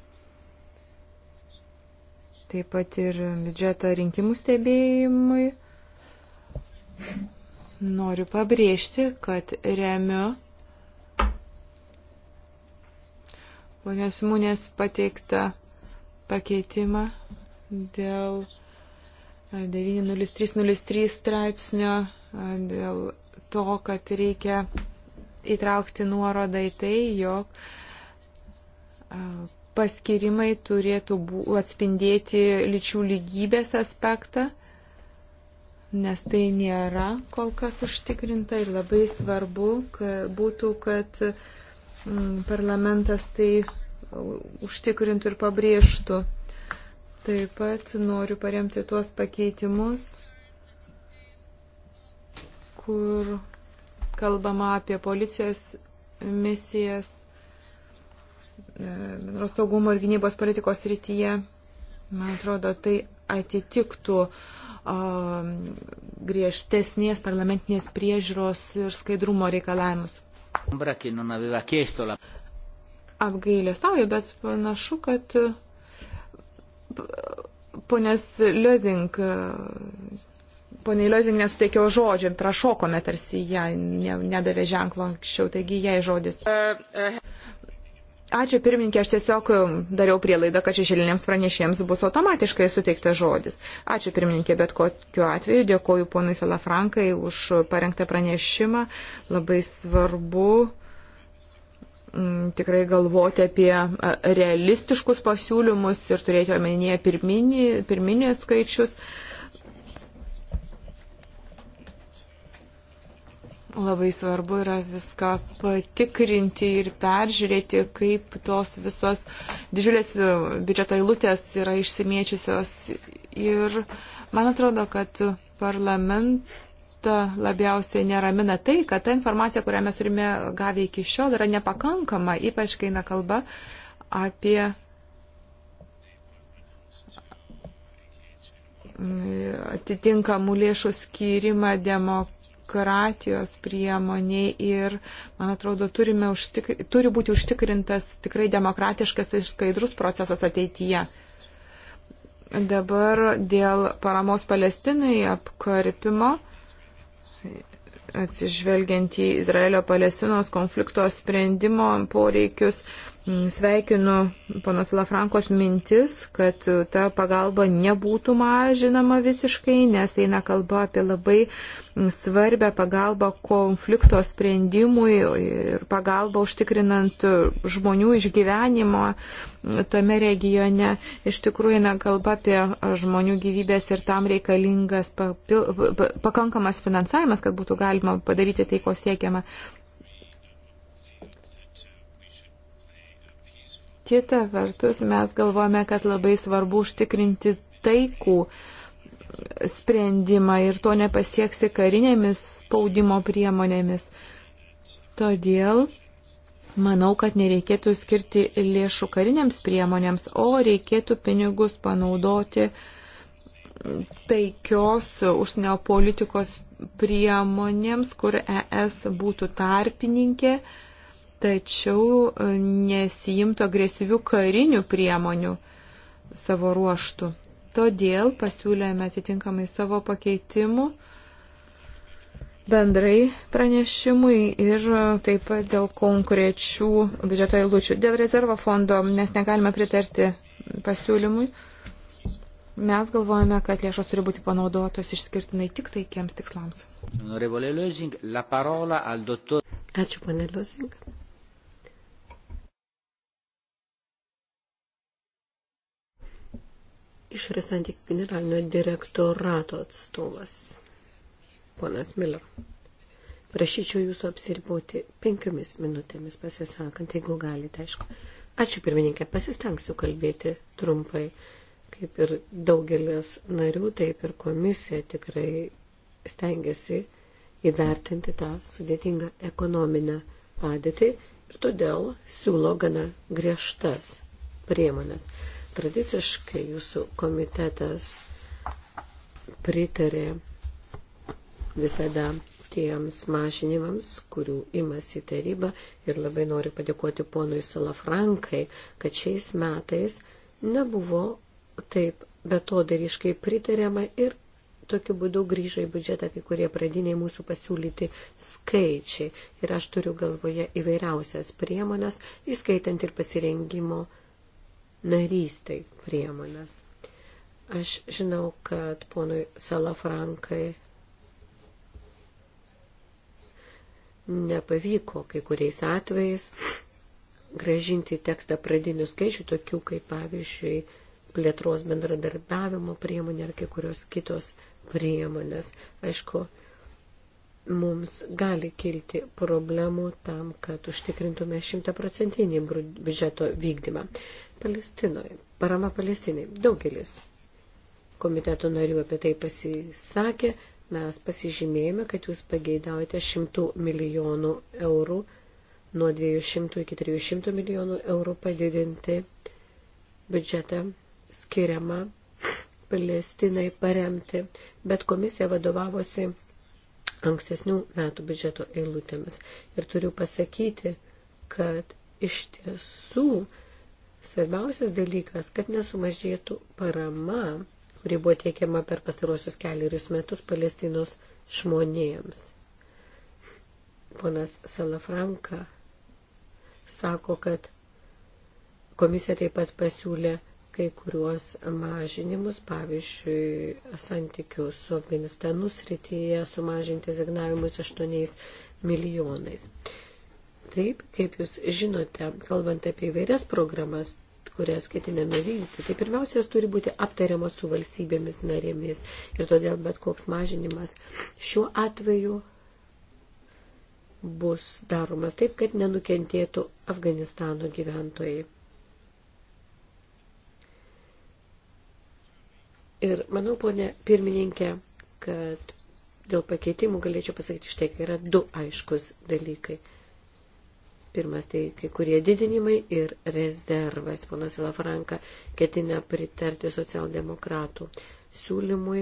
Taip pat ir biudžetą rinkimų stebėjimui. Noriu pabrėžti, kad remiu ponios Mūnės pateiktą pakeitimą dėl 90303 straipsnio, dėl to, kad reikia įtraukti nuorodą į tai, jog paskirimai turėtų atspindėti lyčių lygybės aspektą nes tai nėra kol kas užtikrinta ir labai svarbu kad būtų, kad mm, parlamentas tai užtikrintų ir pabrėžtų. Taip pat noriu paremti tuos pakeitimus, kur kalbama apie policijos misijas, e, bendros saugumo ir gynybos politikos rytyje. Man atrodo, tai atitiktų uh, griežtesnės parlamentinės priežiūros ir skaidrumo reikalavimus. Apgailę stauju, bet panašu, kad e, ponės Liozink, e, poniai Liozink nesuteikiau žodžio, prašokome tarsi ją, ne, nedavė ženklo anksčiau, taigi jai žodis. E, Ačiū pirmininkė, aš tiesiog um, dariau prielaidą, kad šešėlinėms pranešėjams bus automatiškai suteiktas žodis. Ačiū pirmininkė, bet kokiu atveju dėkoju ponui Salafrankai už parengtą pranešimą. Labai svarbu m, mm, tikrai galvoti apie realistiškus pasiūlymus ir turėti omenyje pirminį, pirminį skaičius. Uh, labai svarbu yra viską patikrinti ir peržiūrėti, kaip tos visos didžiulės biudžeto eilutės yra išsimiečiusios. Ir man atrodo, kad parlamentą labiausiai neramina tai, kad ta informacija, kurią mes turime gavę iki šiol, yra nepakankama, ypač kai eina kalba apie mm, atitinkamų lėšų skyrimą demok biurokratijos priemoniai ir, man atrodo, užtikri, turi būti užtikrintas tikrai demokratiškas ir skaidrus procesas ateityje. Dabar dėl paramos Palestinai apkarpimo, atsižvelgiant į Izraelio-Palestinos konflikto sprendimo poreikius, uh, Sveikinu panos Lafrankos mintis, kad ta pagalba nebūtų mažinama visiškai, nes eina kalba apie labai svarbę pagalbą konflikto sprendimui ir pagalbą užtikrinant žmonių išgyvenimo tame regione. Iš tikrųjų eina kalba apie žmonių gyvybės ir tam reikalingas papil... pakankamas finansavimas, kad būtų galima padaryti tai, ko siekiama. Kita vertus, mes galvojame, kad labai svarbu užtikrinti taikų sprendimą ir to nepasieksi karinėmis spaudimo priemonėmis. Todėl manau, kad nereikėtų skirti lėšų karinėms priemonėms, o reikėtų pinigus panaudoti taikios užsienio politikos priemonėms, kur ES būtų tarpininkė. Uh, tačiau e, nesijimtų agresyvių karinių priemonių savo ruoštų. Todėl pasiūlėme atitinkamai savo pakeitimų bendrai pranešimui ir e, taip pat dėl konkrečių biudžeto eilučių. Dėl rezervo fondo mes negalime pritarti pasiūlymui. Mes galvojame, kad lėšos turi būti panaudotos išskirtinai tik taikiems tikslams. Ačiū, ponė Liuzink. išorės santykių generalinio direktorato atstovas, ponas Miller. Prašyčiau jūsų apsiriboti penkiomis minutėmis pasisakant, jeigu galite, aišku. Ačiū pirmininkė, pasistengsiu kalbėti trumpai. Kaip ir daugelis narių, taip ir komisija tikrai stengiasi įvertinti tą sudėtingą ekonominę padėtį ir todėl siūlo gana griežtas priemonės. Tradiciškai jūsų komitetas pritarė visada tiems mažinimams, kurių imasi taryba ir labai noriu padėkoti ponui Salafrankai, kad šiais metais nebuvo taip betodariškai pritariama ir tokiu būdu grįžo į biudžetą kai kurie pradiniai mūsų pasiūlyti skaičiai. Ir aš turiu galvoje įvairiausias priemonės, įskaitant ir pasirengimo narystai priemonės. Aš žinau, kad ponui Salafrankai nepavyko kai kuriais atvejais gražinti į tekstą pradinių skaičių, tokių kaip pavyzdžiui plėtros bendradarbiavimo priemonė ar kai kurios kitos priemonės. Aišku, mums gali kilti problemų tam, kad užtikrintume šimtaprocentinį biudžeto vykdymą. Palestinoje, parama Palestinai. Daugelis komiteto narių apie tai pasisakė. Mes pasižymėjome, kad jūs pageidaujate 100 milijonų eurų, nuo 200 iki 300 milijonų eurų padidinti biudžetą skiriamą Palestinai paremti, bet komisija vadovavosi ankstesnių metų biudžeto eilutėmis. Ir turiu pasakyti, kad iš tiesų Svarbiausias dalykas, kad nesumažėtų parama, kuri buvo teikiama per pastarosius keliarius metus Palestinos žmonėms. Ponas Salafranka sako, kad komisija taip pat pasiūlė kai kuriuos mažinimus, pavyzdžiui, santykius su Afganistanu srityje sumažinti zignavimus 8 milijonais. Taip, kaip jūs žinote, kalbant apie įvairias programas, kurias ketiname vykdyti, tai pirmiausia, jos turi būti aptariamos su valstybėmis narėmis ir todėl bet koks mažinimas šiuo atveju bus daromas taip, kad nenukentėtų Afganistano gyventojai. Ir manau, ponė pirmininkė, kad dėl pakeitimų galėčiau pasakyti štai, kai yra du aiškus dalykai – Pirmas tai kai kurie didinimai ir rezervas. Ponas Lafranka ketina pritarti socialdemokratų siūlymui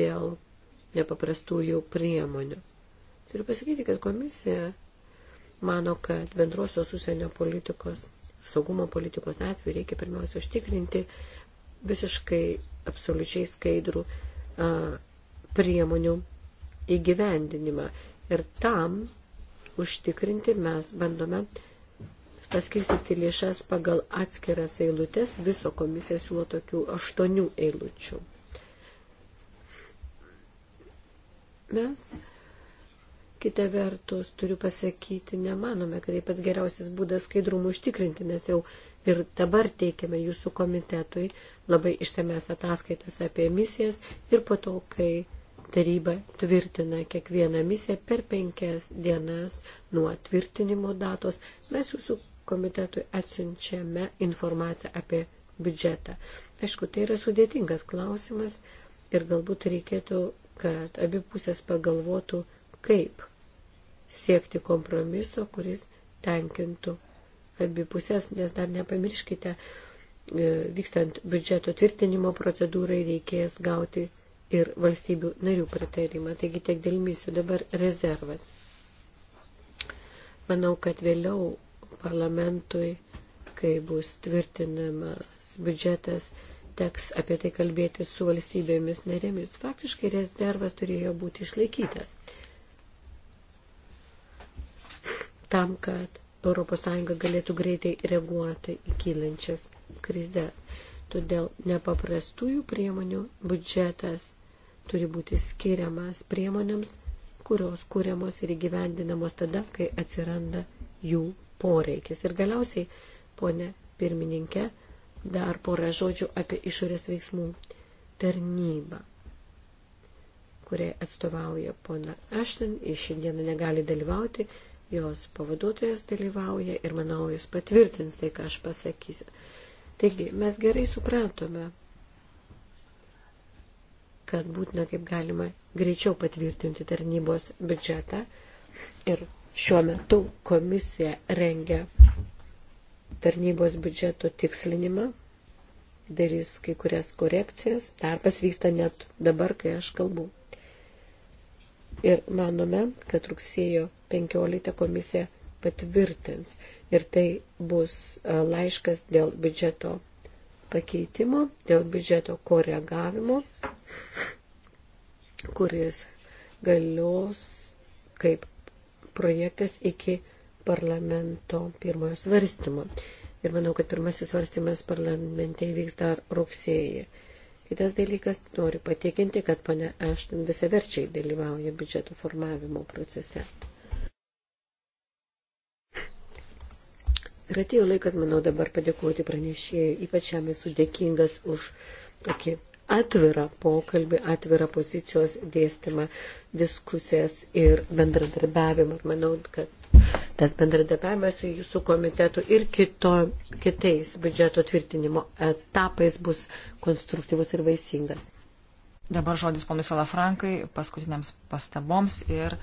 dėl nepaprastųjų priemonių. Turiu pasakyti, kad komisija mano, kad bendrosios užsienio politikos, saugumo politikos atveju reikia pirmiausia užtikrinti visiškai absoliučiai skaidrų a, priemonių įgyvendinimą. Ir tam užtikrinti, mes bandome paskirstyti lėšas pagal atskiras eilutės, viso komisija siūlo tokių aštuonių eilučių. Mes, kita vertus, turiu pasakyti, nemanome, kad tai pats geriausias būdas skaidrumų užtikrinti, nes jau ir dabar teikiame jūsų komitetui labai išsames ataskaitas apie emisijas ir po to, kai Taryba tvirtina kiekvieną misiją per penkias dienas nuo tvirtinimo datos. Mes jūsų komitetui atsiunčiame informaciją apie biudžetą. Aišku, tai yra sudėtingas klausimas ir galbūt reikėtų, kad abi pusės pagalvotų, kaip siekti kompromiso, kuris tenkintų abi pusės, nes dar nepamirškite, e, vykstant biudžeto tvirtinimo procedūrai reikės gauti ir valstybių narių pritarimą. Taigi tiek dėl misijų dabar rezervas. Manau, kad vėliau parlamentui, kai bus tvirtinamas biudžetas, teks apie tai kalbėti su valstybėmis narėmis. Faktiškai rezervas turėjo būti išlaikytas tam, kad ES galėtų greitai reaguoti į kylančias krizės. Todėl nepaprastųjų priemonių biudžetas turi būti skiriamas priemonėms, kurios kūriamos ir įgyvendinamos tada, kai atsiranda jų poreikis. Ir galiausiai, ponė pirmininkė, dar porą žodžių apie išorės veiksmų tarnybą, kuriai atstovauja pona Ashton, iš šiandieną negali dalyvauti, jos pavaduotojas dalyvauja ir manau, jis patvirtins tai, ką aš pasakysiu. Taigi, mes gerai supratome, kad būtina kaip galima greičiau patvirtinti tarnybos biudžetą ir šiuo metu komisija rengia tarnybos biudžeto tikslinimą, darys kai kurias korekcijas, darbas vyksta net dabar, kai aš kalbu. Ir manome, kad rugsėjo 15 komisija patvirtins ir tai bus e, laiškas dėl biudžeto pakeitimo, dėl biudžeto koregavimo, kuris galios kaip projektas iki parlamento pirmojo svarstymo. Ir manau, kad pirmasis svarstymas parlamente įvyks dar rugsėjį. Kitas dalykas, noriu patikinti, kad pane Ešton visaverčiai dalyvauja biudžeto formavimo procese. Ir atėjo laikas, manau, dabar padėkoti pranešėjai, ypač jam esu dėkingas už tokį atvirą pokalbį, atvirą pozicijos dėstymą, diskusijas ir bendradarbiavimą. Ir manau, kad tas bendradarbiavimas su jūsų komitetu ir kito, kitais biudžeto tvirtinimo etapais bus konstruktyvus ir vaisingas. Dabar žodis ponui Salafrankai, paskutiniams pastaboms ir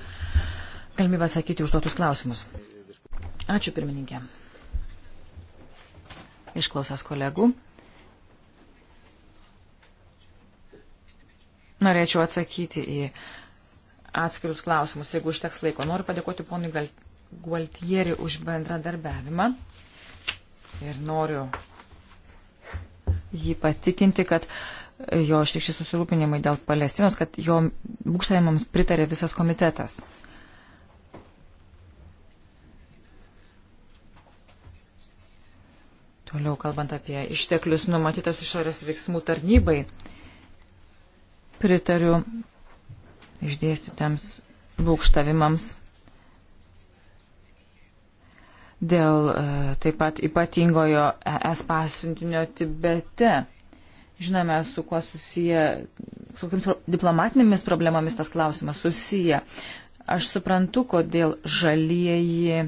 galimybę atsakyti užduotus klausimus. Ačiū pirmininkė išklausęs kolegų. Norėčiau atsakyti į atskirus klausimus, jeigu užteks laiko. Noriu padėkoti ponui Gualtieri už bendradarbiavimą ir noriu jį patikinti, kad jo ištikšti susirūpinimai dėl Palestinos, kad jo būkštavimams pritarė visas komitetas. Toliau kalbant apie išteklius numatytas išorės veiksmų tarnybai, pritariu išdėstytams būkštavimams dėl e, taip pat ypatingojo ES pasiuntinio Tibete. Žinome, su kuo susiję, su kokiamis diplomatinėmis problemomis tas klausimas susiję. Aš suprantu, kodėl žalieji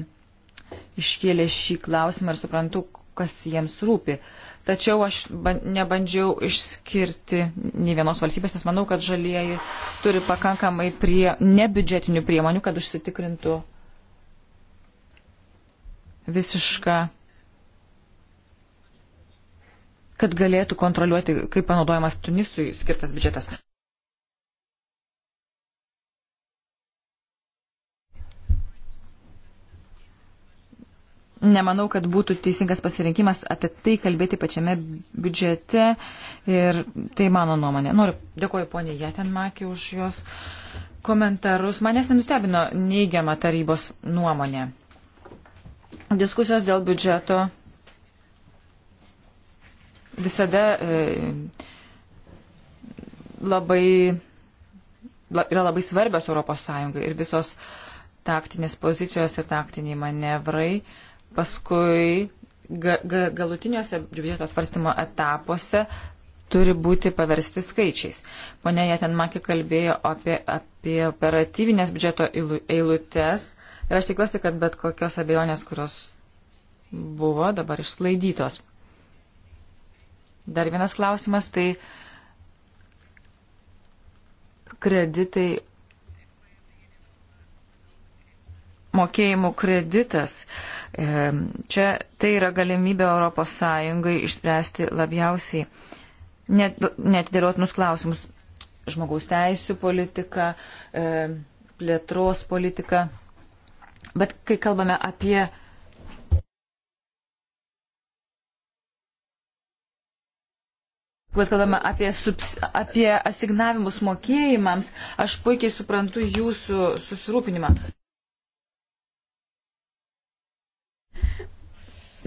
iškėlė šį klausimą ir suprantu, kas jiems rūpi. Tačiau aš nebandžiau išskirti nei vienos valstybės, nes manau, kad žalieji turi pakankamai prie nebiudžetinių priemonių, kad užsitikrintų visišką, kad galėtų kontroliuoti, kaip panaudojamas Tunisui skirtas biudžetas. nemanau, kad būtų teisingas pasirinkimas apie tai kalbėti pačiame biudžete ir tai mano nuomonė. Noriu, dėkoju ponė Jatenmakė už jos komentarus. Manęs nenustebino neigiama tarybos nuomonė. Diskusijos dėl biudžeto visada e, labai la, yra labai svarbios Europos Sąjungai ir visos taktinės pozicijos ir taktiniai manevrai e, Paskui ga, ga, galutiniuose biudžeto svarstymo etapuose turi būti paversti skaičiais. Pone Jatenmaki kalbėjo apie, apie operatyvinės biudžeto eilutes ir aš tikiuosi, kad bet kokios abejonės, kurios buvo dabar išsklaidytos. Dar vienas klausimas, tai kreditai mokėjimų kreditas. E, čia tai yra galimybė ES išspręsti labiausiai netidėliotinus klausimus - žmogaus teisų politika, e, plėtros politika. Bet kai kalbame apie Kuo kalbame apie, subs, apie asignavimus mokėjimams, aš puikiai suprantu jūsų susirūpinimą.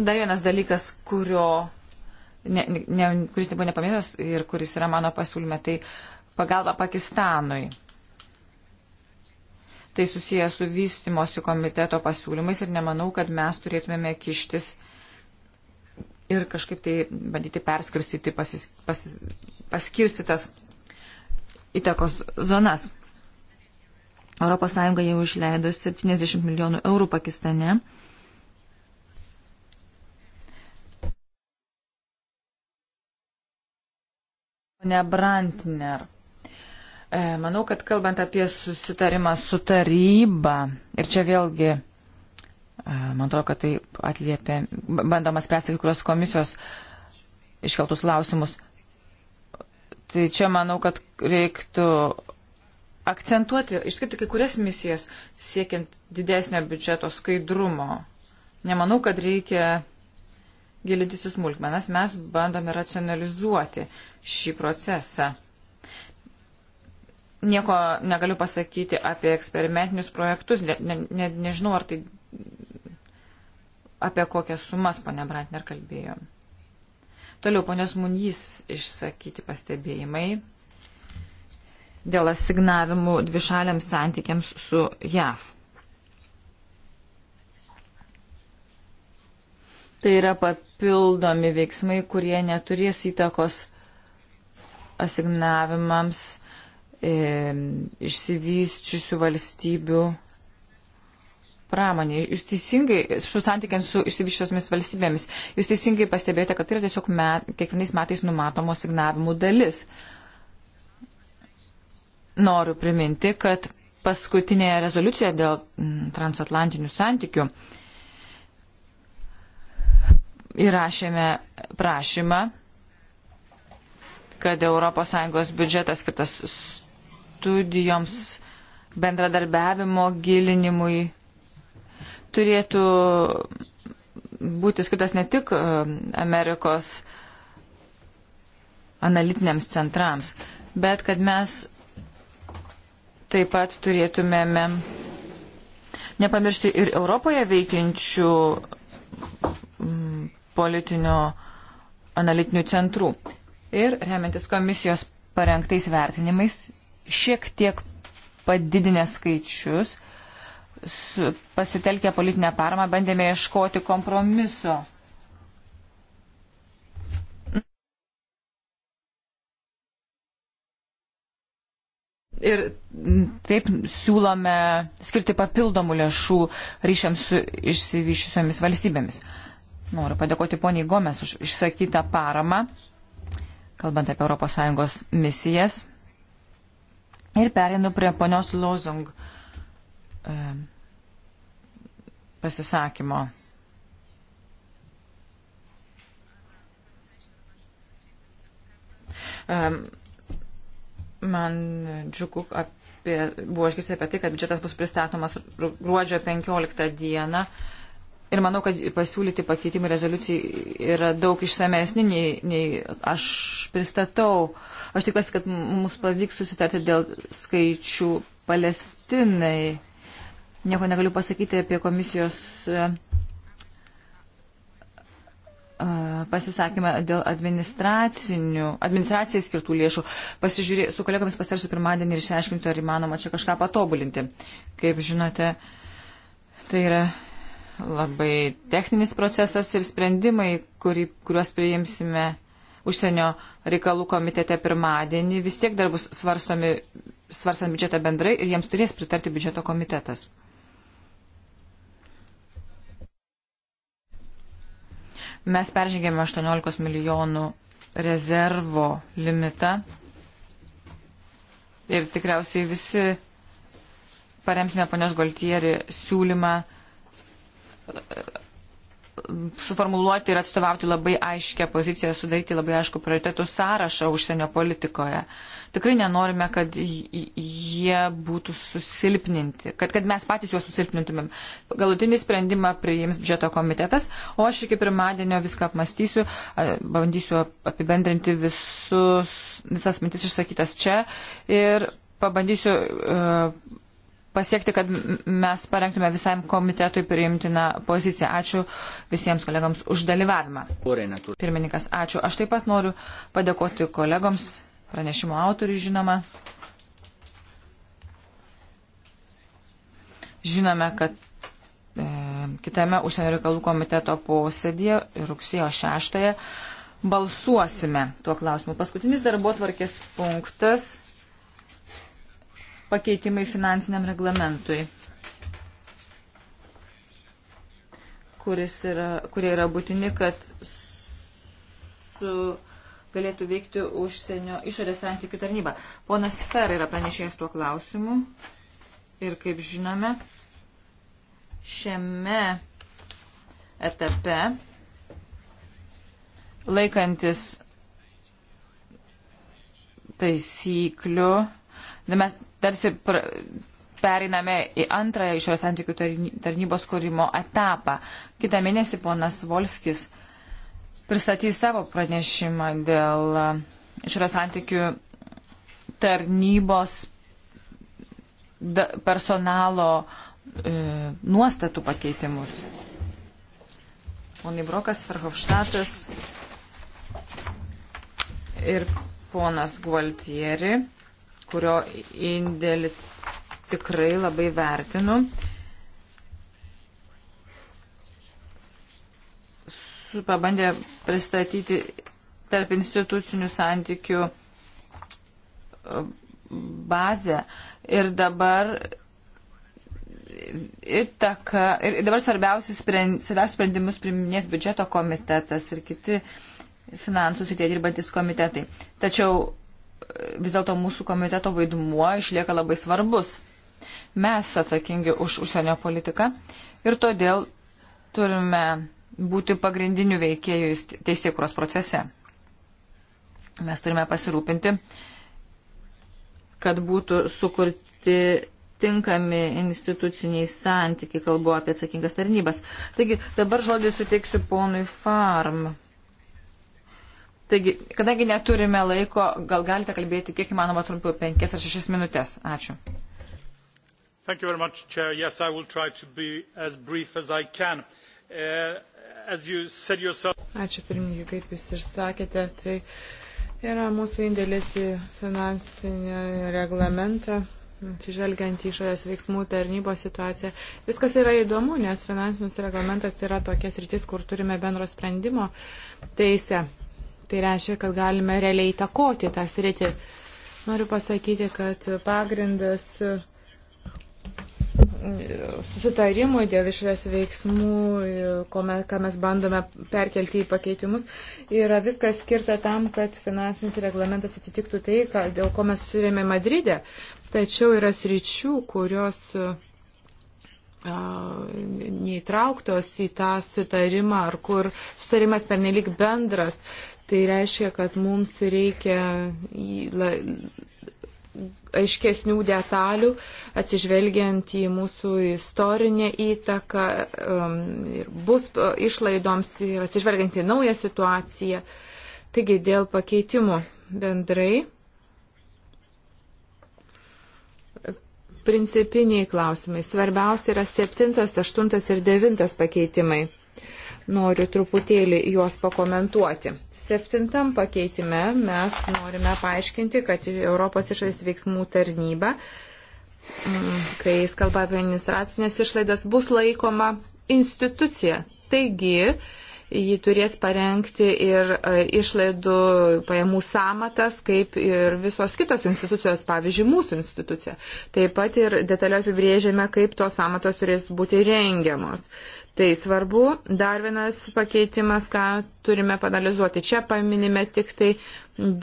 Dar vienas dalykas, kurio, ne, ne, kuris nebuvo nepaminėtas ir kuris yra mano pasiūlyme, tai pagalba Pakistanui. Tai susijęs su vystimosi komiteto pasiūlymais ir nemanau, kad mes turėtumėme kištis ir kažkaip tai bandyti perskristyti pasis, pas, paskirstytas įtakos zonas. ES jau išleido 70 milijonų eurų Pakistane Ne Brantner. E, manau, kad kalbant apie susitarimą su taryba, ir čia vėlgi, e, man atrodo, kad tai atliepia, bandoma spręsti kai kurios komisijos iškeltus klausimus, tai čia manau, kad reiktų akcentuoti, išskirti kai kurias misijas, siekiant didesnio biudžeto skaidrumo. Nemanau, kad reikia gilintis į smulkmenas, mes bandome racionalizuoti šį procesą. Nieko negaliu pasakyti apie eksperimentinius projektus, ne, ne, nežinau, ar tai apie kokias sumas ponia Brantner kalbėjo. Toliau ponios Munys išsakyti pastebėjimai dėl asignavimų dvišaliams santykiams su JAV. Tai yra papildomi veiksmai, kurie neturės įtakos asignavimams e, išsivysčiusių valstybių pramonė. Jūs teisingai, su santykiant su išsivyščiosiomis valstybėmis, jūs teisingai pastebėjote, kad tai yra tiesiog met, kiekvienais metais numatomo signavimų dalis. Noriu priminti, kad paskutinėje rezoliucijoje dėl mm, transatlantinių santykių e, įrašėme prašymą, kad ES biudžetas skirtas studijoms, bendradarbiavimo gilinimui turėtų būti skirtas ne tik e, Amerikos analitiniams centrams, bet kad mes taip pat turėtumėme nepamiršti ir Europoje veikiančių politinio analitinių centrų. Ir remiantis komisijos parengtais vertinimais, šiek tiek padidinę skaičius, pasitelkę politinę paramą, bandėme ieškoti kompromiso. Ir taip siūlome skirti papildomų lėšų ryšiams su išsivyšusiomis valstybėmis. Uh, Noriu padėkoti poniai Gomes už išsakytą paramą, kalbant apie ES misijas. Ir perinu prie ponios Lozung e, pasisakymo. E, man džiugu apie, buvo išgirsti apie tai, kad biudžetas bus pristatomas gruodžio 15 dieną. E, Ir manau, kad pasiūlyti pakeitimai rezoliucijai yra daug išsamesni, nei, nei aš pristatau. Aš tikiuosi, kad mums pavyks susitarti dėl skaičių Palestinai. Nieko negaliu pasakyti apie komisijos e, e, pasisakymą dėl administracijai skirtų lėšų. Pasižiūrė, su kolegomis pastarsiu pirmadienį ir išsiaiškinti, ar įmanoma čia kažką patobulinti. Kaip žinote, tai yra labai techninis procesas ir sprendimai, kurį, kuriuos priimsime užsienio reikalų komitete pirmadienį, vis tiek dar bus svarstomi, svarstant biudžetą bendrai ir jiems turės pritarti biudžeto komitetas. Mes peržengėme 18 milijonų rezervo limitą ir tikriausiai visi paremsime ponios Goltieri siūlymą suformuluoti ir atstovauti labai aiškę poziciją, sudaryti labai aišku prioritetų sąrašą užsienio politikoje. Tikrai nenorime, kad jie būtų susilpninti, kad, kad mes patys juos susilpnintumėm. Galutinį sprendimą priims biudžeto komitetas, o aš iki pirmadienio viską apmastysiu, bandysiu apibendrinti visus, visas mintis išsakytas čia ir pabandysiu. Uh, pasiekti, kad mes parengtume visam komitetui priimtiną poziciją. Ačiū visiems kolegams už dalyvavimą. Pirmininkas, ačiū. Aš taip pat noriu padėkoti kolegoms, pranešimo autoriui žinoma. Žinome, kad e, kitame užsienio reikalų komiteto posėdėje rugsėjo 6 balsuosime tuo klausimu. Paskutinis darbo tvarkės punktas pakeitimai finansiniam reglamentui, yra, kurie yra būtini, kad su, galėtų veikti užsienio išorės santykių tarnyba. Ponas Fer yra pranešėjęs tuo klausimu ir kaip žinome, šiame etape laikantis taisyklių, mes tarsi pereiname į antrąją išorės santykių tarnybos kūrimo etapą. Kitą mėnesį ponas Volskis pristatys savo pranešimą dėl e, išorės santykių tarnybos personalo e, nuostatų pakeitimus. Ponai Brokas, Verhofštatas ir ponas Gualtieri kurio indėlį tikrai labai vertinu. Pabandė pristatyti tarp institucinių santykių e, bazę ir dabar įtaka, ir dabar svarbiausius sprendimus priminės biudžeto komitetas ir kiti finansų srityje dirbantis komitetai. Tačiau vis dėlto mūsų komiteto vaidmuo išlieka labai svarbus. Mes atsakingi už užsienio politiką ir todėl turime būti pagrindiniu veikėjų teisėkuros procese. Mes turime pasirūpinti, kad būtų sukurti tinkami instituciniai santykiai, kalbu apie atsakingas tarnybas. Taigi dabar žodį suteiksiu ponui Farm. Taigi, kadangi neturime laiko, gal galite kalbėti kiek įmanoma trumpiau, penkias ar šešias minutės. Ačiū. Much, yes, as as uh, as you yourself... Ačiū pirmininkai, kaip jūs ir sakėte, tai yra mūsų indėlis į finansinį reglamentą. Atsižvelgiant į išorės veiksmų tarnybos situaciją, viskas yra įdomu, nes finansinis reglamentas yra tokia sritis, kur turime bendro sprendimo teisę. Tai reiškia, kad galime realiai įtakoti tą sritį. Noriu pasakyti, kad pagrindas mm, susitarimui dėl išorės veiksmų, ką mes bandome perkelti į pakeitimus, yra viskas skirta tam, kad finansinis reglamentas atitiktų tai, ką, dėl ko mes surėmė Madride. Tačiau yra sričių, kurios neįtrauktos į tą sutarimą, ar kur sutarimas pernelik bendras. Tai reiškia, kad mums reikia aiškesnių detalių, atsižvelgiant į mūsų istorinę įtaką um, ir bus uh, išlaidoms ir atsižvelgiant į naują situaciją. Taigi dėl pakeitimų bendrai. Principiniai klausimai. Svarbiausia yra septintas, aštuntas ir devintas pakeitimai noriu truputėlį juos pakomentuoti. Septintam pakeitime mes norime paaiškinti, kad Europos išorės veiksmų tarnyba, mm, kai jis kalba apie administracinės išlaidas, bus laikoma institucija. Taigi, jį turės parengti ir e, išlaidų pajamų samatas, kaip ir visos kitos institucijos, pavyzdžiui, mūsų institucija. Taip pat ir detaliau apibrėžėme, kaip tos samatos turės būti rengiamos. Tai svarbu, dar vienas pakeitimas, ką turime panalizuoti. Čia paminime tik tai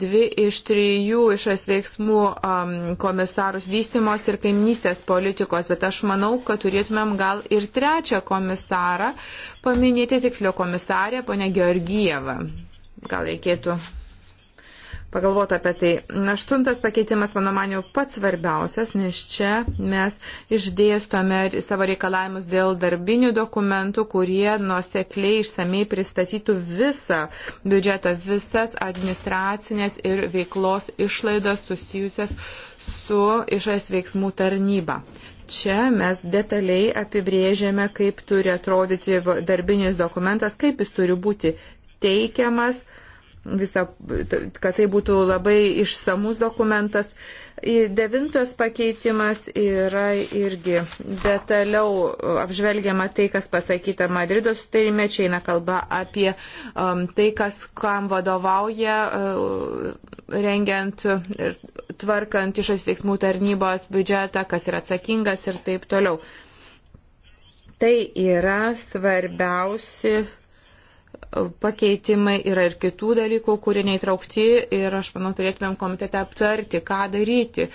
dvi iš trijų išas veiksmų um, komisarus vystimos ir kaimnystės politikos, bet aš manau, kad turėtumėm gal ir trečią komisarą paminėti, tiksliau komisarę, ponę Georgijevą. Gal reikėtų pagalvoti apie tai. Aštuntas pakeitimas, mano maniau, pats svarbiausias, nes čia mes išdėstome savo reikalavimus dėl darbinių dokumentų, kurie nuosekliai išsamei pristatytų visą biudžetą, visas administracinės ir veiklos išlaidos susijusias su išorės veiksmų tarnyba. Čia mes detaliai apibrėžėme, kaip turi atrodyti darbinis dokumentas, kaip jis turi būti teikiamas, visą, kad tai būtų labai išsamus dokumentas. Devintas pakeitimas yra irgi detaliau apžvelgiama tai, kas pasakyta Madrido sutarime. Čia eina kalba apie um, tai, kas kam vadovauja uh, rengiant ir tvarkant išas veiksmų tarnybos biudžetą, kas yra atsakingas ir taip toliau. Tai yra svarbiausi pakeitimai, yra ir kitų dalykų, kurie neįtraukti ir aš manau turėtumėm komitete aptarti, ką daryti.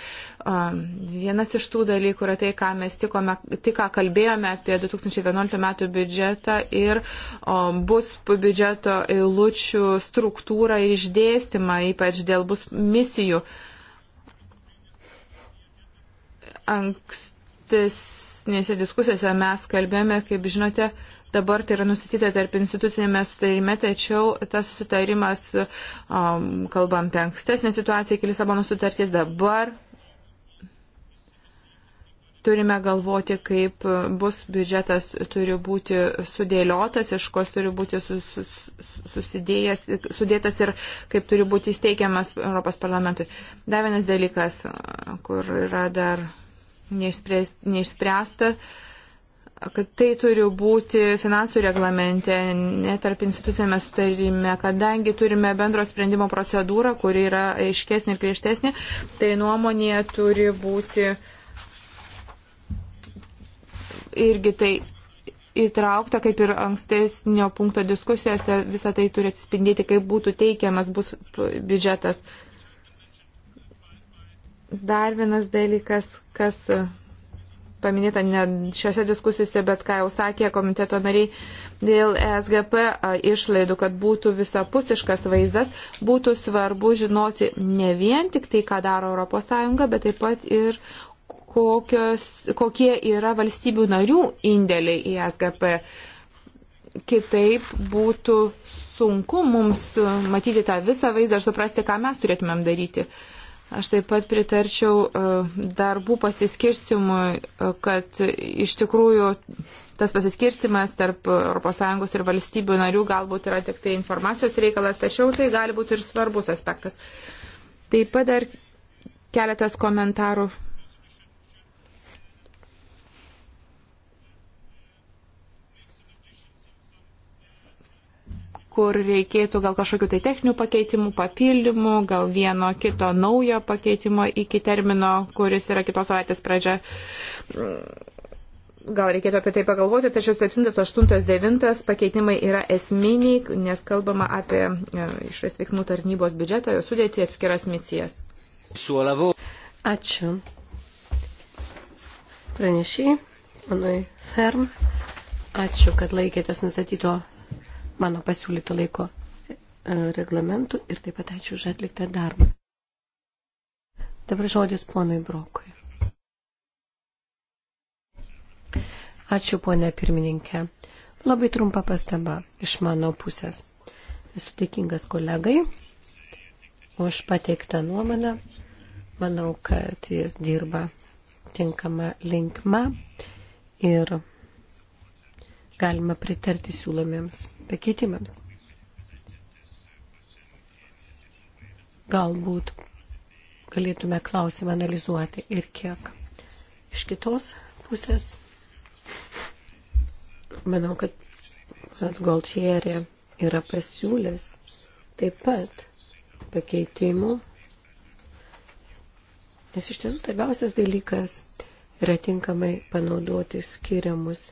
Um, vienas iš tų dalykų yra tai, ką mes tikome, tik ką kalbėjome apie 2011 metų biudžetą ir um, bus biudžeto eilučių struktūrą ir išdėstymą, ypač dėl bus misijų. Ankstesnėse diskusijose mes kalbėjome, kaip žinote, Dabar tai yra nustatyta tarp institucinėme sutarime, tačiau tas sutarimas, um, kalbam apie ankstesnę situaciją iki Lisabono sutarties, dabar turime galvoti, kaip bus biudžetas turi būti sudėliotas, iš ko turi būti sus, susidėjęs, sudėtas ir kaip turi būti įsteigiamas Europos parlamentui. Dar vienas dalykas, kur yra dar neišspręsta. neišspręsta kad tai turi būti finansų reglamente, netarp institucijame sutarime, kadangi turime bendro sprendimo procedūrą, kuri yra aiškesnė ir griežtesnė, tai nuomonė turi būti irgi tai įtraukta, kaip ir ankstesnio punkto diskusijose, visą tai turi atsispindėti, kaip būtų teikiamas bus biudžetas. Dar vienas dalykas, kas paminėta ne šiose diskusijose, bet ką jau sakė komiteto nariai dėl SGP išlaidų, kad būtų visapusiškas vaizdas, būtų svarbu žinoti ne vien tik tai, ką daro ES, bet taip pat ir kokios, kokie yra valstybių narių indėliai į SGP. Kitaip būtų sunku mums matyti tą visą vaizdą ir suprasti, ką mes turėtumėm daryti. Uh, Aš taip pat pritarčiau e, darbų pasiskirstimui, e, kad iš tikrųjų tas pasiskirstimas tarp ES ir valstybių narių galbūt yra tik tai informacijos reikalas, tačiau tai gali būti ir svarbus aspektas. Taip pat dar keletas komentarų kur reikėtų gal kažkokių tai techninių pakeitimų, papildymų, gal vieno kito naujo pakeitimo iki termino, kuris yra kitos savaitės pradžia mm, gal reikėtų apie tai pagalvoti, tačiau 7, 8, 9 pakeitimai yra esminiai, nes kalbama apie e, išorės veiksmų tarnybos biudžetą, jo sudėti atskiras misijas. Suolavau. Ačiū. Pranešiai, panui Ferm, ačiū, kad laikėtės nustatyto mano pasiūlytų laiko e, reglamentų ir taip pat ačiū už atliktą darbą. Dabar žodis ponui Brokui. Ačiū, ponė pirmininkė. Labai trumpa pastaba iš mano pusės. Esu dėkingas kolegai už pateiktą nuomonę. Manau, kad jis dirba tinkama linkma ir galima pritarti siūlomiems pakeitimams. Galbūt galėtume klausimą analizuoti ir kiek iš kitos pusės. Manau, kad Goldhierė yra pasiūlęs taip pat pakeitimų, nes iš tiesų svarbiausias dalykas yra tinkamai panaudoti skiriamus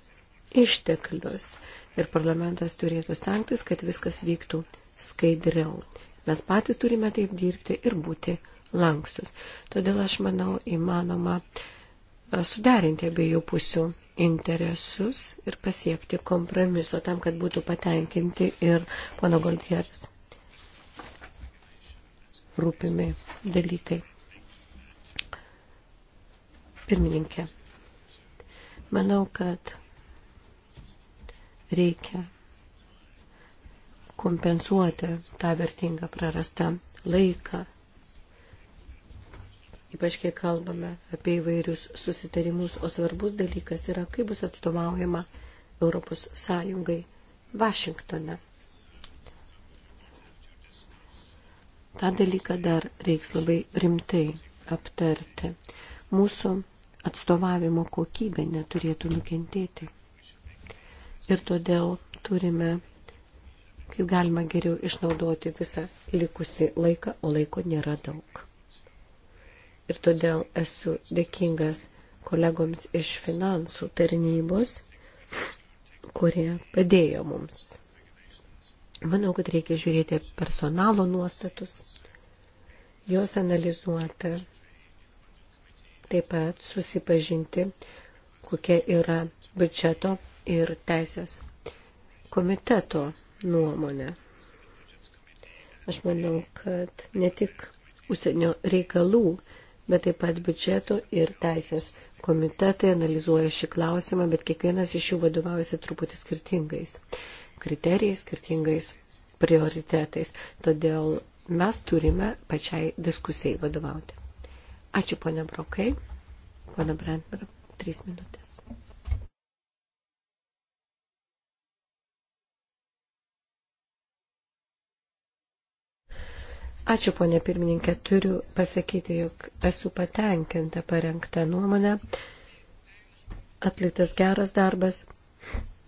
išteklius ir parlamentas turėtų stengtis, kad viskas vyktų skaidriau. Mes patys turime taip dirbti ir būti lankstus. Todėl aš manau įmanoma e, suderinti abiejų pusių interesus ir pasiekti kompromiso tam, kad būtų patenkinti ir pono Goldieris rūpimi dalykai. Pirmininkė, manau, kad reikia kompensuoti tą vertingą prarastą laiką. Ypač kai kalbame apie įvairius susitarimus, o svarbus dalykas yra, kaip bus atstovaujama Europos Sąjungai Vašingtone. tą dalyką dar reiks labai rimtai aptarti. Mūsų atstovavimo kokybė neturėtų nukentėti ir todėl turime kaip galima geriau išnaudoti visą likusi laiką, o laiko nėra daug. Ir todėl esu dėkingas kolegoms iš finansų tarnybos, kurie padėjo mums. Manau, kad reikia žiūrėti personalo nuostatus, juos analizuoti, taip pat susipažinti, kokia yra biudžeto ir teisės komiteto nuomonę. Aš manau, kad ne tik užsienio reikalų, bet taip pat biudžeto ir teisės komitetai analizuoja šį klausimą, bet kiekvienas iš jų vadovaujasi truputį skirtingais kriterijais, skirtingais prioritetais. Todėl mes turime pačiai diskusijai vadovauti. Ačiū, ponia Brokai. Pone Brandmer, trys minutės. Ačiū, ponė pirmininkė. Turiu pasakyti, jog esu patenkinta parengta nuomonė. Atliktas geras darbas.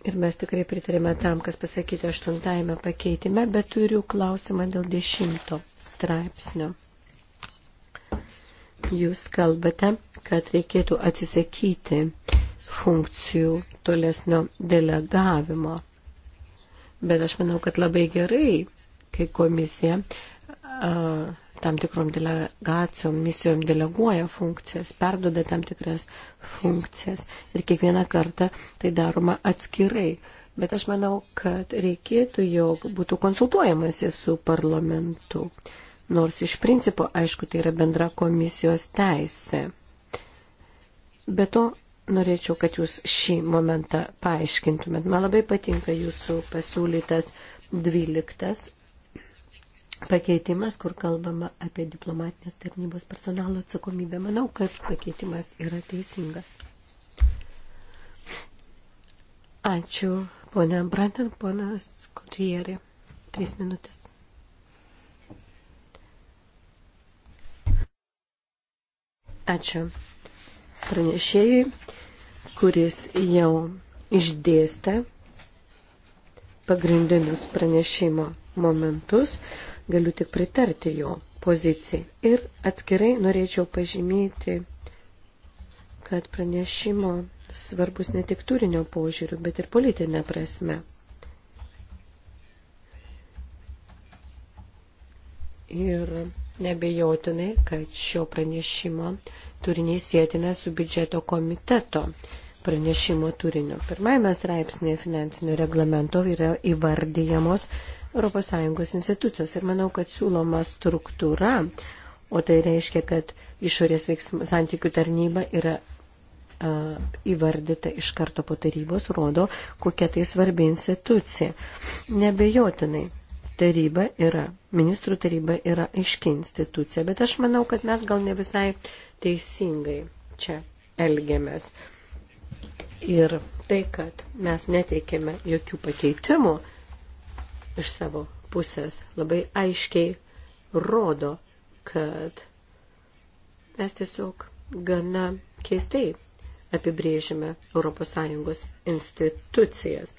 Ir mes tikrai pritarėme tam, kas pasakyti aštuntajame pakeitime, bet turiu klausimą dėl dešimto straipsnio. Jūs kalbate, kad reikėtų atsisakyti funkcijų tolesnio delegavimo. Bet aš manau, kad labai gerai, kai komisija E, tam tikrom delegacijom, misijom deleguoja funkcijas, perduoda tam tikras funkcijas ir kiekvieną kartą tai daroma atskirai. Bet aš manau, kad reikėtų, jog būtų konsultuojamasi su parlamentu, nors iš principo, aišku, tai yra bendra komisijos teisė. Be to, norėčiau, kad jūs šį momentą paaiškintumėt. Man labai patinka jūsų pasiūlytas 12 pakeitimas, kur kalbama apie diplomatinės tarnybos personalo atsakomybę. Manau, kad pakeitimas yra teisingas. Ačiū, ponia Brantin, ponas Kotrierė. Trys minutės. Ačiū pranešėjai, kuris jau išdėstė pagrindinius pranešimo momentus galiu tik pritarti jo pozicijai. Ir atskirai norėčiau pažymėti, kad pranešimo svarbus ne tik turinio požiūrių, bet ir politinė prasme. Ir nebejotinai, kad šio pranešimo turinys sėtina su biudžeto komiteto pranešimo turiniu. Pirmajame straipsnėje finansinio reglamento yra įvardyjamos ES institucijos. Ir manau, kad siūloma struktūra, o tai reiškia, kad išorės veiksmų santykių tarnyba yra uh, įvardyta iš karto po tarybos, rodo, kokia tai svarbi institucija. Nebejotinai, taryba yra, ministrų taryba yra aiški institucija, bet aš manau, kad mes gal ne visai teisingai čia elgiamės. Ir tai, kad mes neteikėme jokių pakeitimų, uh, iš savo pusės labai aiškiai rodo, kad mes tiesiog gana keistai apibrėžime ES institucijas.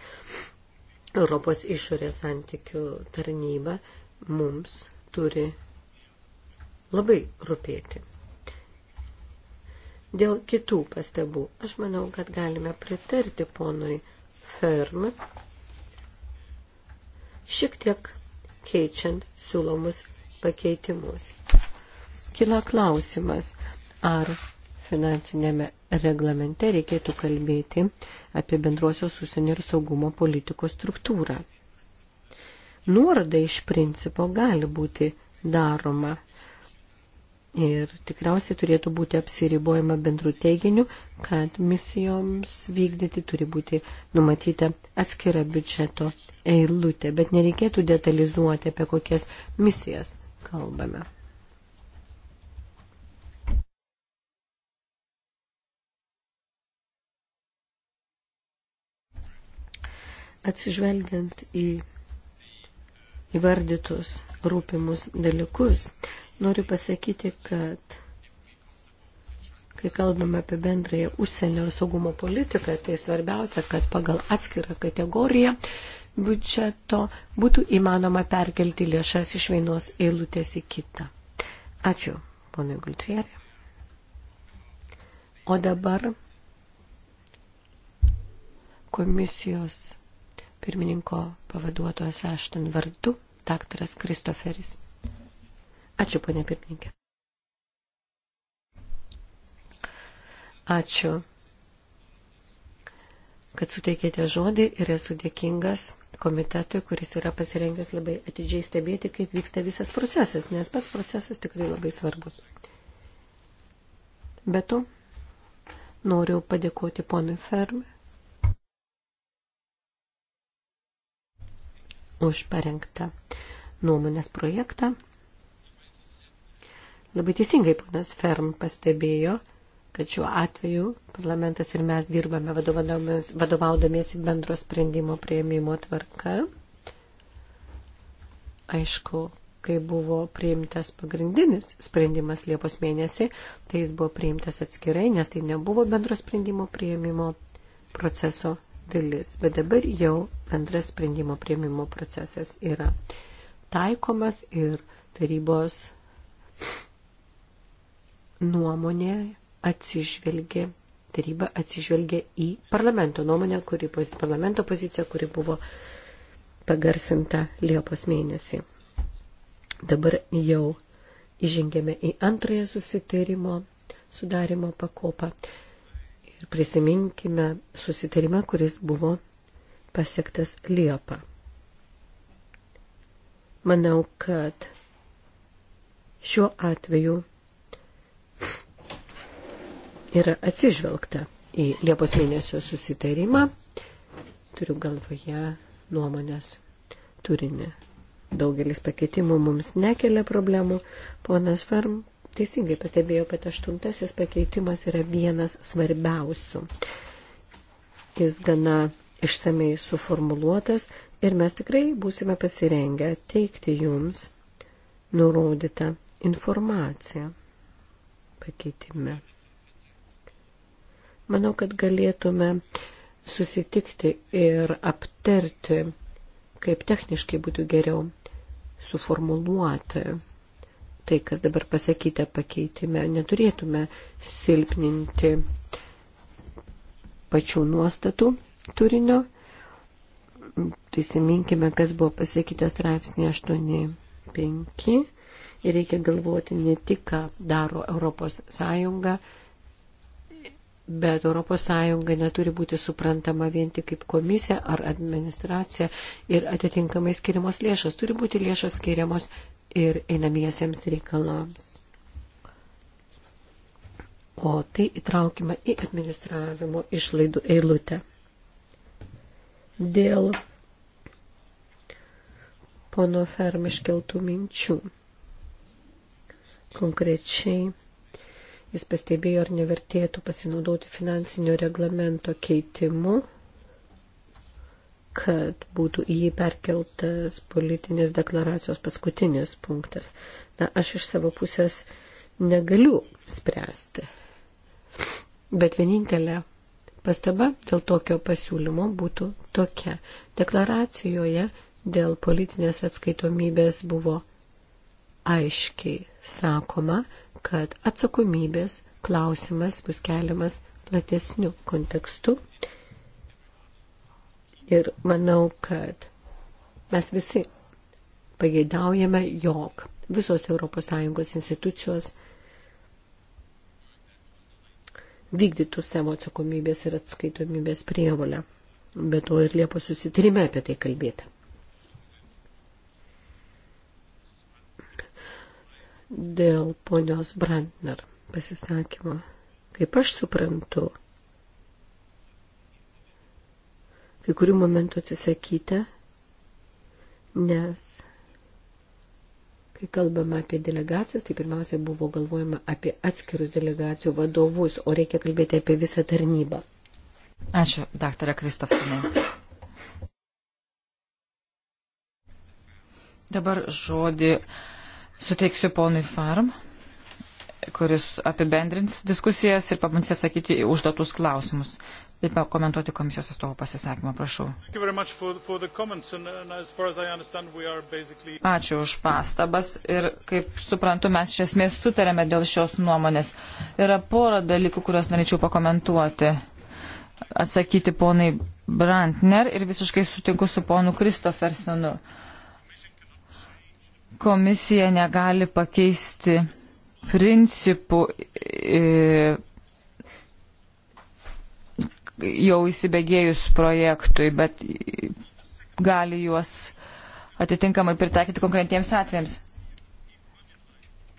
Europos išorės santykių tarnyba mums turi labai rūpėti. Dėl kitų pastabų, aš manau, kad galime pritarti ponui Ferm šiek tiek keičiant siūlomus pakeitimus. Kila klausimas, ar finansinėme reglamente reikėtų kalbėti apie bendruosios užsienio ir saugumo politikos struktūrą. Nuorada iš principo gali būti daroma Ir tikriausiai turėtų būti apsiribojama bendrų teiginių, kad misijoms vykdyti turi būti numatyta atskira biudžeto eilutė, bet nereikėtų detalizuoti, apie kokias misijas kalbame. Atsižvelgiant į įvardytus rūpimus dalykus, Noriu pasakyti, kad kai kalbame apie bendrąją užsienio ir saugumo politiką, tai svarbiausia, kad pagal atskirą kategoriją biudžeto būtų įmanoma perkelti lėšas iš vienos eilutės į kitą. Ačiū, ponui Gultrierė. O dabar komisijos pirmininko pavaduotojas Ašton vardu, daktaras Kristoferis. Ačiū, ponė pirmininkė. Ačiū, kad suteikėte žodį ir esu dėkingas komitetui, kuris yra pasirengęs labai atidžiai stebėti, kaip vyksta visas procesas, nes pats procesas tikrai labai svarbus. Be to, noriu padėkoti ponui Fermui už parengtą nuomonės projektą Labai teisingai ponas Ferm pastebėjo, kad šiuo atveju parlamentas ir mes dirbame vadovaudomėsi bendro sprendimo prieimimo tvarka. Aišku, kai buvo priimtas pagrindinis sprendimas Liepos mėnesį, tai jis buvo priimtas atskirai, nes tai nebuvo bendro sprendimo prieimimo proceso dalis. Bet dabar jau bendras sprendimo prieimimo procesas yra taikomas ir tarybos nuomonė atsižvelgia, taryba atsižvelgia į parlamento nuomonę, kuri, parlamento poziciją, kuri buvo pagarsinta Liepos mėnesį. Dabar jau įžengėme į antrąją susitarimo sudarimo pakopą ir prisiminkime susitarimą, kuris buvo pasiektas Liepą. Manau, kad šiuo atveju yra atsižvelgta į Liepos mėnesio susitarimą, turiu galvoje nuomonės turinį. Daugelis pakeitimų mums nekelia problemų. Ponas Ferm teisingai pastebėjo, kad aštuntasis pakeitimas yra vienas svarbiausių. Jis gana išsamei suformuluotas ir mes tikrai būsime pasirengę teikti jums nurodytą informaciją pakeitime. Manau, kad galėtume susitikti ir aptarti, kaip techniškai būtų geriau suformuluoti tai, kas dabar pasakyta pakeitime. Neturėtume silpninti pačių nuostatų turinio. Prisiminkime, kas buvo pasakyta straipsnė 8.5 ir reikia galvoti ne tik, ką daro Europos Sąjunga, Bet ES neturi būti suprantama vien tik kaip komisija ar administracija ir atitinkamai skiriamos lėšas. Turi būti lėšas skiriamos ir einamiesiems reikalams. O tai įtraukime į administravimo išlaidų eilutę. Dėl pono Ferm iškeltų minčių. Konkrečiai Jis pastebėjo, ar nevertėtų pasinaudoti finansinio reglamento keitimu, kad būtų į jį perkeltas politinės deklaracijos paskutinis punktas. Na, aš iš savo pusės negaliu spręsti. Bet vienintelė pastaba dėl tokio pasiūlymo būtų tokia. Deklaracijoje dėl politinės atskaitomybės buvo aiškiai sakoma, kad atsakomybės klausimas bus keliamas platesniu kontekstu. Ir manau, kad mes visi pageidaujame, jog visos ES institucijos vykdytų savo atsakomybės ir atskaitomybės prievolę. Bet to ir Liepos susitarime apie tai kalbėta. dėl ponios Brandner pasisakymo. Kaip aš suprantu, kai kurių momentų atsisakyti, nes kai kalbame apie delegacijas, tai pirmiausia buvo galvojama apie atskirus delegacijų vadovus, o reikia kalbėti apie visą tarnybą. Ačiū, daktarė Kristofsinai. Dabar žodį suteiksiu ponui Farm, kuris apibendrins diskusijas ir pabandys atsakyti į užduotus klausimus. Ir pakomentuoti komisijos atstovų pasisakymą, prašau. Ačiū už pastabas ir, kaip suprantu, mes iš esmės sutarėme dėl šios nuomonės. Yra pora dalykų, kuriuos norėčiau pakomentuoti. Atsakyti ponai Brantner ir visiškai sutinku su ponu Kristofersenu. Uh, komisija negali pakeisti principų e, jau įsibėgėjus projektui, bet gali juos atitinkamai pritaikyti konkrentiems atvejams.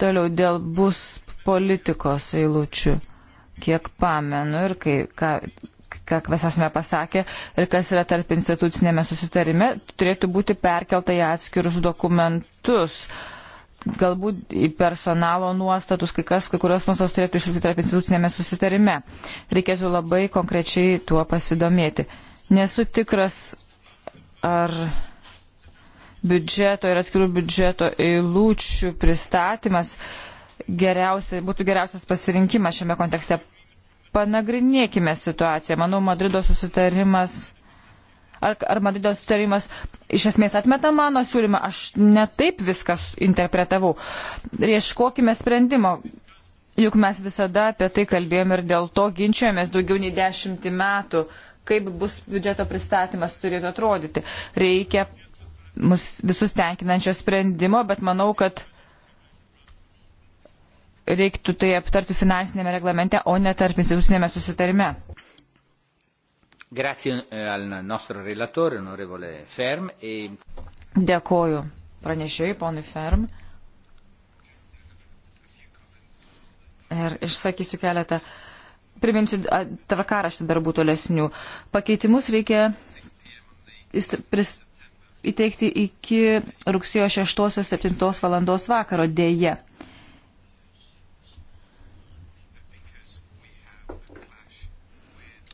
Toliau dėl bus politikos eilučių, kiek pamenu ir kai, ką, ką mes esame pasakę ir kas yra tarp institucinėme susitarime, turėtų būti perkelta į atskirus dokumentus. Galbūt į personalo nuostatus, kai kas, kai kurios nuostatos turėtų išlikti tarp institucinėme susitarime. Reikėtų labai konkrečiai tuo pasidomėti. Nesu tikras, ar biudžeto ir atskirų biudžeto eilučių pristatymas geriausia, būtų geriausias pasirinkimas šiame kontekste. Panagrinėkime situaciją. Manau, Madrido susitarimas. Ar, ar Madrido susitarimas iš esmės atmeta mano siūlymą? Aš netaip viskas interpretavau. Ieškokime sprendimo. Juk mes visada apie tai kalbėjom ir dėl to ginčiojomės daugiau nei dešimtį metų, kaip bus biudžeto pristatymas turėtų atrodyti. Reikia mus visus tenkinančio sprendimo, bet manau, kad reiktų tai aptarti finansinėme reglamente, o ne tarp institucinėme susitarime. Grazie eh, al nostro relatore, onorevole Ferm. E... Dėkoju pranešėjai, ponui Ferm. Ir išsakysiu keletą, priminsiu tvarkaraštį darbų tolesnių. Pakeitimus reikia įteikti iki rugsėjo 6-7 valandos vakaro dėje.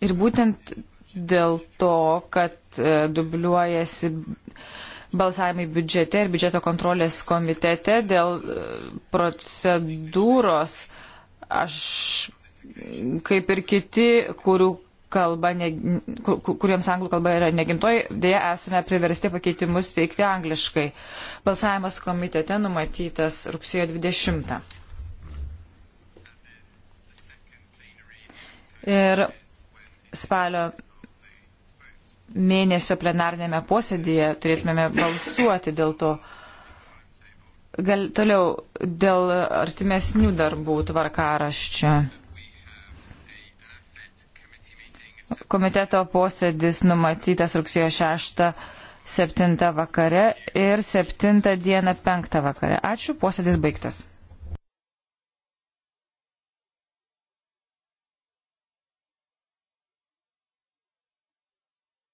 Ir būtent dėl to, kad e, dubliuojasi balsavimai biudžete ir biudžeto kontrolės komitete dėl e, procedūros, aš kaip ir kiti, kurių kalba, ne, kuriems anglų kalba yra negimtoji, dėja esame priversti pakeitimus teikti angliškai. Balsavimas komitete numatytas rugsėjo 20. Ir spalio mėnesio plenarnėme posėdėje turėtumėme balsuoti dėl to. Gal, toliau dėl artimesnių darbų tvarkaraščio. Komiteto posėdis numatytas rugsėjo 6-7 vakare ir 7 dieną 5 vakare. Ačiū, posėdis baigtas.